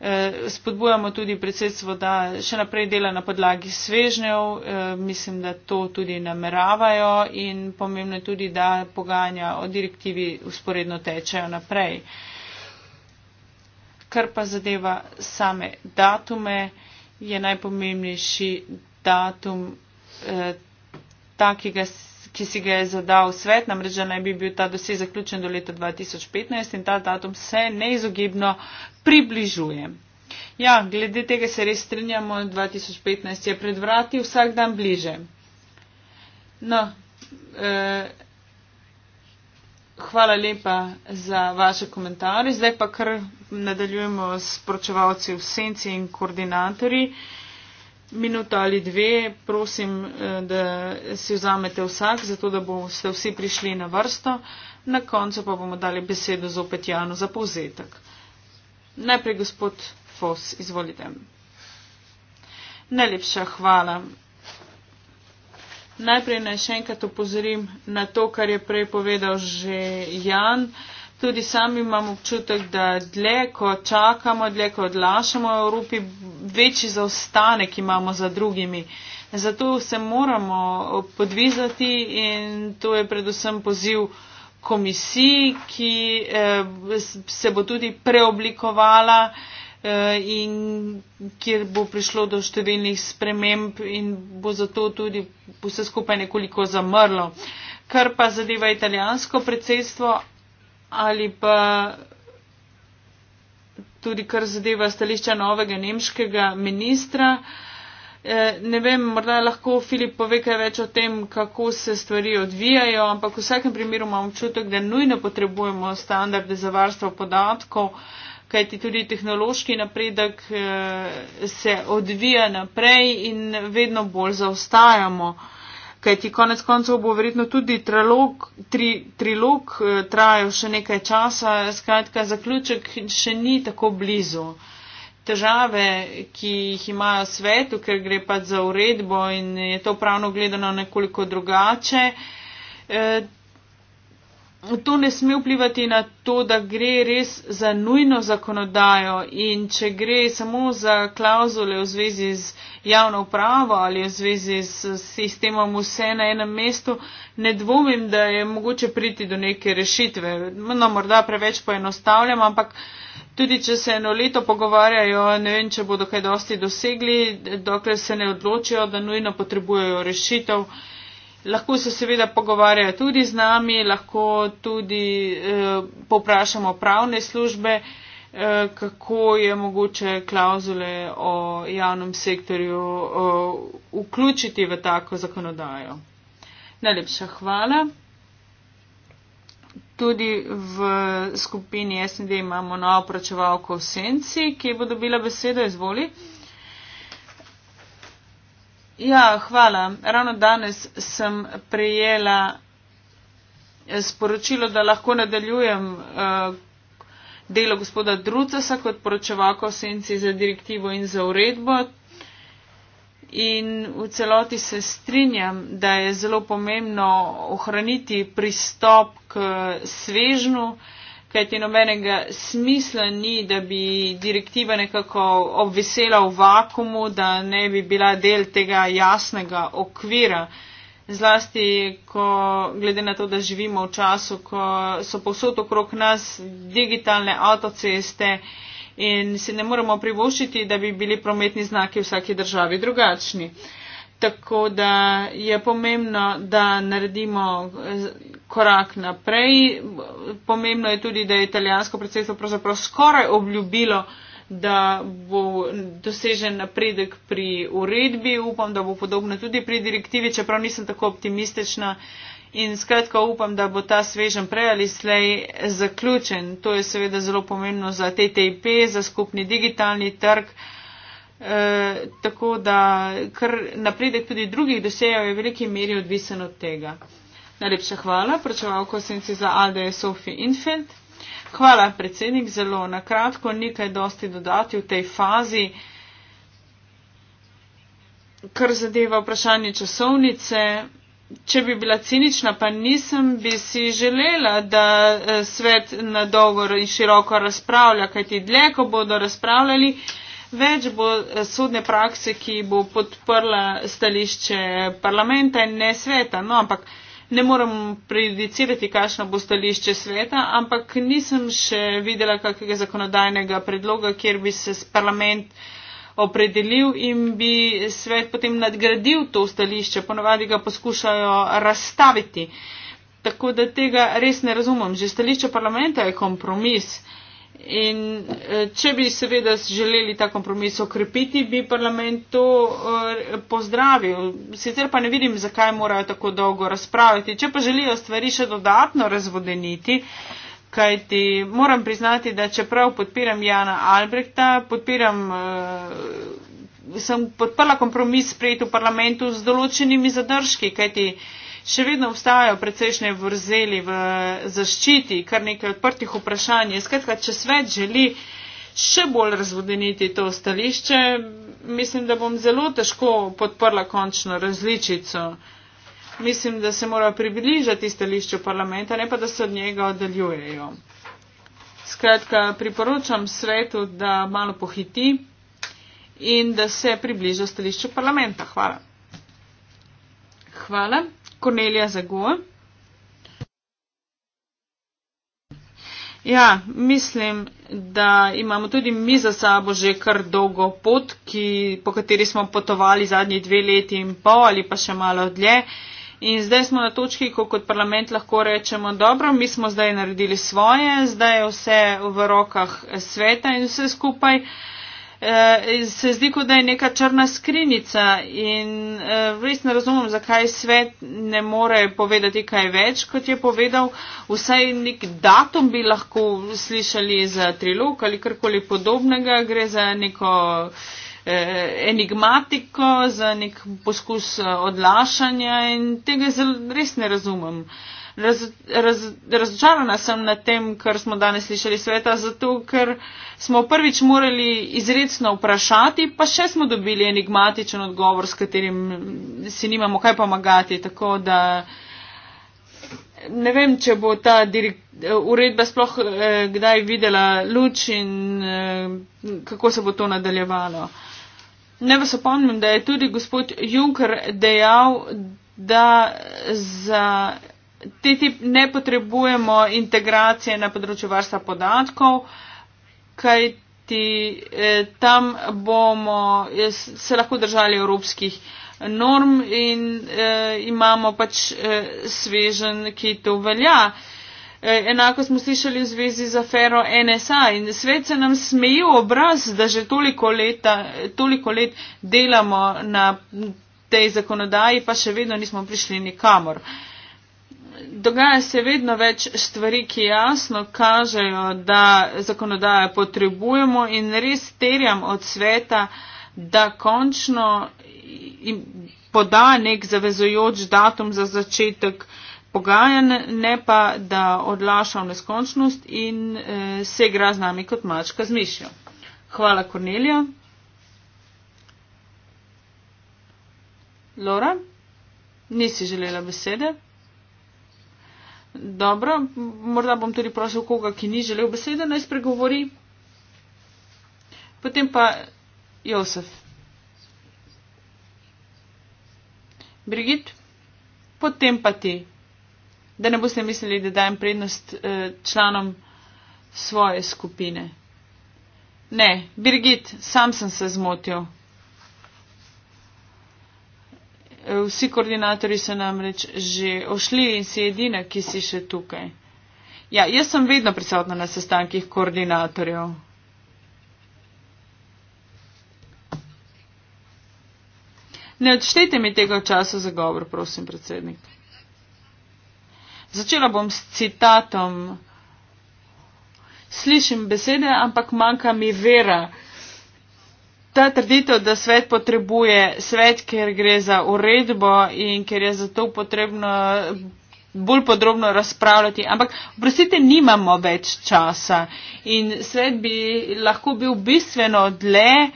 E, spodbujamo tudi predsedstvo, da še naprej dela na podlagi svežnjev. E, mislim, da to tudi nameravajo in pomembno je tudi, da pogajanja o direktivi usporedno tečejo naprej. Kar pa zadeva same datume, je najpomembnejši datum, eh, ta, ki, ga, ki si ga je zadal svet, namreč, da naj bi bil ta dosež zaključen do leta 2015 in ta datum se neizogibno približuje. Ja, glede tega se res strinjamo, 2015 je pred vrati vsak dan bliže. No, eh, hvala lepa za vaše komentarje. Zdaj pa kar nadaljujemo s poročevalci v senci in koordinatorji. Eh, minuto ali dve, prosim, eh, da si vzamete vsak, zato da boste vsi prišli na vrsto. Na koncu pa bomo dali besedo zopet Janu za povzetek. Najprej gospod Fos, izvolite. Najlepša hvala. Najprej naj še enkrat opozorim na to, kar je prej povedal že Jan. Uh, Tudi sami imam občutek, da dlje, ko čakamo, dlje, ko odlašamo v Evropi, večji zaostanek imamo za drugimi. Zato se moramo podvizati in to je predvsem poziv komisiji, ki eh, se bo tudi preoblikovala eh, in kjer bo prišlo do številnih sprememb in bo zato tudi vse skupaj nekoliko zamrlo. Kar pa zadeva italijansko predsedstvo, ali pa tudi kar zadeva stališča novega nemškega ministra. Eh, ne vem, morda lahko Filip pove kaj več o tem, kako se stvari odvijajo, ampak v vsakem primeru imam občutek, da nujno potrebujemo standarde za varstvo podatkov, kajti tudi tehnološki napredek eh, se odvija naprej in vedno bolj zaostajamo. Kaj ti konec koncev bo verjetno tudi trilog, tri, trilog eh, trajal še nekaj časa, skratka, zaključek še ni tako blizu. Težave, ki jih imajo svetu, ker gre pa za uredbo in je to pravno gledano nekoliko drugače, eh, to ne sme vplivati na to, da gre res za nujno zakonodajo in če gre samo za klauzule v zvezi z javno upravo ali v zvezi s sistemom vse na enem mestu, ne dvomim, da je mogoče priti do neke rešitve. No, morda preveč poenostavljam, ampak tudi če se eno leto pogovarjajo, ne vem, če bodo kaj dosti dosegli, dokler se ne odločijo, da nujno potrebujejo rešitev. Lahko se seveda pogovarjajo tudi z nami, lahko tudi eh, poprašamo pravne službe, eh, kako je mogoče klauzule o javnem sektorju eh, vključiti v tako zakonodajo. Najlepša hvala. Tudi v skupini SND imamo novo pračevalko v Senci, ki bo dobila besedo, izvoli. Ja, hvala. Ravno danes sem prejela eh, sporočilo, da lahko nadaljujem eh, delo gospoda Drucasa kot poročevalko senci za direktivo in za uredbo. In v celoti se strinjam, da je zelo pomembno ohraniti pristop k svežnu, kajti nobenega smisla ni, da bi direktiva nekako obvesela v vakumu, da ne bi bila del tega jasnega okvira. Zlasti, ko, glede na to, da živimo v času, ko so povsod okrog nas digitalne avtoceste in si ne moremo privoščiti, da bi bili prometni znaki v vsaki državi drugačni. Uh, Tako da je pomembno, da naredimo korak naprej. Pomembno je tudi, da je italijansko predsedstvo pravzaprav skoraj obljubilo, da bo dosežen napredek pri uredbi. Upam, da bo podobno tudi pri direktivi, čeprav nisem tako optimistična. In skratka upam, da bo ta svežen prej ali slej zaključen. To je seveda zelo pomembno za TTIP, za skupni digitalni trg. Eh, tako da kar napredek tudi drugih dosejev je v veliki meri odvisen od tega. Najlepša hvala, pročevalko senci za Alde Sofi Infeld. Hvala, predsednik, zelo na kratko, nekaj dosti dodati v tej fazi. Kar zadeva vprašanje časovnice, če bi bila cinična, pa nisem, bi si želela, da eh, svet na dolgo in široko razpravlja, kajti dlje, ko bodo razpravljali, Več bo eh, sodne prakse, ki bo podprla stališče parlamenta in ne sveta. No, ampak ne moram predicirati, kakšno bo stališče sveta, ampak nisem še videla kakega zakonodajnega predloga, kjer bi se parlament opredelil in bi svet potem nadgradil to stališče. Ponovadi ga poskušajo razstaviti. Tako da tega res ne razumem. Že stališče parlamenta je kompromis. Uh, In eh, če bi seveda želeli ta kompromis okrepiti, bi parlament to eh, pozdravil. Sicer pa ne vidim, zakaj morajo tako dolgo razpravljati. Če pa želijo stvari še dodatno razvodeniti, kajti moram priznati, da čeprav podpiram Jana Albrehta, podpiram. Eh, sem podprla kompromis sprejet v parlamentu z določenimi zadržki, kajti uh, še vedno obstajajo precejšnje vrzeli v zaščiti, kar nekaj odprtih vprašanj. Skratka, če svet želi še bolj razvodeniti to stališče, mislim, da bom zelo težko podprla končno različico. Mislim, da se mora približati stališču parlamenta, ne pa da se od njega oddaljujejo. Skratka, priporočam svetu, da malo pohiti in da se približa stališču parlamenta. Hvala. Hvala. Kornelija Zagoa. Ja, mislim, da imamo tudi mi za sabo že kar dolgo pot, ki, po kateri smo potovali zadnji dve leti in pol ali pa še malo dlje. In zdaj smo na točki, ko kot parlament lahko rečemo, dobro, mi smo zdaj naredili svoje, zdaj je vse v rokah sveta in vse skupaj. Uh, uh, se zdi, kot da je neka črna skrinica in uh, res ne razumem, zakaj svet ne more povedati kaj več, kot je povedal. Vsaj nek datum bi lahko slišali za trilog ali karkoli podobnega. Gre za neko uh, enigmatiko, za nek poskus odlašanja in tega zel, res ne razumem. Uh, raz, raz, razočarana sem nad tem, kar smo danes slišali sveta, zato ker smo prvič morali izredno vprašati, pa še smo dobili enigmatičen odgovor, s katerim si nimamo kaj pomagati. Tako da ne vem, če bo ta uredba sploh eh, kdaj videla luč in eh, kako se bo to nadaljevalo. Ne vas opomnim, da je tudi gospod Juncker dejal, da za TTIP ne potrebujemo integracije na področju varstva podatkov, kaj ti eh, tam bomo eh, se lahko držali evropskih norm in eh, imamo pač eh, svežen, ki to velja. Eh, enako smo slišali v zvezi z afero NSA in svet se nam smeji v obraz, da že toliko, leta, toliko let delamo na tej zakonodaji, pa še vedno nismo prišli nikamor. Eh, dogaja se vedno več stvari, ki jasno kažejo, da zakonodajo potrebujemo in res terjam od sveta, da končno poda nek zavezojoč datum za začetek pogajanj, ne pa da odlaša v neskončnost in eh, se igra z nami kot mačka z mišjo. Hvala, Kornelija. Lora, nisi želela besede. Dobro, morda bom tudi prosil koga, ki ni želel besede, naj spregovori. Potem pa Josef. Brigit, potem pa ti. Da ne boste mislili, da dajem prednost eh, članom svoje skupine. Ne, Birgit, sam sem se zmotil. Vsi koordinatorji so namreč že ošli in si edina, ki si še tukaj. Ja, jaz sem vedno prisotna na sestankih koordinatorjev. Ne odštejte mi tega časa za govor, prosim, predsednik. Začela bom s citatom. Slišim besede, ampak manjka mi vera ta trditev, da svet potrebuje svet, ker gre za uredbo in ker je zato potrebno bolj podrobno razpravljati. Ampak, prosite, nimamo več časa in svet bi lahko bil bistveno dlje,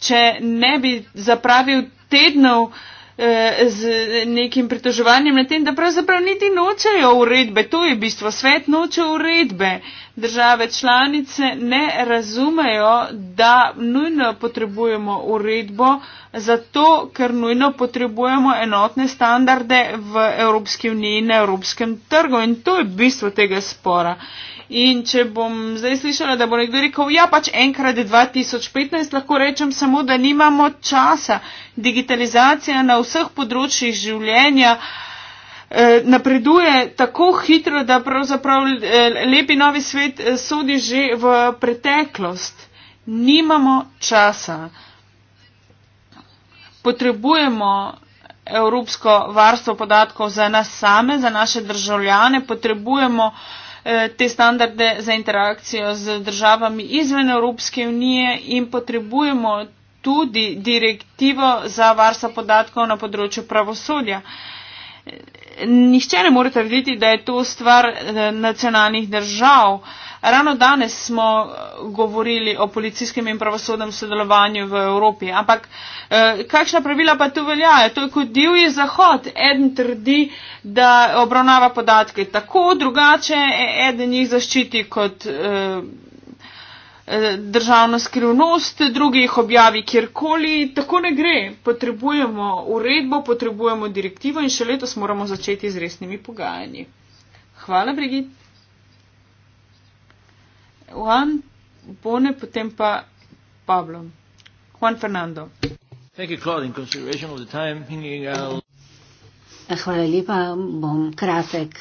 če ne bi zapravil tednov, Eh, z nekim pritoževanjem na tem, da pravzaprav niti nočejo uredbe. To je bistvo. Svet noče uredbe. Države članice ne razumejo, da nujno potrebujemo uredbo, zato ker nujno potrebujemo enotne standarde v Evropski uniji in na Evropskem trgu. In to je bistvo tega spora. In če bom zdaj slišala, da bo nekdo rekel, ja, pač enkrat 2015, lahko rečem samo, da nimamo časa. Digitalizacija na vseh področjih življenja eh, napreduje tako hitro, da pravzaprav eh, lepi novi svet eh, sodi že v preteklost. Nimamo časa. Potrebujemo evropsko varstvo podatkov za nas same, za naše državljane, potrebujemo eh, Eh, te standarde za interakcijo z državami izven Evropske unije in potrebujemo tudi direktivo za varstvo podatkov na področju pravosodja. Uh, nihče ne more trditi, da je to stvar eh, nacionalnih držav. Ravno danes smo eh, govorili o policijskem in pravosodnem sodelovanju v Evropi, ampak eh, kakšna pravila pa tu veljajo? To je kot divji zahod. Eden trdi, da obravnava podatke tako drugače, e, eden jih zaščiti kot. Eh, Eh, državna skrivnost, drugi jih objavi kjerkoli, tako ne gre. Potrebujemo uredbo, potrebujemo direktivo in še letos moramo začeti z resnimi pogajanji. Hvala, Brigit. Juan Bone, potem pa Pablo. Juan Fernando. Hvala lepa, bom kratek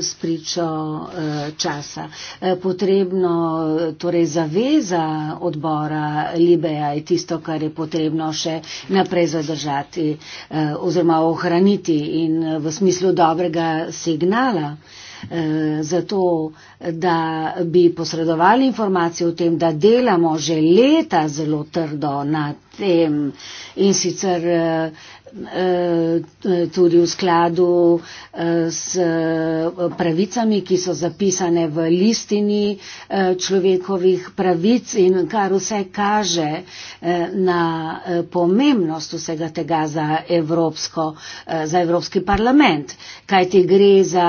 spričo eh, časa. Eh, potrebno, torej zaveza odbora Libeja je tisto, kar je potrebno še naprej zadržati eh, oziroma ohraniti in v smislu dobrega signala. Zato, da bi posredovali informacije o tem, da delamo že leta zelo trdo na tem in sicer Eh, tudi v skladu eh, s eh, pravicami, ki so zapisane v listini človekovih pravic in kar vse kaže na pomembnost vsega tega za, evropsko, za Evropski parlament, kaj ti gre za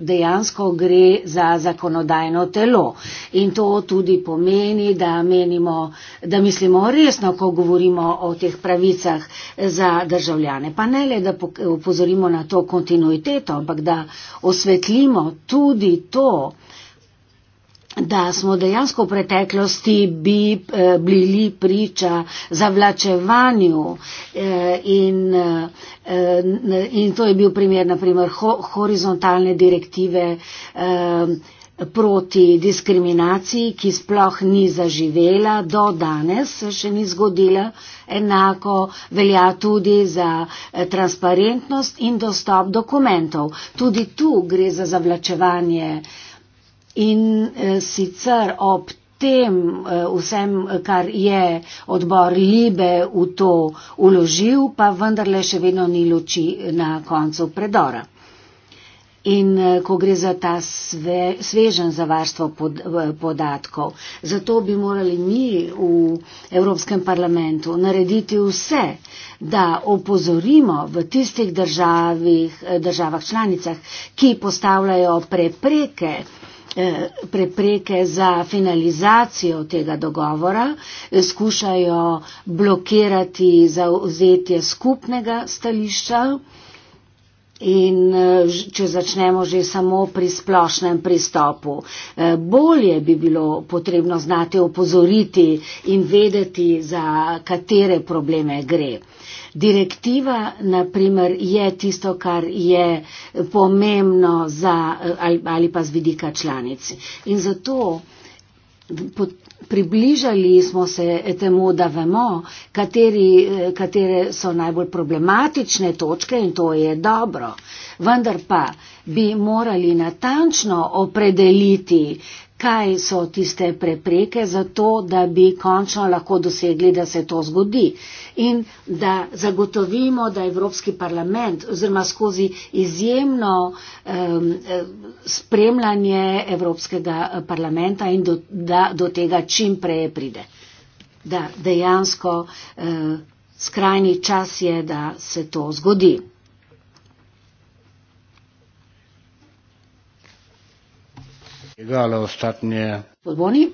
dejansko gre za zakonodajno telo. In to tudi pomeni, da, menimo, da mislimo resno, ko govorimo o teh pravicah za, da državljane. Pa ne le, da opozorimo na to kontinuiteto, ampak da osvetlimo tudi to, da smo dejansko v preteklosti bi, eh, bili priča zavlačevanju eh, in, eh, in to je bil primer, naprimer, ho, horizontalne direktive. Eh, proti diskriminaciji, ki sploh ni zaživela do danes, še ni zgodila. Enako velja tudi za eh, transparentnost in dostop dokumentov. Tudi tu gre za zavlačevanje in eh, sicer ob tem eh, vsem, kar je odbor Libe v to uložil, pa vendarle še vedno ni luči na koncu predora in eh, ko gre za ta sve, svežen za varstvo pod, eh, podatkov. Zato bi morali mi v Evropskem parlamentu narediti vse, da opozorimo v tistih državih, eh, državah članicah, ki postavljajo prepreke prepreke za finalizacijo tega dogovora, skušajo blokirati zauzetje skupnega stališča. In eh, če začnemo že samo pri splošnem pristopu, eh, bolje bi bilo potrebno znati opozoriti in vedeti, za katere probleme gre. Direktiva, naprimer, je tisto, kar je eh, pomembno za, ali pa z vidika članic. In zato Približali smo se temu, da vemo, kateri, eh, katere so najbolj problematične točke in to je dobro. Vendar pa bi morali natančno opredeliti, kaj so tiste prepreke za to, da bi končno lahko dosegli, da se to zgodi in da zagotovimo, da Evropski parlament oziroma skozi izjemno um, spremljanje Evropskega eh, parlamenta in do, da do tega čim prej pride. Da dejansko uh, skrajni čas je, da se to zgodi. Podboni.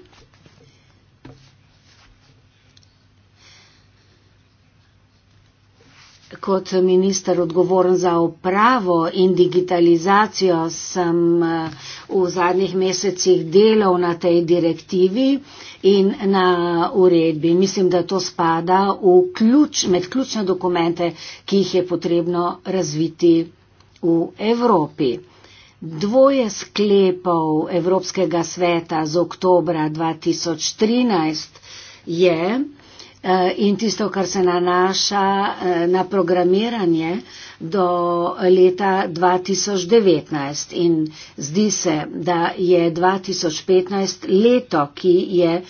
kot minister odgovoren za upravo in digitalizacijo sem eh, v zadnjih mesecih delal na tej direktivi in na uredbi. Mislim, da to spada v ključ, med ključne dokumente, ki jih je potrebno razviti v Evropi. Dvoje sklepov Evropskega sveta z oktobra 2013 je, Eh, in tisto, kar se nanaša eh, na programiranje do leta 2019. In zdi se, da je 2015 leto, ki je eh,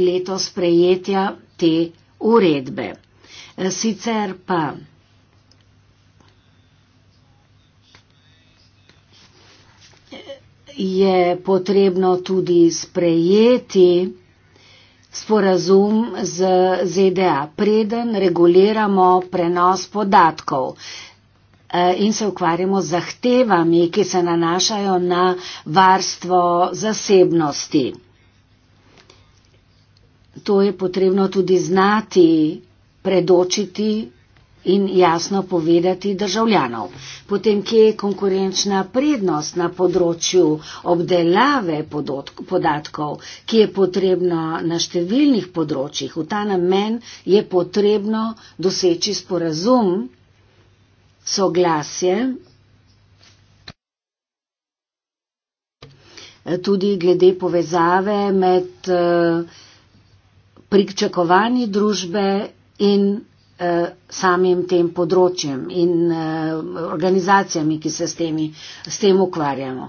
leto sprejetja te uredbe. Sicer pa. je potrebno tudi sprejeti sporazum z ZDA, preden reguliramo prenos podatkov eh, in se ukvarjamo z zahtevami, ki se nanašajo na varstvo zasebnosti. To je potrebno tudi znati, predočiti in jasno povedati državljanov. Potem, kje je konkurenčna prednost na področju obdelave podatkov, ki je potrebno na številnih področjih. V ta namen je potrebno doseči sporazum, soglasje. tudi glede povezave med eh, pričakovanji družbe in Eh, samim tem področjem in eh, organizacijami, ki se s, temi, s tem ukvarjamo.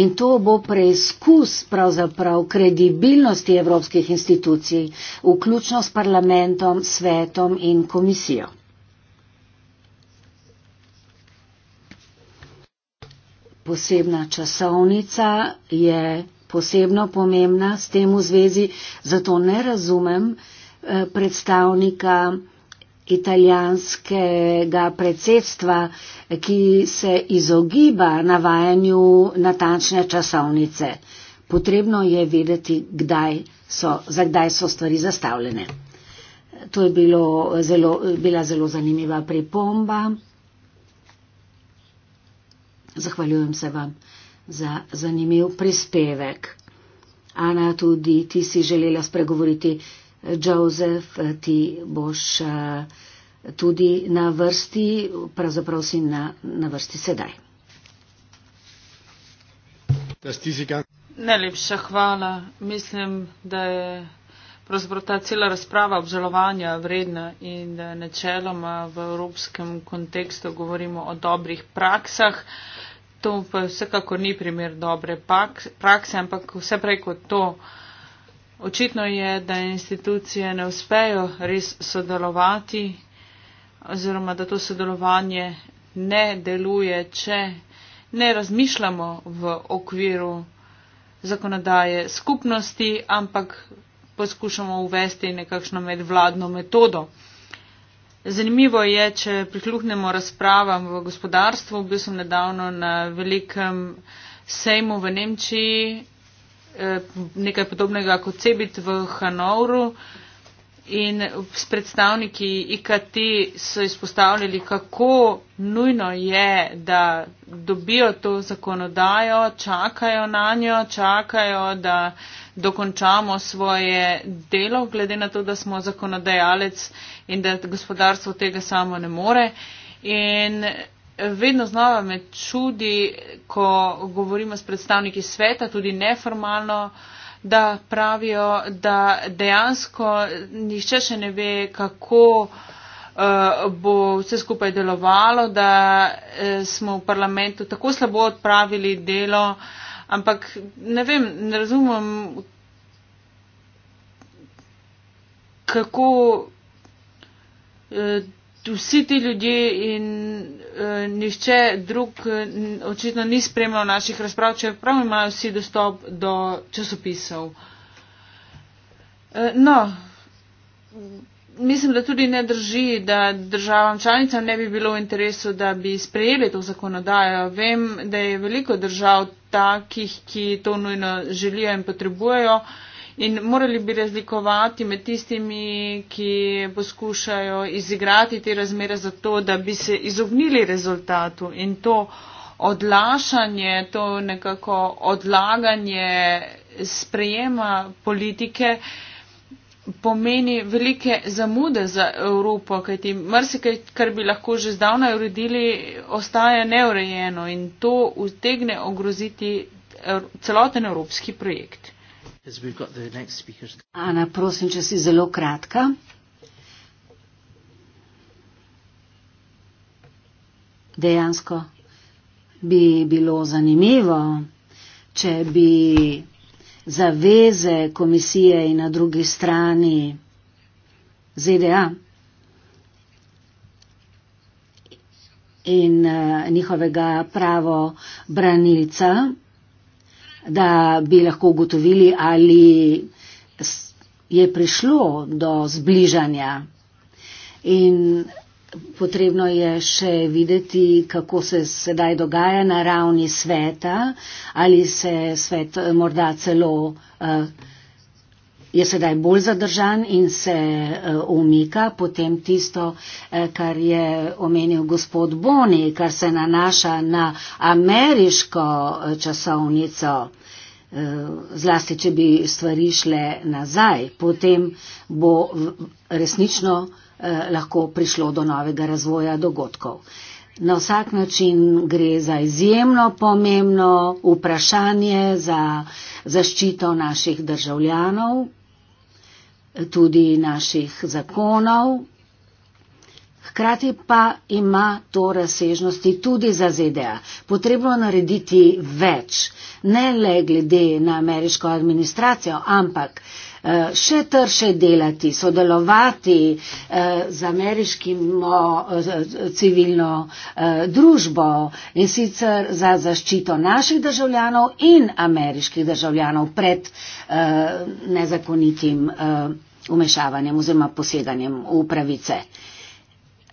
In to bo preizkus pravzaprav kredibilnosti evropskih institucij, vključno s parlamentom, svetom in komisijo. Posebna časovnica je posebno pomembna s tem v zvezi, zato ne razumem eh, predstavnika italijanskega predsedstva, ki se izogiba navajanju natančne časovnice. Potrebno je vedeti, kdaj so, za kdaj so stvari zastavljene. To je bilo zelo, bila zelo zanimiva pripomba. Zahvaljujem se vam za zanimiv prispevek. Ana, tudi ti si želela spregovoriti. Jozef, ti boš eh, tudi na vrsti, pravzaprav si na, na vrsti sedaj. Najlepša hvala. Mislim, da je pravzaprav ta cela razprava obžalovanja vredna in da eh, načeloma v evropskem kontekstu govorimo o dobrih praksah. To pa vsekako ni primer dobre prakse, ampak vse prej kot to. Uh, Očitno je, da institucije ne uspejo res sodelovati oziroma da to sodelovanje ne deluje, če ne razmišljamo v okviru zakonodaje skupnosti, ampak poskušamo uvesti nekakšno medvladno metodo. Zanimivo je, če prikluhnemo razpravam v gospodarstvu. Bil sem nedavno na velikem sejmu v Nemčiji Eh, nekaj podobnega kot Cebit v Hanovru. In s predstavniki IKT so izpostavljali, kako nujno je, da dobijo to zakonodajo, čakajo na njo, čakajo, da dokončamo svoje delo, glede na to, da smo zakonodajalec in da gospodarstvo tega samo ne more. In vedno znova me čudi, ko govorimo s predstavniki sveta, tudi neformalno, da pravijo, da dejansko nišče še ne ve, kako uh, bo vse skupaj delovalo, da uh, smo v parlamentu tako slabo odpravili delo, ampak ne vem, ne razumem, kako. Uh, vsi ti ljudje in uh, e, nišče drug uh, očitno ni spremljal naših razprav, čeprav imajo vsi dostop do časopisov. Uh, no, mislim, da tudi ne drži, da državam članicam ne bi bilo v interesu, da bi sprejeli to zakonodajo. Vem, da je veliko držav takih, ki to nujno želijo in potrebujejo. Uh, In morali bi razlikovati med tistimi, ki poskušajo izigrati te razmere za to, da bi se izognili rezultatu in to odlašanje, to nekako odlaganje sprejema politike pomeni velike zamude za Evropo, kajti marsikaj, kar bi lahko že zdavnaj uredili, ostaja neurejeno in to utegne ogroziti er, celoten evropski projekt. Ana, prosim, če si zelo kratka. Dejansko bi bilo zanimivo, če bi zaveze komisije in na drugi strani ZDA in uh, njihovega pravo branilca da bi lahko ugotovili, ali je prišlo do zbližanja. In potrebno je še videti, kako se sedaj dogaja na ravni sveta, ali se svet morda celo. Uh, je sedaj bolj zadržan in se eh, umika potem tisto, eh, kar je omenil gospod Boni, kar se nanaša na ameriško eh, časovnico. Zlasti, če bi stvari šle nazaj, potem bo resnično lahko prišlo do novega razvoja dogodkov. Na vsak način gre za izjemno pomembno vprašanje za zaščito naših državljanov, tudi naših zakonov. Hkrati pa ima to razsežnosti tudi za ZDA. Potrebno je narediti več, ne le glede na ameriško administracijo, ampak uh, Eh, še trše delati, sodelovati eh, z ameriškimo eh, civilno družbo in sicer za zaščito naših državljanov in ameriških državljanov pred nezakonitim umešavanjem oziroma poseganjem v pravice.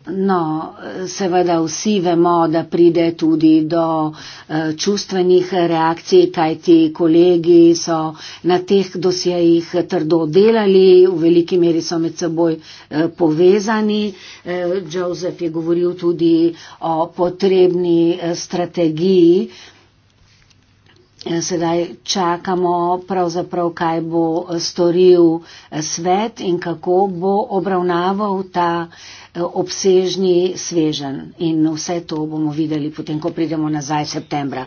No, seveda vsi vemo, da pride tudi do eh, čustvenih reakcij, kajti kolegi so na teh dosjejih trdo delali, v veliki meri so med seboj eh, povezani. Eh, Joseph je govoril tudi o potrebni strategiji. Sedaj čakamo pravzaprav, kaj bo storil svet in kako bo obravnaval ta eh, obsežni svežen in vse to bomo videli potem, ko pridemo nazaj v septembra.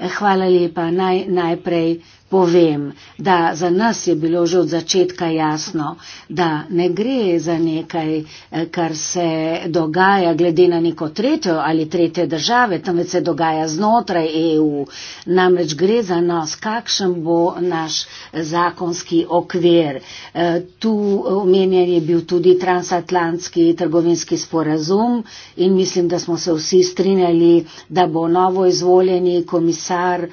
Eh, hvala lepa. Naj, najprej. Povem, da za nas je bilo že od začetka jasno, da ne gre za nekaj, eh, kar se dogaja glede na neko tretjo ali tretje države, temveč se dogaja znotraj EU. Namreč gre za nas, kakšen bo naš eh, zakonski okvir. Eh, tu omenjen je bil tudi transatlantski trgovinski sporazum in mislim, da smo se vsi strinjali, da bo novo izvoljeni komisar,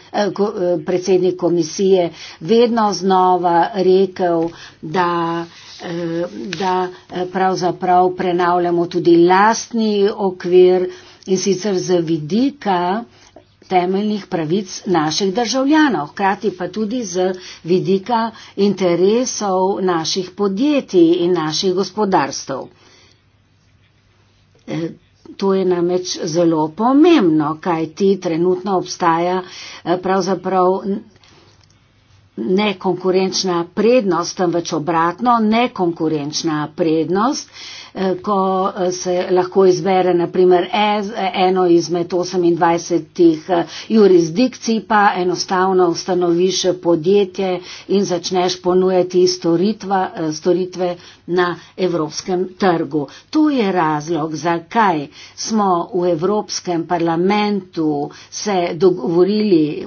predsednik komisije, si je vedno znova rekel, da, eh, da eh, pravzaprav prenavljamo tudi lastni okvir in sicer z vidika temeljnih pravic naših državljanov, hkrati pa tudi z vidika interesov naših podjetij in naših gospodarstv. Eh, to je namreč zelo pomembno, kaj ti trenutno obstaja pravzaprav nekonkurenčna prednost, temveč obratno, nekonkurenčna prednost, eh, ko eh, se lahko izbere naprimer eh, eno izmed 28 jurisdikcij, pa enostavno ustanoviš podjetje in začneš ponujati storitva, storitve na evropskem trgu. Tu je razlog, zakaj smo v Evropskem parlamentu se dogovorili,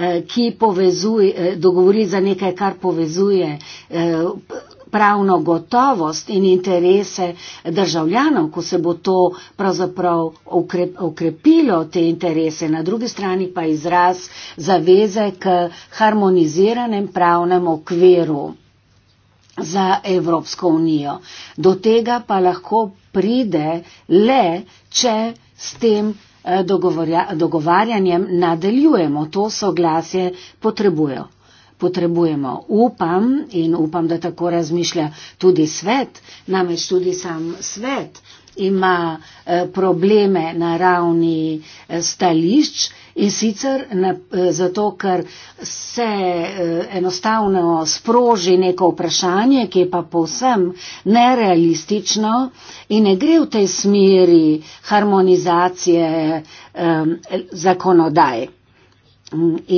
Eh, ki povezuje, eh, dogovori za nekaj, kar povezuje eh, pravno gotovost in interese državljanov, ko se bo to pravzaprav okrepilo te interese, na drugi strani pa izraz zaveze k harmoniziranem pravnem okviru za Evropsko unijo. Do tega pa lahko pride le, če s tem Eh, dogovarjanjem nadaljujemo. To soglasje potrebujo. potrebujemo. Upam in upam, da tako razmišlja tudi svet, namreč tudi sam svet ima eh, probleme na ravni eh, stališč, In sicer ne, eh, zato, ker se eh, enostavno sproži neko vprašanje, ki je pa povsem nerealistično in ne gre v tej smeri harmonizacije um, zakonodaj.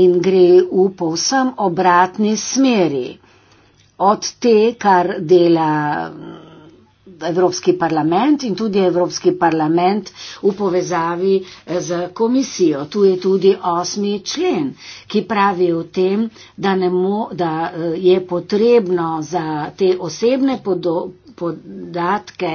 In gre v povsem obratni smeri od te, kar dela. Um, Evropski parlament in tudi Evropski parlament v povezavi eh, z komisijo. Tu je tudi osmi člen, ki pravi o tem, da, mo, da eh, je potrebno za te osebne podobe, podatke,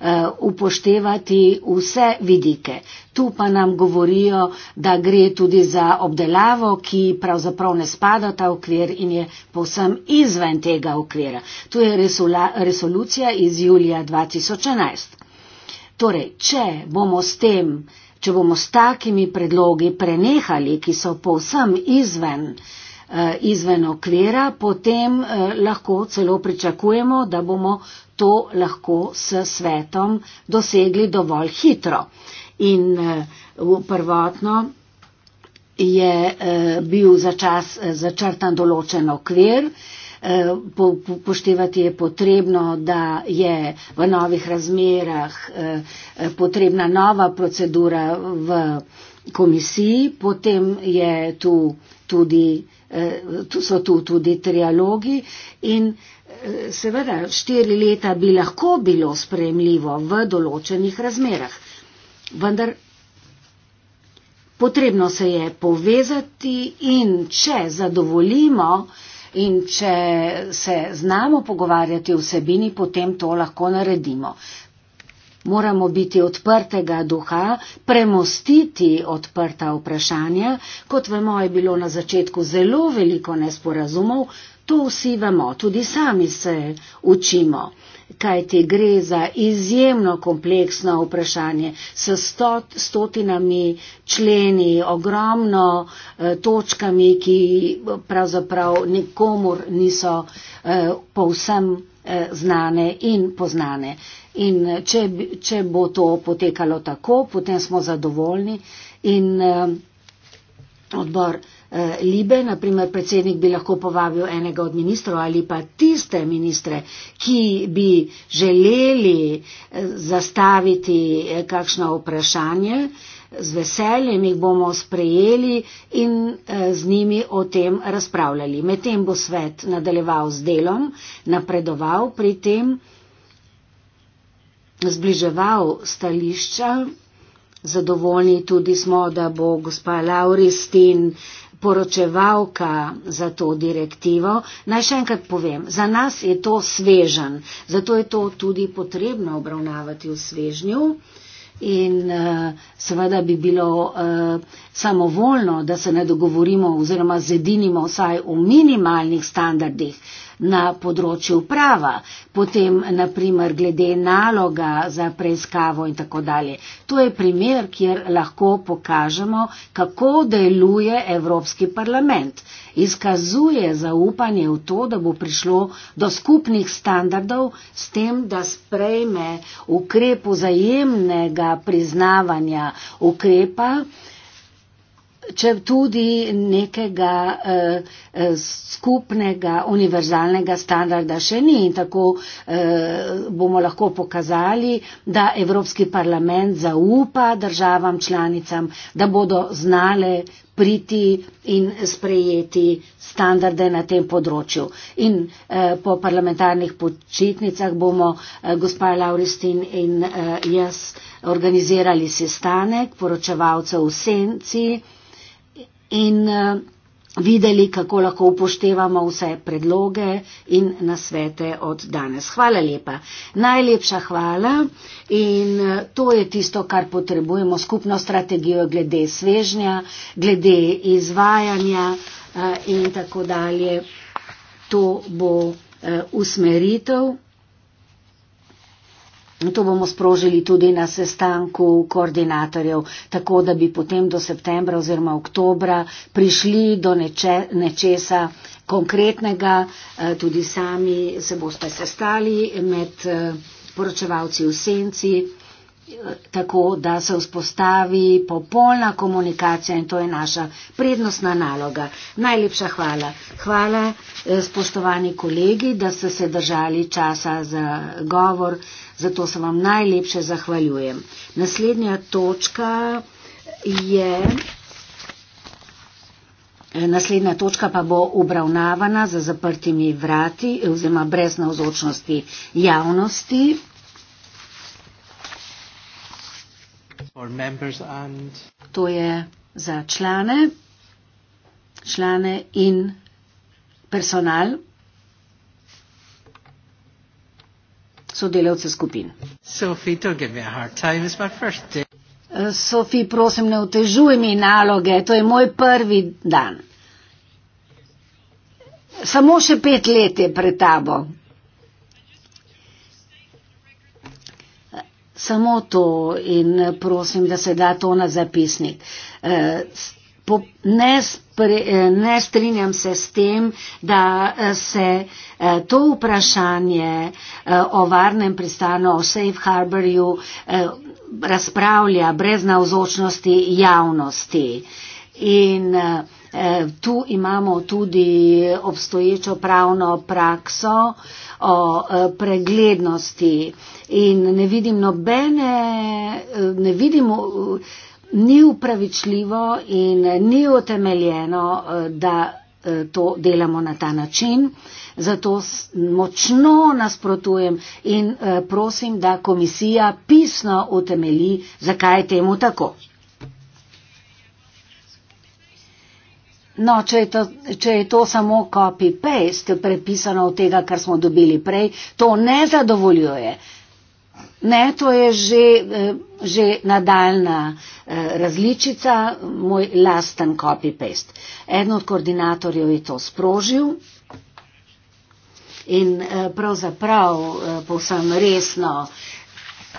eh, upoštevati vse vidike. Tu pa nam govorijo, da gre tudi za obdelavo, ki pravzaprav ne spada ta okvir in je povsem izven tega okvira. Tu je resula, resolucija iz julija 2011. Torej, če bomo s tem, če bomo s takimi predlogi prenehali, ki so povsem izven uh, Eh, izven okvira, potem eh, lahko celo pričakujemo, da bomo to lahko s svetom dosegli dovolj hitro. In eh, prvotno je bil za čas začrtan določen okvir. Poštevati je potrebno, da je v novih razmerah potrebna nova procedura v komisiji, potem je tu tudi Eh, tu so tu tudi trialogi in eh, seveda štiri leta bi lahko bilo sprejemljivo v določenih razmerah. Vendar potrebno se je povezati in če zadovoljimo in če se znamo pogovarjati o vsebini, potem to lahko naredimo. Moramo biti odprtega duha, premostiti odprta vprašanja, kot vemo, je bilo na začetku zelo veliko nesporazumov, to vsi vemo, tudi sami se učimo, kajti gre za izjemno kompleksno vprašanje s stot, stotinami členi, ogromno eh, točkami, ki pravzaprav nikomor niso eh, povsem eh, znane in poznane. In če, če bo to potekalo tako, potem smo zadovoljni. In eh, odbor eh, Libe, naprimer predsednik, bi lahko povabil enega od ministrov ali pa tiste ministre, ki bi želeli eh, zastaviti eh, kakšno vprašanje. Z veseljem jih bomo sprejeli in eh, z njimi o tem razpravljali. Medtem bo svet nadaljeval z delom, napredoval pri tem zbliževal stališča. Zadovoljni tudi smo, da bo gospa Lauristin poročevalka za to direktivo. Naj še enkrat povem, za nas je to svežen, zato je to tudi potrebno obravnavati v svežnju. In uh, seveda bi bilo uh, samovoljno, da se ne dogovorimo oziroma zedinimo vsaj v minimalnih standardih, uh, na področju prava, potem naprimer glede naloga za preiskavo in tako dalje. To je primer, kjer lahko pokažemo, kako deluje Evropski parlament. Izkazuje zaupanje v to, da bo prišlo do skupnih standardov s tem, da sprejme ukrep vzajemnega priznavanja ukrepa, če tudi nekega eh, eh, skupnega univerzalnega standarda še ni in tako eh, bomo lahko pokazali, da Evropski parlament zaupa državam članicam, da bodo znale priti in sprejeti standarde na tem področju. In eh, po parlamentarnih počitnicah bomo eh, gospa Lauristin in eh, jaz organizirali sestanek poročevalcev v senci, in eh, videli, kako lahko upoštevamo vse predloge in nasvete od danes. Hvala lepa. Najlepša hvala in eh, to je tisto, kar potrebujemo, skupno strategijo glede svežnja, glede izvajanja eh, in tako dalje. To bo usmeritev. To bomo sprožili tudi na sestanku koordinatorjev, tako da bi potem do septembra oziroma oktobra prišli do neče, nečesa konkretnega. Eh, tudi sami se boste sestali med eh, poročevalci v senci tako, da se vzpostavi popolna komunikacija in to je naša prednostna naloga. Najlepša hvala. Hvala, eh, spoštovani kolegi, da ste se držali časa za govor. Zato se vam najlepše zahvaljujem. Naslednja točka je. Eh, naslednja točka pa bo obravnavana za zaprtimi vrati oziroma brez navzočnosti javnosti. To je za člane, člane in personal, sodelavce skupin. Sofi, eh, prosim, ne otežuj mi naloge, to je moj prvi dan. Samo še pet let je pred tabo. samo to in prosim, da se da to na zapisnik. E, ne, spri, e, ne strinjam se s tem, da e, se to vprašanje o varnem pristanu, o safe harborju razpravlja brez navzočnosti javnosti. In uh, Eh, tu imamo tudi obstoječo pravno prakso o eh, preglednosti in ne vidim nobene, eh, ne vidim, ni upravičljivo in ni utemeljeno, da to delamo na ta način. Zato močno nasprotujem in prosim, da komisija pisno utemeli, zakaj je temu tako. No, če je to, če je to samo copy-paste, prepisano od tega, kar smo dobili prej, to ne zadovoljuje. Ne, to je že, eh, že nadaljna eh, različica, moj lasten copy-paste. Eden od koordinatorjev je to sprožil in eh, pravzaprav povsem resno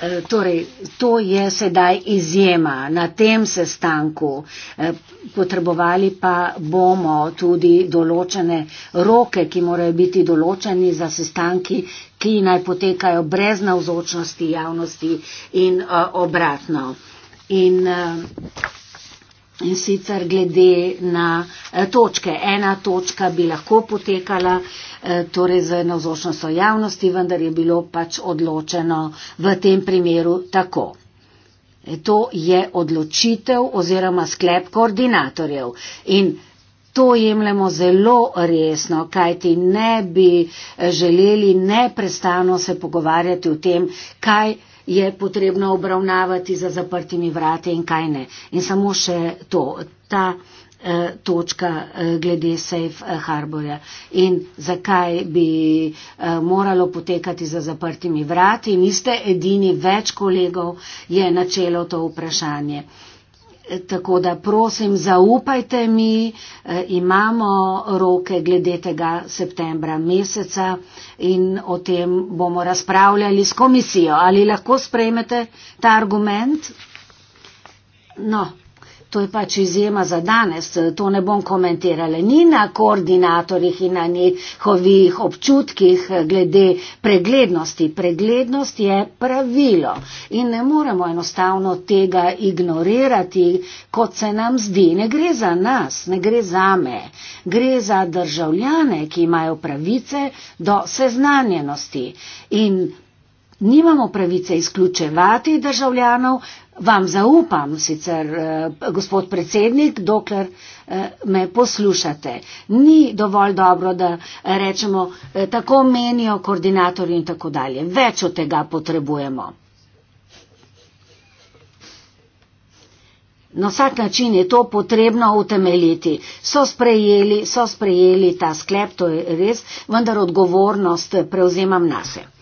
Eh, torej, to je sedaj izjema na tem sestanku. Eh, potrebovali pa bomo tudi določene roke, ki morajo biti določeni za sestanki, ki naj potekajo brez navzočnosti javnosti in eh, obratno. In, In sicer glede na eh, točke. Ena točka bi lahko potekala eh, torej z navzočnostjo javnosti, vendar je bilo pač odločeno v tem primeru tako. E, to je odločitev oziroma sklep koordinatorjev. In to jemljemo zelo resno, kajti ne bi eh, želeli neprestano se pogovarjati o tem, kaj je potrebno obravnavati za zaprtimi vrati in kaj ne. In samo še to, ta eh, točka eh, glede Safe eh, Harborja in zakaj bi eh, moralo potekati za zaprtimi vrati. Niste edini, več kolegov je načelo to vprašanje. Eh, Tako da prosim, zaupajte mi, eh, imamo roke glede tega septembra meseca in o tem bomo razpravljali s komisijo. Ali lahko sprejmete ta argument? No, to je pač izjema za danes, to ne bom komentirala ni na koordinatorjih in na njihovih občutkih glede preglednosti. Preglednost je pravilo in ne moremo enostavno tega ignorirati, kot se nam zdi. Ne gre za nas, ne gre za me, gre za državljane, ki imajo pravice do seznanjenosti. In Nimamo pravice izključevati državljanov, Vam zaupam sicer, eh, gospod predsednik, dokler eh, me poslušate. Ni dovolj dobro, da rečemo, eh, tako menijo koordinatorji in tako dalje. Več od tega potrebujemo. Na vsak način je to potrebno utemeljiti. So sprejeli, so sprejeli ta sklep, to je res, vendar odgovornost prevzemam na sebe.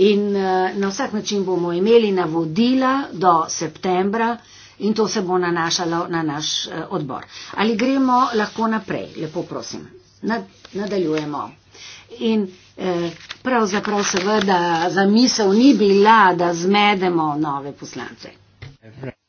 In eh, na vsak način bomo imeli navodila do septembra in to se bo nanašalo na naš eh, odbor. Ali gremo lahko naprej, lepo prosim. Nad, nadaljujemo. In eh, pravzaprav seveda zamisel ni bila, da zmedemo nove poslance.